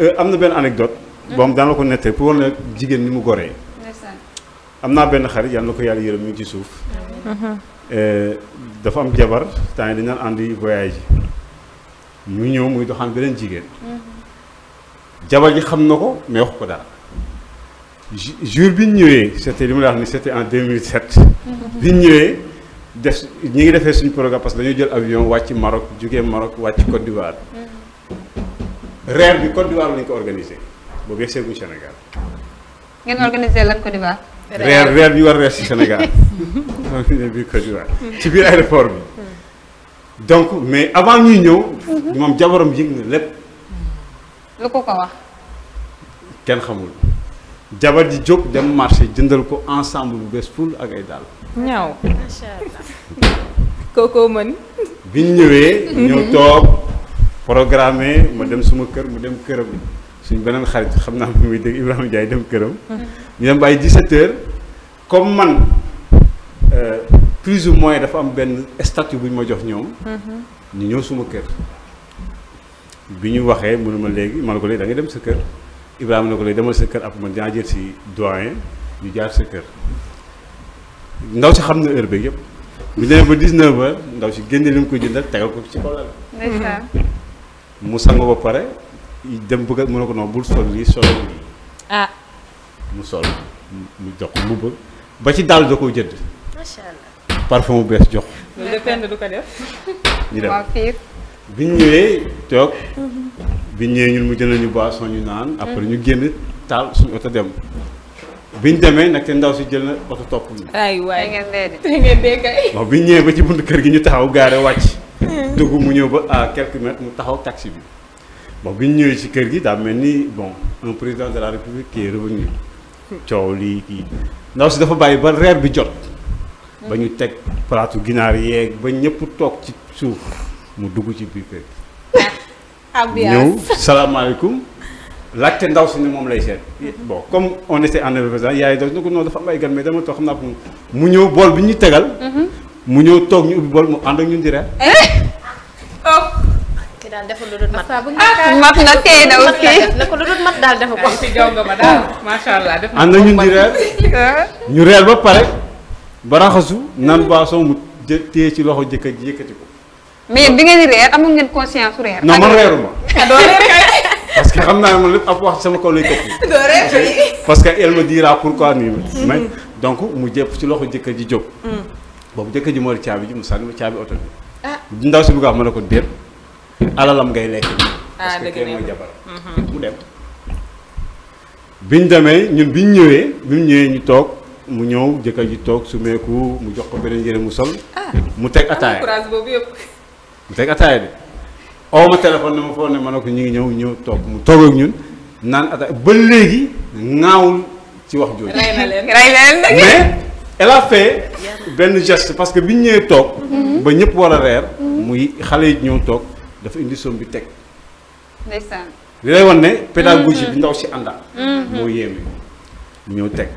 euh, amna ben anecdote boo daan la ko nettee pour war na jigéen ni mu goree am naa benn xarit yàlla na ko yàlla yërëm mi ngi ci suuf eh, dafa am jabar temps yi dañu daan ànd voyage ñëw muy doxaan beneen jigéen mm-hmm. jabar ji xam na ko mais wax ko daal jour bi ñu ñëwee c'était li ma la wax ni c'était en 2007 mm-hmm. bi ñu ñëwee def ñu ngi defee suñu programme parce que dañoo jël avion wàcc Maroc jógee Maroc wàcc Côte d'Ivoire mm-hmm. reer bi Côte d'Ivoire lañu ko organisé boobu yegg seegu Sénégal. ngeen organisé lan Côte reer bi war reer si Sénégal bi Côte d'Ivoire ci biir aéroport bi. donc mais avant ñuy ñëw. Mhm. moom jabaram yëg na lépp. lu ko ko wax. kenn xamul. jabar ji jóg dem marché jëndal ko ensemble bu bees ful ak ay daal. ñaaw macha allah. kookoo mën. bi ñu ñëwee. ñëw mhm. toog programme ma dem suma kër mu dem këram. suñ beneen xarit xam naa muy dégg Ibrahima Ndiaye dem këram. ñu dem bàyyi 17h comme man plus ou moins dafa am benn statut bu ñu ma jox ñoom. ñu ñëw suma kër. bi ñu waxee mënuma léegi ma ne ko léegi da dem sa kër Ibrahima ne ko léegi demal sa kër après man dinaa jël si doyen ñu jaar sa kër. ndaw si xam na heure bi yëpp bu demee ba 19h ndaw si génne li mu ko jëndal tegal ko ci kaw lal mu sango ba pare. dem ah. bëgg ya. hmm. oh, hmm. mu ko non bul sol lii sol ah mu sol mu jox mu bëgg ba ci daal da koo jënd macha allah parfum bu bees jox le pend du ko def ñu dem biñ ñëwé tok biñ ñëwee ñun mu jëndal ñu boisson ñu naan après ñu génn taal suñu auto dem biñ démé nak té ndaw ci jël na auto top ñu ay way ngeen dee de ngeen dee kay ba biñ ñëwee ba ci buntu kër gi ñu taxaw gaare wacc dugu mu ñëw ba à quelques mètres mu taxaw taxi bi bon bi ñu ñëwee ci kër gi daal mel ni bon un président de la république qui est revenu coow lii kii ndaw si dafa bàyyi ba reer bi jot ba ñu teg palaatu ginaar yeeg ba ñëpp toog ci suuf mu dugg ci biir kër gi ah, ñëw salaamaaleykum laajte ndaw si ni moom lay seet bon comme on était en effervescence yaay daw si ne ko non dafa am ay gan dama toog xam naa ko mu ñëw bool bi ñu tegal mhm. mu ñëw toog ñu ubbi bool mu ànd ak ñu di reer eh! oh. daal deful lu dul mat. Ah, mat na tey na aussi na ko lu dul mat daal defu ko. si ma daal ah. na ñun di reer ah. ñu reer ba pare ba raxasu naan boisson mu jë ci loxo jëkkër ji yëkkati ko. mais bi ngeen di reer amul ngeen conscience su reer. non man reeru parce que xam naa ne man lépp ab wax sama kaw lay doo reer parce que elle me dira pourquoi nii ma. Mm-hmm. mais mu jëpp ci loxo jëkkër ji jóg. Mm. boobu jëkkër ji moo di caabi ji mu sànni ma caabi oto bi. ndaw si bëgg a wax ma ko déet. alalam ngay lek ah, parce que mooy jabar bu mhm. dem. biñ demee ñun biñ ñëwé biñ ñëwé ñu tok mu ñëw jëkkër ji tok su méku mu jox ko beneen yéne mu sol. Ah. mu tek ataaya courage boobu yëpp. mu tek ataaya de oo ma téléphone ne ma foog ne ma ko ñu ngi ñëw ñëw tok mu tok ak ñun nan ataaya ba légui ngaawul ci wax joj ray na len ray na leen elle a fait ben geste parce que biñ ñëwee tok mhm. ba ñëpp war rër muy xalé ñu tok dafa indi somme bi tek ndaysan li lay wan pédagogie mhm. bi ndaw ci anda mo mhm. yémi ñeu tek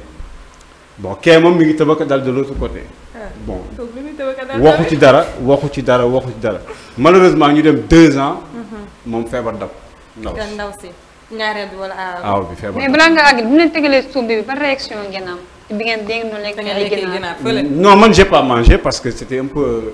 bon ké mom mi ngi tabaka dal de l'autre côté. Ah. bon waxu ci dara waxu ci dara waxu ci dara malheureusement ñu dem 2 ans. mom mhm. fièvre dab ndaw ci ndaw si ñaareel bi wala aaw bi fièvre mais bla nga ag bu ñu tegalee suum bi ba réaction ngénam bi ngén dégg noonu lekk ay ginaar non man j'ai pas mangé parce que c'était un peu.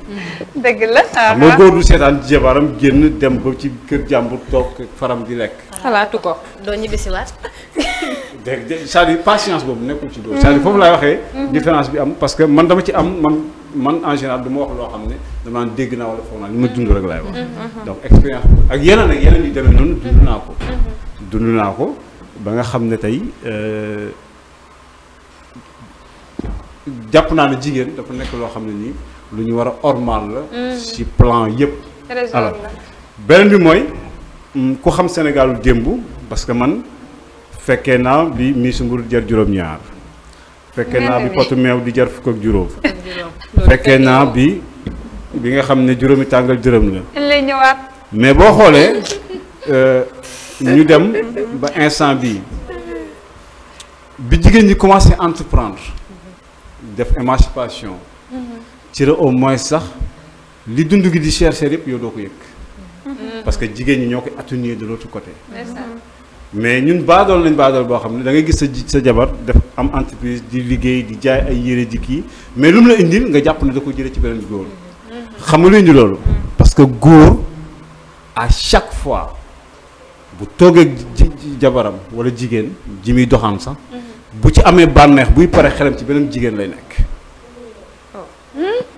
dëgg la xam nga góor du seetaan jabaram génn dem ba ci kër jàmbur toog faram di rek xalaatu ko doo ñibbisiwaat. dégg nga c'est-à-dire patience boobu nekkul ci góor. cest à foofu laay waxee. Mhm. différence bi am parce que man dama ci am man man en général ma wax loo xam ne dama naan dégg naa wala li ma dund rek laay wax. Mhm, mhm. donc expérience ak yeneen ak yeneen yu demee noonu dund naa ko. dund naa ko ba nga xam ne tey. Euh, jàpp naa ne jigéen dafa nekk loo xam ne nii lu ñu war a ormal la. Mm. ci plan yëpp. alors beneen bi mooy mm, ku xam Sénégal démb parce que man fekkee naa bi Miss Nguur jar juróom-ñaar. fekkee naa bi potu meew di jar fukk ak juróom. fekkee naa bi bi nga xam ne juróomi tàngal jërëm la. lay ñëwaat. mais boo xoolee euh, ñu dem ba instant bi bi jigéen ñi commencé entreprendre def émancipation. ci la au moins sax li dund gi di chercher yëpp yow doo ko mm-hmm. parce que jigéen ñi ñoo koy de l'autre côté mais ñun baadool nañ baadool boo xam ne da ngay gis sa jabar def am entreprise di liggéey di jaay ay yére di kii mais lu mu la indil nga jàpp ne da ko jëlee ci beneen góor mm-hmm. xam nga lu indi mm-hmm. parce que góor à chaque fois bu toogee jabaram wala jigéen ji muy sax bu ci amee bànneex buy pare xelam ci beneen jigéen lay nekk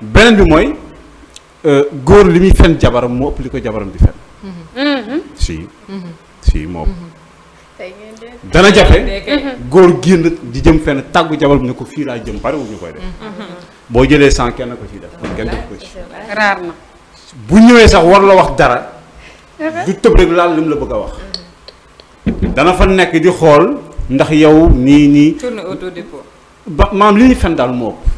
beneen bi mooy euh, góor li muy fen jabaram moo ëpp li ko jabaram di fen mm-hmm. Mm-hmm. si mm-hmm. si moo ëpp dana jafe góor génn di jëm fenn tàggu jabaram ne ko fii laa jëm bari wu ñu koy def boo jëlee cent kenn ko ci def bu ñëwee sax war la wax dara du tëb rek laal li mu la bëgg a wax dana fa nekk di xool ndax yow nii nii tourne autour ba maam li ñuy fen daal moo ëpp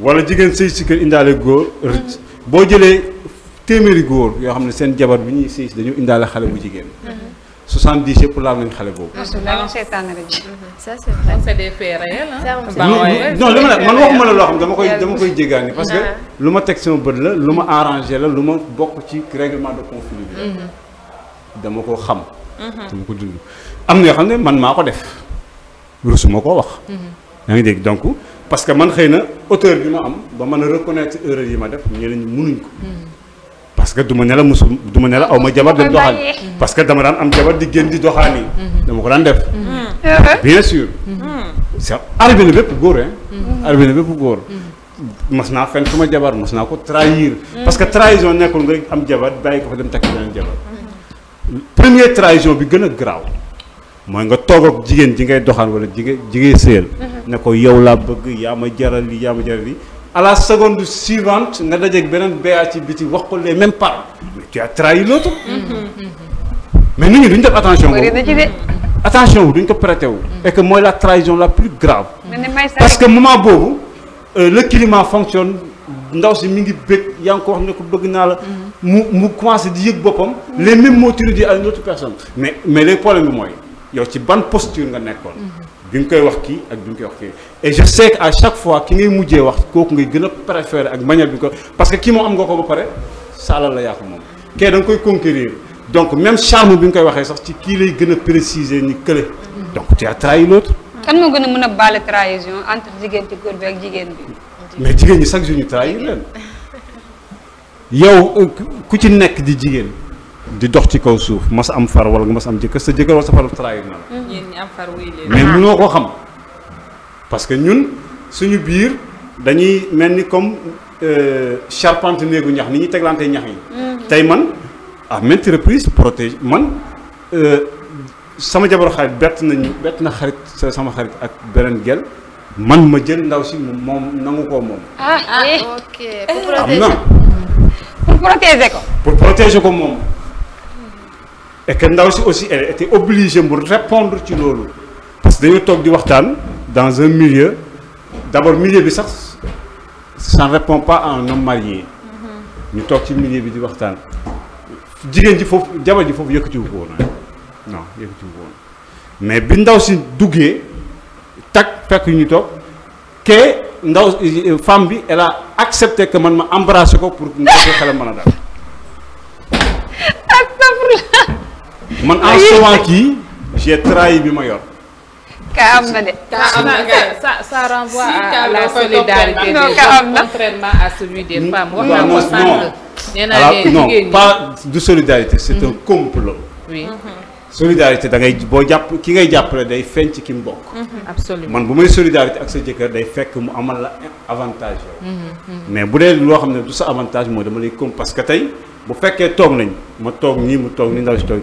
wala jigéen sëy si kër indaale góor er, mm-hmm. boo jëlee téeméeri góor yoo xam ne seen jabar bi ñuy sëy si dañu indaale xale bu jigéen 70 mm-hmm. yëpp laal nañu xale boobu. Mm-hmm. ça c'est vrai. c'est des faits réels non dama la man waxuma la loo xam dama koy dama koy jéggaani parce que uh-huh. lu ma teg sama bët la lu ma arrangé la lu ma bokk ci règlement de conflit bi dama ko xam dama ko dund am na yoo xam ne man maa ko def rusuma koo wax yaa ngi dégg donc parce que man xëy na auteur bi ma am ba man a reconnaître erreur yi ma def ñeneen ñi mënuñ ko. Hmm. parce que du ma ne la musu du ma ne la aw ma jabar dem doxaan hmm. parce que dama daan am jabar di génn di doxaan yi hmm. dama ko daan def. Uh-huh. bien sûr. c' est na bépp góor hein. arrivé na bépp góor. mas naa fen suma jabar mas naa ko trahir. parce que trahison nekkul nga am jabar bàyyi ko fa dem takk beneen jabar. première trahison bi gën a garaaw. moy nga ak wala à la seconde suivante nga ba ci biti wax ko les mêmes paroles tu as trahi l'autre mhm, mhm, mhm. mais nous, duñ def attention attention que moy la trahison la plus grave parce que moment euh, le climat fonctionne ndaw si mi ngi bëgg ko wax ne ko commencé les mêmes mots à une autre personne mais mais les problèmes il y a posture bonne posture. dans et je sais qu'à chaque fois que ngay mujjee wax ngay a parce que qui m'a am nga ko la conquérir donc même charme bi suis koy sax ci précisé. lay préciser donc tu as trahi l'autre. quand mo gëna mëna balé trahison entre diggante góor bi ak jigen bi. mais jigen ni chaque jour trahir yow ku ci di di dox ci kaw suuf mas am far wala nga mas am jëkkër sa jëkkër wala sa mm-hmm. far trahir na mais mënoo ko xam parce que ñun suñu biir dañuy melni comme euh charpente neegu ñax ni ñi teglanté ñax yi mm-hmm. tay man à maintes reprises protège man euh sama jabar xarit bet nañu bet na xarit sama xarit ak benen gel man ma jël ndaw si mom nangu ko mom ah, ah eh. ok pour ah, protéger pour protéger ko pour protéger ko mom et qu'elle a aussi elle était obligée de répondre ci parce que dans un milieu d'abord milieu de ça, ça ne répond pas à un homme marié mm-hmm. ñu ci milieu de di il faut hein? que tu non, il non tu mais aussi si dit femme elle a accepté que man pour que je me fasse man en ah, sauvant kii j'ai trahi bi ma yor. kaa am na de. kaa am na ça ça renvoie à la solidarité des hommes contrairement à celui des femmes. wax naa pas du solidarité c'est mm-hmm. un complot. Mm-hmm. solidarité da boo jàpp ki ngay jàppale day feeñ ci ki mu bokk. Mm-hmm. absolument man bu may solidarité ak sa jëkkër day fekk mu amal la avantage yow. mais bu dee loo xam ne du sa avantage mooy dama lay comme parce que tey bu fekkee toog nañ ma toog nii mu toog nii ndaw si toog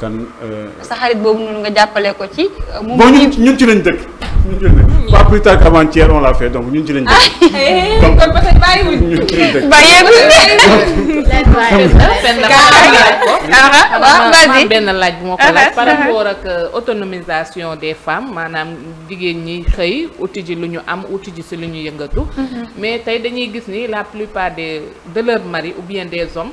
kan. Euh, sa xarit boobu noonu nga jàppale ko ci. Euh, moom bon ñun ci lañ dëkk. ñun ci lañ ah. on l'a fait donc ñun ci lañ dëkk. Ah, eh, eh, eh, donc kon parce que bàyyiwuñ. ñun benn laaj bu ma ko laaj par rapport ak euh, autonomisation des femmes maanaam jigéen ñi xëy uti ji lu ñu am uti ji si lu ñu yëngatu. Mhm. mais tey dañuy gis ni la plupart des de leur mari ou bien des hommes.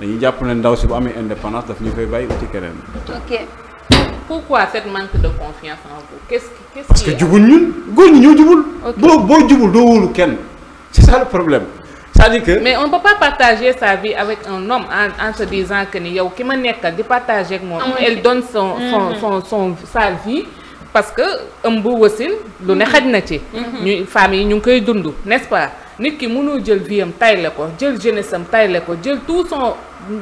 dañuy jàpp ne ndaw si bu amee indépendance daf ñu koy bàyyi uti keneen. ok pourquoi cette manque de confiance en vous qu'est-ce qui est parce que jubul ñun góor ñi ñoo jubul. boo boo jubul doo wóolu kenn c'est ça le problème. c'est-à-dire que mais on peut pas partager sa vie avec un homme en en se disant que ni yow ki ma nekkal di partager ak moom. Ah elle donne son mm-hmm. son son son sa vie. parce que ëmb wasin lu ne mm-hmm. xaj na ci. Mm-hmm. ñu famille yi ñu ngi koy dund n'est-ce pas nit ki mënoo jël vie am tayle ko jël jeunesse am tayle ko jël tout son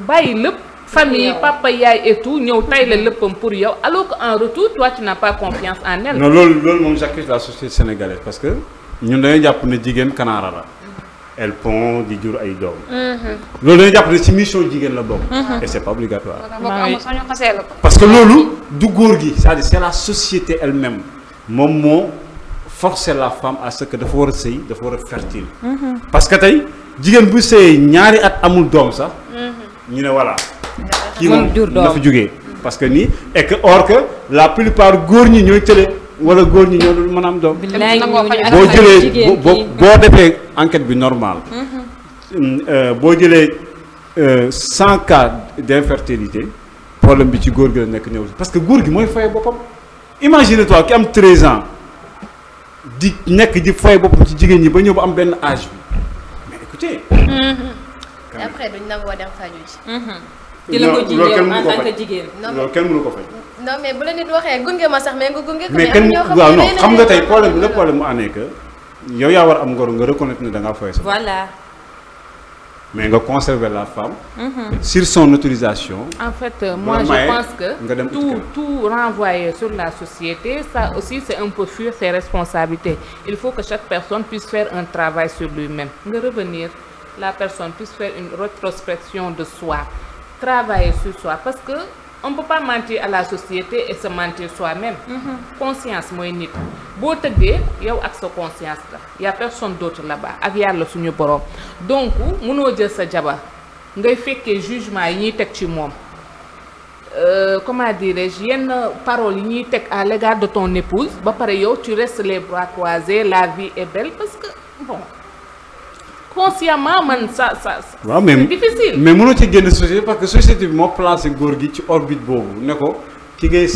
bàyyi lépp famille papa yaay et tout ñëw tayle léppam pour yow alors que en retour toi tu n'as pas confiance en elle non loolu loolu moom j'accuse la société sénégalaise parce que ñun dañoo jàpp ne jigéen kanaara la elle pond di jur ay doom. Mhm. loolu dañuy jàpp ne ci mission jigéen la bokk. Mhm. et c'est pas obligatoire. parce que loolu du góor gi c'est-à-dire c'est la société elle-même moom moo forcer la femme à ce que de forcer de forcer fertile. Mhm. parce que tey jigéen bu c'est ñaari at amul dom sax. Mhm. ñu ne voilà. kii moom dafa jógee parce que ni, et que or que la plupart góor ni ñooy tële wala góor ñi ñoo dul mën bon am doom. boo jëlee boo boo defee enquête bi normale. Mhm. Euh, euh, cas d'infertilité problème petit ci n'est que la parce que moi il faut fay boppam. imagine toi ki am 13 ans. di nekk di fooy boppam ci jigéen ñi ba ñëw ba am benn âge bi mais écoutez. Mm-hmm. après duñ nangoo dem faju ji. Mm-hmm. la ko ji yow en tant que jigéen. loolu kenn mënu ko faj. non mais bu la nit waxee gunge ma sax mais nga gunge. mais kenn waaw non xam nga tey problème bi le problème mu ànd que yaa war am ngoro nga reconnaître ne da fooy sax. mais faut conserver la femme. sur son autorisation. en fait moi je pense que tout tout renvoyer sur la société ça aussi c'est un peu fuir ses responsabilités il faut que chaque personne puisse faire un travail sur lui-même De revenir la personne puisse faire une rétrospection de soi travailler sur soi parce que on ne peut pas mentir à la société et se mentir soi-même. Mhm. conscience moi. nit boo là, yow conscience Il n'y a personne d'autre là-bas le yàlla suñu borom donc mënoo jël sa jabar ngay fekkee jugement yi ci euh, comment dirais-je il y a une parole à l'égard de ton épouse tu restes les bras croisés la vie est belle parce que bon consciemment ça ça. mais difficile mais mënoo ci génn société parce que société est moo placé góor gi ci orbite boobu ne ko ki ngay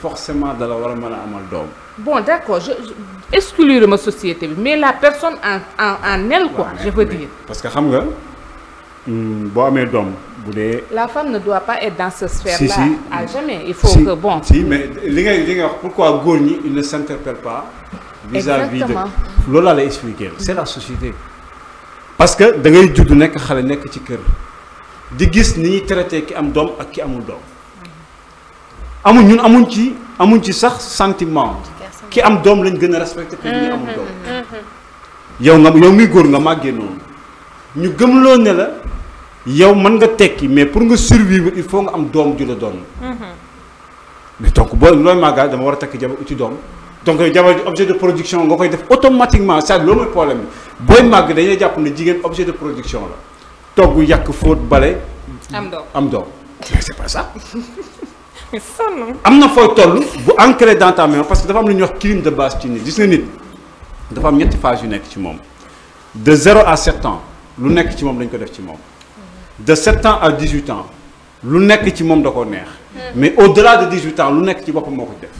forcément dala war a mën bon d'accord, je, exclure ma société mais la personne en en elle quoi. je veux dire parce que xam nga si hmm, amee doom un la femme ne doit pas être dans cette sphère là. si si à jamais il faut que bon. si mais li ngay pourquoi góor ñi ne s'interpellent pas. vis-à-vis de loolu laa expliquer C'est la société. parce que da ngay judd nekk xale nekk ci kër di gis ni ñuy traité ki am doom ak ki amul doom amul ñun amuñ ci amuñ ci sax sentiment ki am doom lañ gën a respecté que ñi amul doom mm-hmm, mm-hmm. yow nga yow muy góor nga màggee noonu ñu loo ne la yow man nga tekki mais pour nga survivre il faut nga am doom ju la doon mm-hmm. mais donc boo looy màggal dama war a takk jabar uti doom donc il y a objet de production automatiquement ça le problème boy mag dañuy japp ne jigen objet de production la togu yak faute balay am do c'est pas ça Il ça non amna fo tollu bu ancré dans ta main parce que dafa am lu ñu wax crime de base ci nit dafa am ñetti phase yu nekk ci mom de 0 à 7 ans lu nekk ci mom dañ ko def ci mom de 7 ans à 18 ans lu nekk ci mom da ko neex hmm. mais au delà de 18 ans lu nekk ci crimes de base.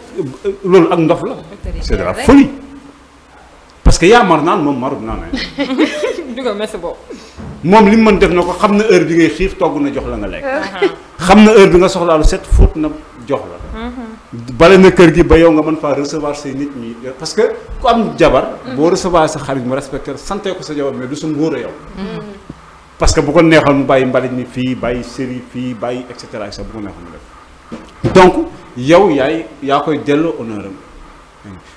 loolu ak ndof la c'est de la folie parce que ya mar nan mom maru nan du ko mes boobu moom li mu def nako xamna na heure bi ngay xif togu na jox la nga lek uh-huh. xamna heure bi nga lu set fóot na jox la uh-huh. bale na kër gi ba yow nga man fa recevoir ces nit ñi parce que ko am jabar uh-huh. bo recevoir sa xarit mu respecter sante ko sa jabar mais du sun ngoro yow parce que bu ko neexal mu bàyyi mbalit ni fi bàyyi série fi bàyyi et cetera et cetera bu ko neexal mu def donc yow yaay ya koy delloo honneuram.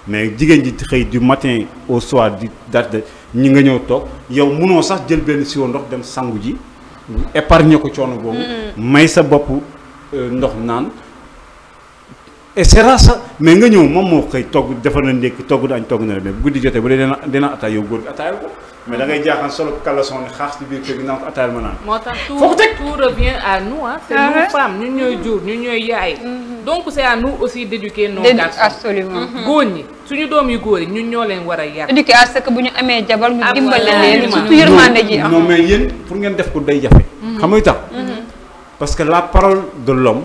mais jigéen ji xey du matin au soir di date ñi nga ñëw toog yow munoo sax jël ben siwo ndox dem sangu ji épargner ko coono bobu, may sa bopp euh, ndox naan. et c'est sax mais nga ñëw moom moo xëy togg defar na ndékki togg na añ togg na la mais bu guddi jotee bu dee dina dina ataay yow góor gi ataayal ko mais da ngay jaaxal solo kalason ni xaas ci biir kër gi ko ataayal ma naan. moo tax tout tout revient à ñu ah. c'est nous femmes ñun ñooy jur ñun ñooy yaay. Mm-hmm. donc c'est à nous aussi d'éduquer nos garçons. absolument mm-hmm. góor ñi suñu doom yi góor yi ñun ñoo leen war a yar. éduquer à ce que bu ñu amee jabar ñu ah, dimbale leen surtout yërmande ji am non mais yéen pour ngeen def ko day jafe. Mm-hmm. xam que la parole de l'homme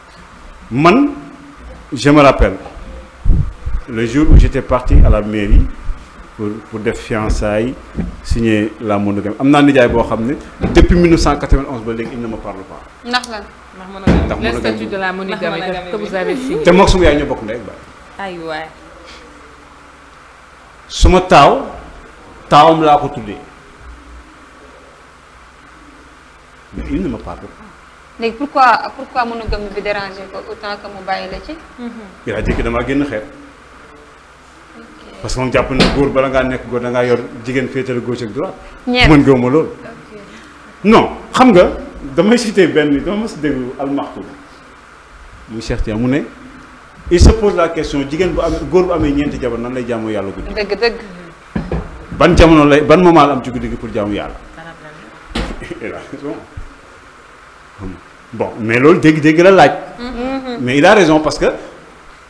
man je me rappelle le jour où j'étais parti à la mairie pour pour des fiançailles signer la monogamie depuis 1991 ba il ne me parle pas. ndax statue de la monogamie que vous avez signé. te moog suma yaay ñoo bokk ndey ak baay. aywa. suma ko mais il ne me parle pas. léegi pourquoi pourquoi monogamie bi déranger ko autant que mu bàyyi la ci. il a dit que damaa génn xeet. parce que moom jàpp na góor bala ngaa nekk góor da ngaa yor jigéen féetale gauche ak droite. ñeent mën gëwma loolu. non xam nga damay cité benn dama mës déglu almaxtu muy Cheikh Tidiane mu ne. il se pose la question jigéen bu am góor bu amee ñeenti jabar nan lay jaamoo yàlla guddi. dëgg dëgg. ban jamono lay ban moment la am ci guddi gi pour jaamu yàlla. bon mais lol dég dég la laaj. Mm-hmm. mais il a raison parce que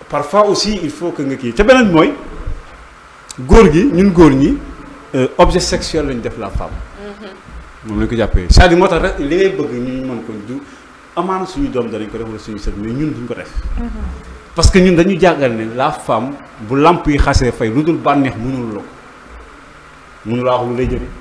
parfois aussi il faut que nga kii te beneen mooy góor gi ñun gor ñi euh, objet sexuel lañ def la femme. Hmm. Mom lañ ko jappé. Ça di dire rek li ngay bëgg ñu mën ko du amaana suñu doom dañ ko def suñu sët mais ñun duñ ko def. Mm-hmm. parce que ñun dañu jàngal né la femme bu làmp yi xassé fay lu dul bànneex mënul lo. mënul a wax lu lay jëriñ.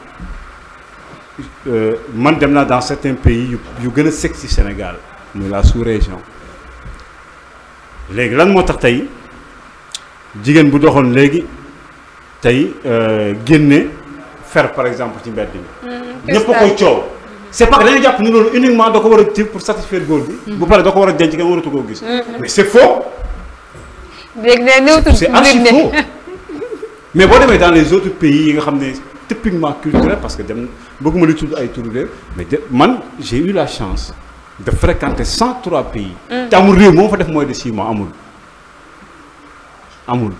Euh, man dans certains pays you a gën sexy Sénégal mais la sous-région Les lan moo tax gens qui bu doxoon léegi ils euh, par exemple une mbedd mm, mm-hmm. c'est pas que dañu uniquement pour satisfaire le mm-hmm. bi mm-hmm. mais c'est faux c'est mais dans les autres pays yi nga typiquement parce que Beaucoup de choses ay turu mais de man j'ai eu la chance de fréquenter 103 pays. Mm. te amul mon frère fa def de 6 mois amul. amul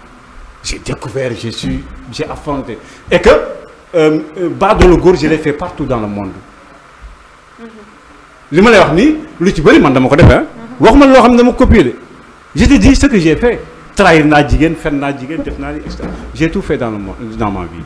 j'ai découvert je suis j'ai affronté et que euh, euh, bas Badolo góor je l'ai fait partout dans le monde. Mm-hmm. li ma lay wax nii lu ci bëri man dama ko defee wax ma dama copier J'ai je te dis ce que j'ai fait trahir naa faire fen naa jigéen def j'ai tout fait dans le dans ma vie.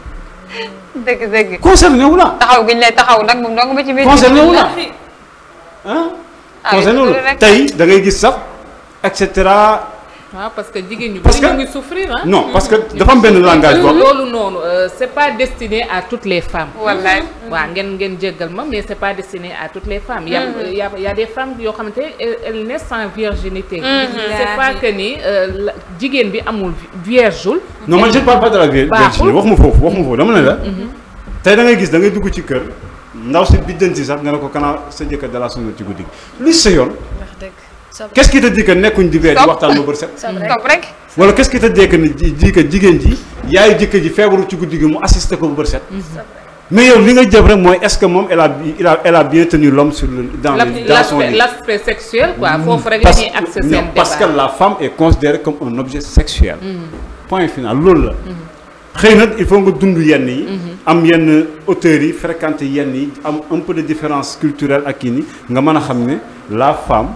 dëgg dëgg. concerné wu la. taxaw gi ñu lay taxaw nag moom dong ba ci biir. concerné wu la ah. concerné wu la tey da ngay gis sax et cetera Ah, parce que les femmes souffrir hein? non parce que dafa benn langage Non, non, non, c'est pas destiné à toutes les femmes. Voilà. mais c'est pas destiné à toutes les femmes. Il y' a mm-hmm. des femmes qui sont elles naissent sans virginité. Mm-hmm. C'est pas que ni euh, ne bi pas vierge. non mais je ne parle pas de la virginité pas de la virginité. dama ne la. Non mm-hmm. da ngay gis da ngay dugg ci kër ndaw si biddanti sax ne ci li qu'est-ce qui te dit que nekkuñ di weer waxtan mo ba set stop rek wala qu'est-ce qui te dit que di que jigéen ji yaayu jëkkër ji fébru ci guddi gi mu assister ko ba bër set mais yow li nga jëf rek moy est-ce que mom elle a il a elle a bien tenu l'homme sur le dans dans son lit l'aspect sexuel quoi mm. faut rek la accès seen parce que la femme est considérée comme un objet sexuel mm. point final lool. la mm. xëy na il faut nga dund yenn yi mm-hmm. am yenn auteurs yi fréquenter yenn yi am un peu de différence culturelle ak kii ni nga mën a la femme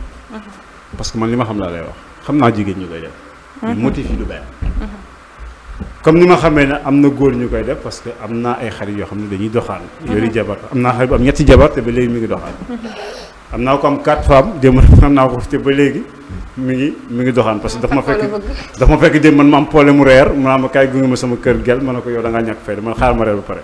parce que man li ma xam laa lay wax xam naa jigéen ñu koy def. Mhm. motif yi du benn. Mhm. comme ni ma xamee ne am na góor ñu koy def parce que am naa ay xarit yoo xam ne dañuy doxaan. Mhm. yori jabar am naa xarit bu am ñetti jabar te ba léegi mi ngi doxaan. am naa ko am quatre am naa ba léegi mi ngi mi ngi doxaan parce que daf ma fekk daf ma fekk démb man ma poole mu reer mu naa ma kaay gunge ma sama kër gel ma ne ko yow da ngaa ñàkk fay man xaaral ma reer ba pare.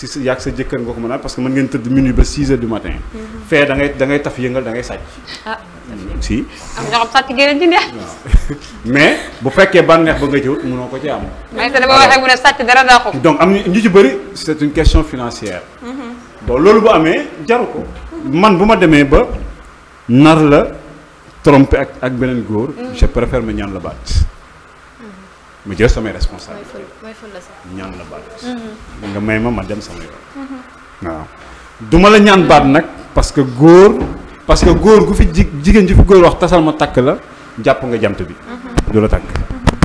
si sa yàgg sa jëkkër nga ko mën a parce que mën ngeen tëdd minuit ba 6 heures du matin. Mhm. fee da ngay da ngay taf yëngal da ngay sàcc. Ah. si. am na a ji mais bu fekkee bànneex ba nga jëwut mënoo ko ci am. mais te dama wax rek mu ne sàcc dara daaxu. donc am ñu ci bëri c' est une question financière. Mhm. bon loolu bu amee jaru ko. man bu ma demee ba nar la tromper ak ak beneen góor. Mhm. je préfère ma ñaan la baat. ma jël samay responsabilité ñaan la baat mm-hmm. nga may ma ma dem sama yoon mm-hmm. waaw duma la ñaan baat nag parce que góor parce que góor gu fi ji jigéen ju fi góor wax tasal ma takk la jàpp nga jant bi mm-hmm. du la takk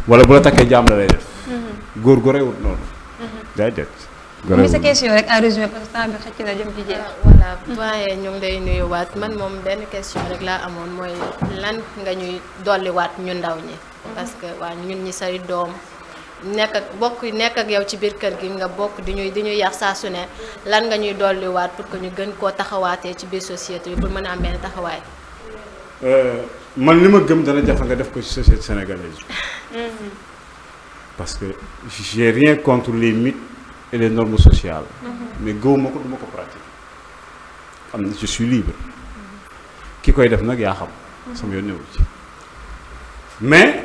wala bu la takkee jaam la lay def góor gu rewut noonu déedéet mu sa question rek en résumé parce que temps bi ah, ñu ngi lay nuyuwaat man moom benn question rek laa amoon mooy lan nga ñuy dolliwaat ñu ndaw ñi. parce que wa ñun ñi sari doom nek ak bokk nek ak yow ci biir kër gi nga bokk di ñuy di ñuy yar saa su lan nga ñuy waat pour que ñu gën ko taxawaté ci biir société bi pour mën a am benn taxawaay. Euh, man li gëm dana jafe nga def ko ci société sénégalaise mhm. parce que j'ai rien contre les mythes et les normes sociales. Mhm. mais gëwuma ko duma ko pratiquer am je suis libre. Mhm. ki koy def nak ya xam. sama yoon ci mais.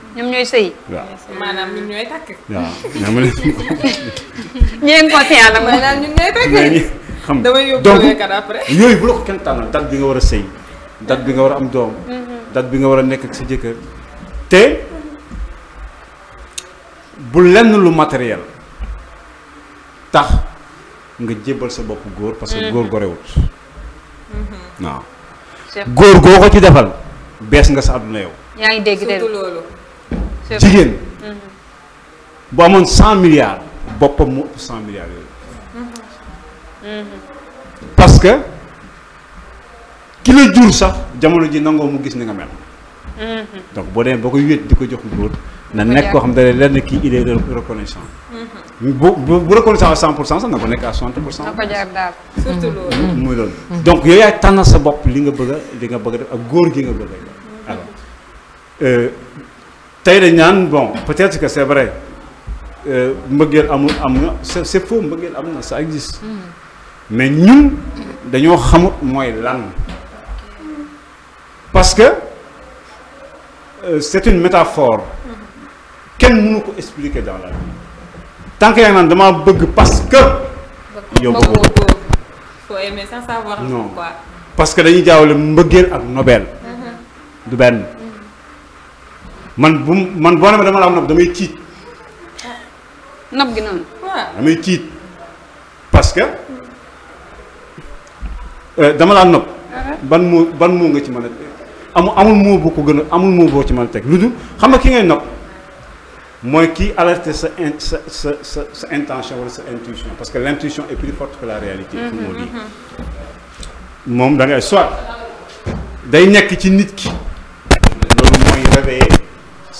nyam ñooy sëy waaw ñun ñooy takk waaw ñoom la ñeen ko tiyal maanaam ñun ñooy takk xam damay yóbbu dat bi nga bi nga am doom bi nga ak sa bu lenn lu matériel tax nga jébbal sa bopp góor parce que góor gorewut waaw góor goo ko ci defal bees nga sa àdduna yow jigéen mm-hmm. bu amoon cent milliards boppam mu ëpp cent milliards yooyu mm-hmm. Mm-hmm. parce que ki jur sax jamono ji nangoo mu gis ni nga mel donc boo demee boo koy wéet di ko jox góor na nekk koo xam ne lenn kii il est reconnaissant bu bu bu reconnaissant à cent pour cent sax na ko nekk à pour cent na ko jaar daal surtout loolu donc yow yaay tànn sa bopp li nga bëgg di nga bëgg def ak góor gi nga bëgg a alors euh, bon peut-être que c'est vrai euh, c'est faux ça existe hmm. mais nous nous xamut parce que euh, c'est une métaphore quel nous ko expliquer dans la vie tant que je un parce que Il faut aimer sans savoir pourquoi parce que dañuy le nobel hmm. du man bu man boo demee dama la nopp damay tiit. nab gi noonu. damay tiit parce que euh dama la nopp. Uh-huh. ban moo ban mo nga ci mën a amul mo bu ko gëna amul mo bo ci mën a teg xam nga ki ngay nopp moy ki alerter sa sa sa sa intention wala sa intuition parce que l'intuition est plus forte que la réalité. Mm-hmm, comme on dit mm-hmm. moom da ngay soit day nekk ci nit ki. lolu moy réveiller.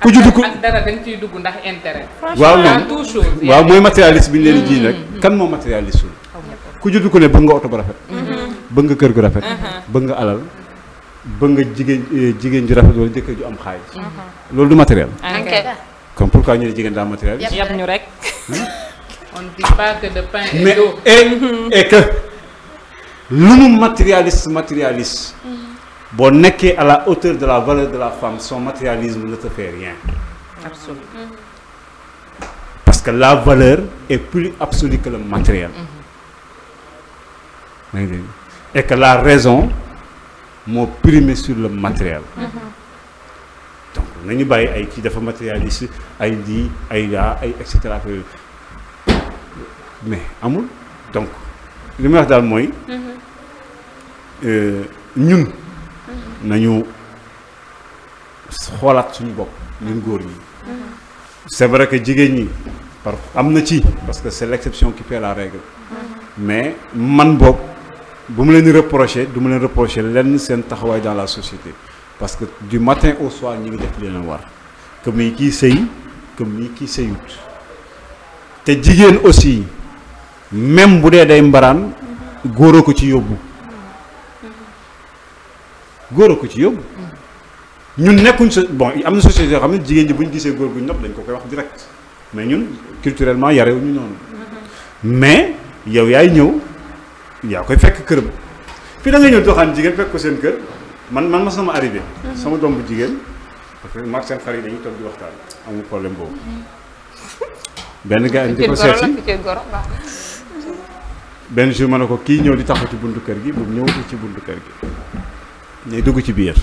ku juddu ku ak dara dugg ndax intérêt. waaw ñoom waaw mooy matérialiste bi ñu leen di ji nag. Mm-hmm. kan moo matérialiste ku juddu ku ne bëgg nga oto ba rafet. Mm-hmm. bëgg nga kër gu rafet. Mm-hmm. bëgg nga alal. bëgg nga jigéen eh, jigéen ju rafet wala jëkkër ju am xaalis. loolu du matériel. comme pourquoi ñu ne jigéen daa matériel. yab ñu rek. Hmm? on dit pas que mais et que lu mu matérialiste matérialiste. tu es à la hauteur de la valeur de la femme son matérialisme ne te fait rien. Absolument. Mm-hmm. parce que la valeur est plus absolue que le matériel. Mm-hmm. et que la raison m'a primé sur le matériel. Mm-hmm. donc nañu bàyyi ay des dafa matérialiste ay il ay mais amour, donc le meurtre d'Almoy, nous, nañu xoolaat suñu bopp ñun góor ñi c'est vrai que jigéen ñi par am ci parce que c'est l'exception qui fait la règle mais man boog bu mu leen di reprocher du mu leen reprocher lenn seen taxawaay dans la société parce que du matin au soir ñi ngi def li voir. war que muy kii sëy que muy kii sëyut te jigéen aussi même bu dee day mbaraan góoroo ko ci yóbbu góor ko ci yob ñun nekkun ci bon amna société xamni jigen ji buñ gisee góor guñ nopp dañ ko koy wax direct mais ñun culturellement yarew ñu non mais yow yaay ñew ya koy fekk kërëm fi da nga ñëw doxaan jigen fekk ko seen kër man man ma sama arrivé sama dom bu jigen parce que maag seen xarit dañu tok di waxtaan amu problème bo ben gars di ko seet ben jour manako ki ñew di taxaw ci buntu kër gi bu ñew ci buntu kër gi ne dugg ci biir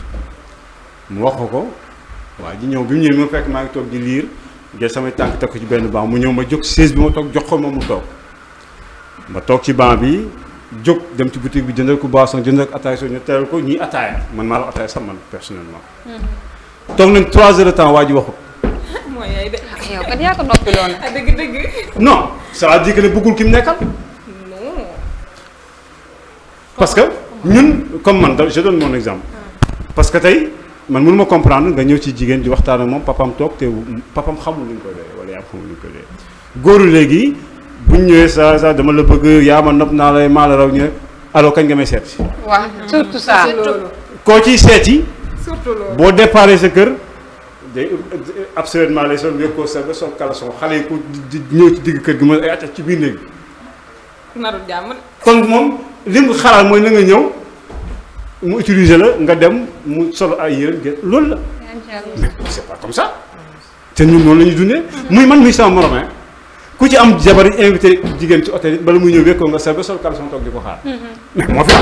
mu wax ko ko waa ji ñëw bi mu fekk maa ngi toog di liir jël samay tànk teg ko ci benn baax mu ñëw ma jóg chaise bi ma toog jox ko ma mu toog ma toog ci banc bi jóg dem ci boutique bi jëndal ko boisson jëndal ko ataaya soo ñu teral ko ñuy ataaya man maa la ataaya sax man personnellement. Mm-hmm. toog nañ trois heures de temps waa ji waxut. mooy yaay de. Ah, yow ah, non ça veut ne bëggul ki mu nekkal. non. que. ñun comme man je donne mon exemple. parce que tay, man mënu ma comprendre nga ñëw ci jigéen di waxtaan ak moom papam tok té papam xamul lu ñu ko dee wala ya xamul lu ñu ko dee. góoru légui bu ñu ñëwee sa sa dama la bëgg yaa ma nopp naa la maa raw ñu alors kañ nga may seet wa surtout ça ko ci séti surtout loolu bo déparé sa kër. day absolument les sol yëg ko sa ba kala kalason xalé ko di ñëw ci digg kër gi ma ay acca ci biir néeg. naru jàmm kon moom. lim xalaat mooy na nga ñëw mu utiliser la nga dem mu solo ay yére loolu la. mais c'est pas comme ça. te ñun noonu la ñuy dundee. muy man muy sama morom ku ci am jabar invité jigéen ci hôtel bala muy ñëw wekkoo nga serbe sol caleçon toog di ko xaar. Mm-hmm. mais moo fi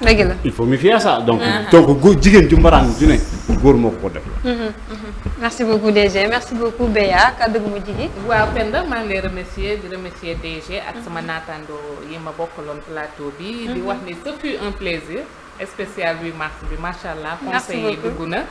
dëgg il faut mu fier ça donc. Ah. donc góor jigéen ju mbaraan ju ne góor moo ko ko def. Mm-hmm, mm-hmm. merci beaucoup DG merci beaucoup Béya kàddu gu maa ngi lay remercier di remercier DG ak mm-hmm. sama naataandoo yi ma bokkaloon plateau bi. di wax ni ce fut un plaisir. spécial 8 mars bi macha allah. conseil yi dugg na.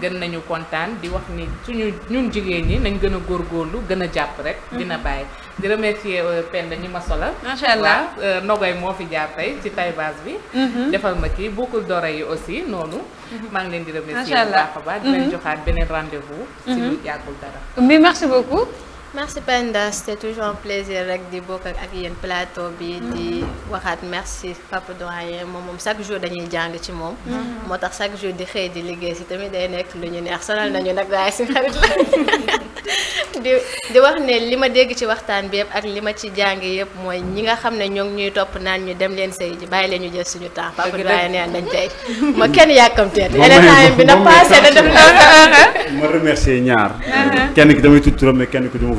gën nañu kontaan di wax ni suñu ñun jigéen ñi nañ gën a góor góor góorgóorlu gën a jàpp rek. dina bàyyi. di remercier euh, Penda ñi ma solal. macha allah waaw euh, moo fi jaar tey ci tay bi. Mhm. defal ma kii bokkul doro yi aussi noonu. Mhm. maa ngi leen di remercier bu baax a baax. di mhm. joxaat beneen rendez vous. ci lu yàggul dara. mi merci beaucoup. merci Penda c'était toujours un plaisir avec di bokk ak yéen plateau bi mm-hmm. di waxat merci Papa Doyen mom mom chaque jour dañuy jàng ci mom motax mm-hmm. chaque jour di xëy di liggéey ci tamit day nekk lu ñu neex sonal nañu nak waaye si xarit la di di wax ne lima ma dégg ci waxtaan bi yëpp ak lima ci jàng yëpp moy ñi nga xam ne ñuy top naan ñu dem len sey ji baye leen ñu jël suñu temps Papa Doyen neen dañ tay ma kenn ene yàkkamtee bi na passé na def ma remercier ñaar uh-huh. kenn ki damay tudd turam mais kenn ki duma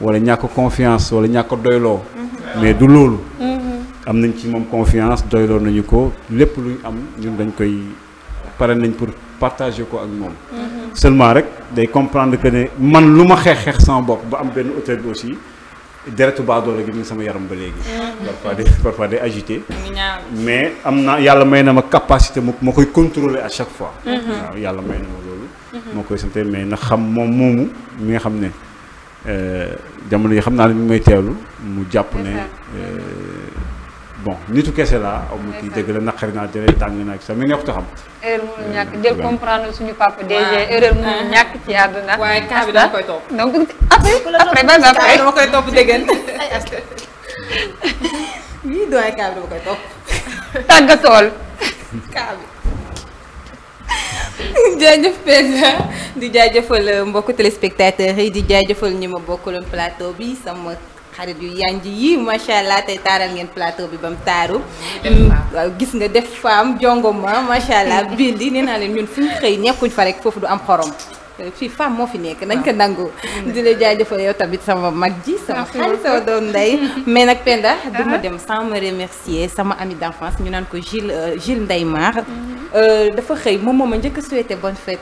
wala ñàkk confiance wala ñàkk doylo, mais du lolu mm-hmm. am nañ ci mom confiance doylo nañu ko lepp lu am ñun dañ koy paré nañ pour partager ko ak mom mm-hmm. seulement rek day comprendre que ne man luma xex xex xeex sama bopp ba am ben hauteur aussi deretu baadoole gi mu ngi sama yaram ba léegi mm-hmm. parfois day parfois day agité mais am na yàlla ma capacité ma koy contrôler à chaque fois yalla yàlla may na ma loolu koy mais na xam mom momu mi nga Euh, jamono yi xam naa ne mi may teewlu mu jàpp ne euh, bon nitu kese laa amul kii dëgg la naqari naa jëlee tàng naa ak sax mi xam. erreur mënul euh, ñàkk jël comprendre suñu papa. DG erreur mënul ñàkk ci àdduna. waaye cas dama koy topp déggan. yii doy cas jaajëf Penda di jaajëfal euh, mbokku téléspectateurs yi di jaajëfal ñi ma bokkaloon plateau bi sama xarit yu yanj yi macha tey taaral ngeen plateau bi ba mu taaru. Mm, waaw gis nga def faam jongoma macha allah. bill yi nee naa leen ñun fu xëy nekkuñ fa rek foofu du am xorom. suis euh, femme mo fi nek ko nangu mm. la yow sama sama mais Penda ah. dem remercier sama d'enfance ñu ko Gilles euh, Gilles mm. Euh, dafa je bonne fête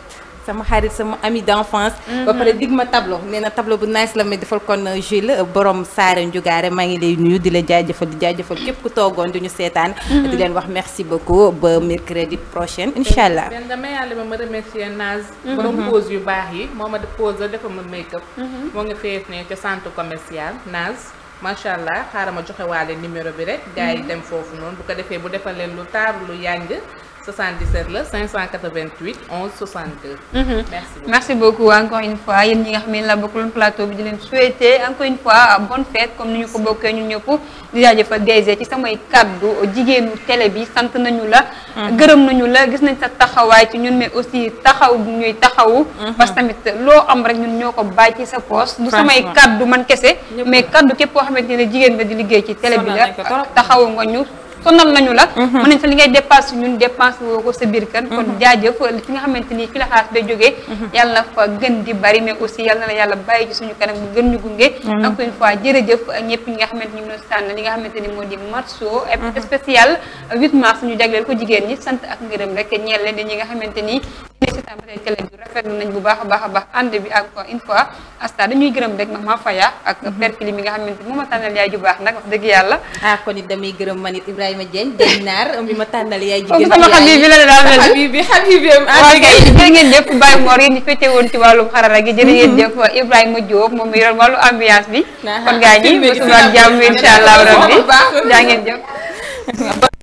sama xarit sama ami d'enfance. Mhm. ba pare dig ma tableau nee na tableau bu nice la may defal kon Jules borom Saare Ndiougaare maa ngi lay nuyu di la jaajëfal di jaajëfal képp ku toogoon di ñu seetaan. Mhm. di leen wax merci beaucoup ba mercredi prochain incha allah. benn dama yàlla ma ma remercier Naz. Mhm. borom pose yu baax yi moo ma pose defal ma make up. moo nga fees ne ca centre commercial Naz. macha allah xaaral ma joxe waale numéro bi rek. gars yi dem foofu noonu ko defee bu defal leen lu taaru lu yàng. 77 la 588 11 62. merci beaucoup merci beaucoup encore une fois yéen ñi nga xam ne la bokkul plateau bi di leen souhaiter encore une fois bonne fête comme ni ñu ko bokkee ñun ñëpp di jaajëfal Gaye ci samay kàddu jigéenu tele bi sant nañu la. Mhm. gërëm nañu la gis nañ sa taxawaay ci ñun mais aussi taxaw ñuy taxawu. Mhm. parce que tamit loo am rek ñun ñoo ko bàyyi ci sa poche. du samay kàddu man kese. mais kàddu képp koo xamante ne jigéen ba di liggéey ci tele bi la taxawu nga ñu. sonal nañu la mhm. mën nañ fa li ngay dépasse ñun dépasse woo ko sa bir kan mhm. kon jaajëf fi nga xamanteni fi la xaas bay joggé mhm. yalla na fa gën di bari mais aussi yalla na la yalla bàyyi ci suñu kanam mu gën ñu gungé encore une fois jërëjëf ñepp ñi nga xamanteni ñu mëna li nga xamanteni mo di marso spécial 8 mars ñu jaglél ko jigéen ñi sante ak ngeerëm rek ñël leen ñi nga xamanteni ci ne si tam tey rafet nañ bu baax baax baax and bi ak encore une fois asta dañuy gërëm rek ma Faya ak perfili mi nga xamanteni mo ma tanal yaay ju baax nak wax deug yalla ah ko nit damay gërëm manit it Ibrahima Dieng Dieng Naar umbi ma tàndal sama xabiib la daa mel xabiib bi am waaw kay jërë ngeen jëf Baye Mor yéen ñi féete woon ci wàllum xarala gi jërë ngeen jëf Ibrahima Diop moom mi ambiance bi kon gaa rabbi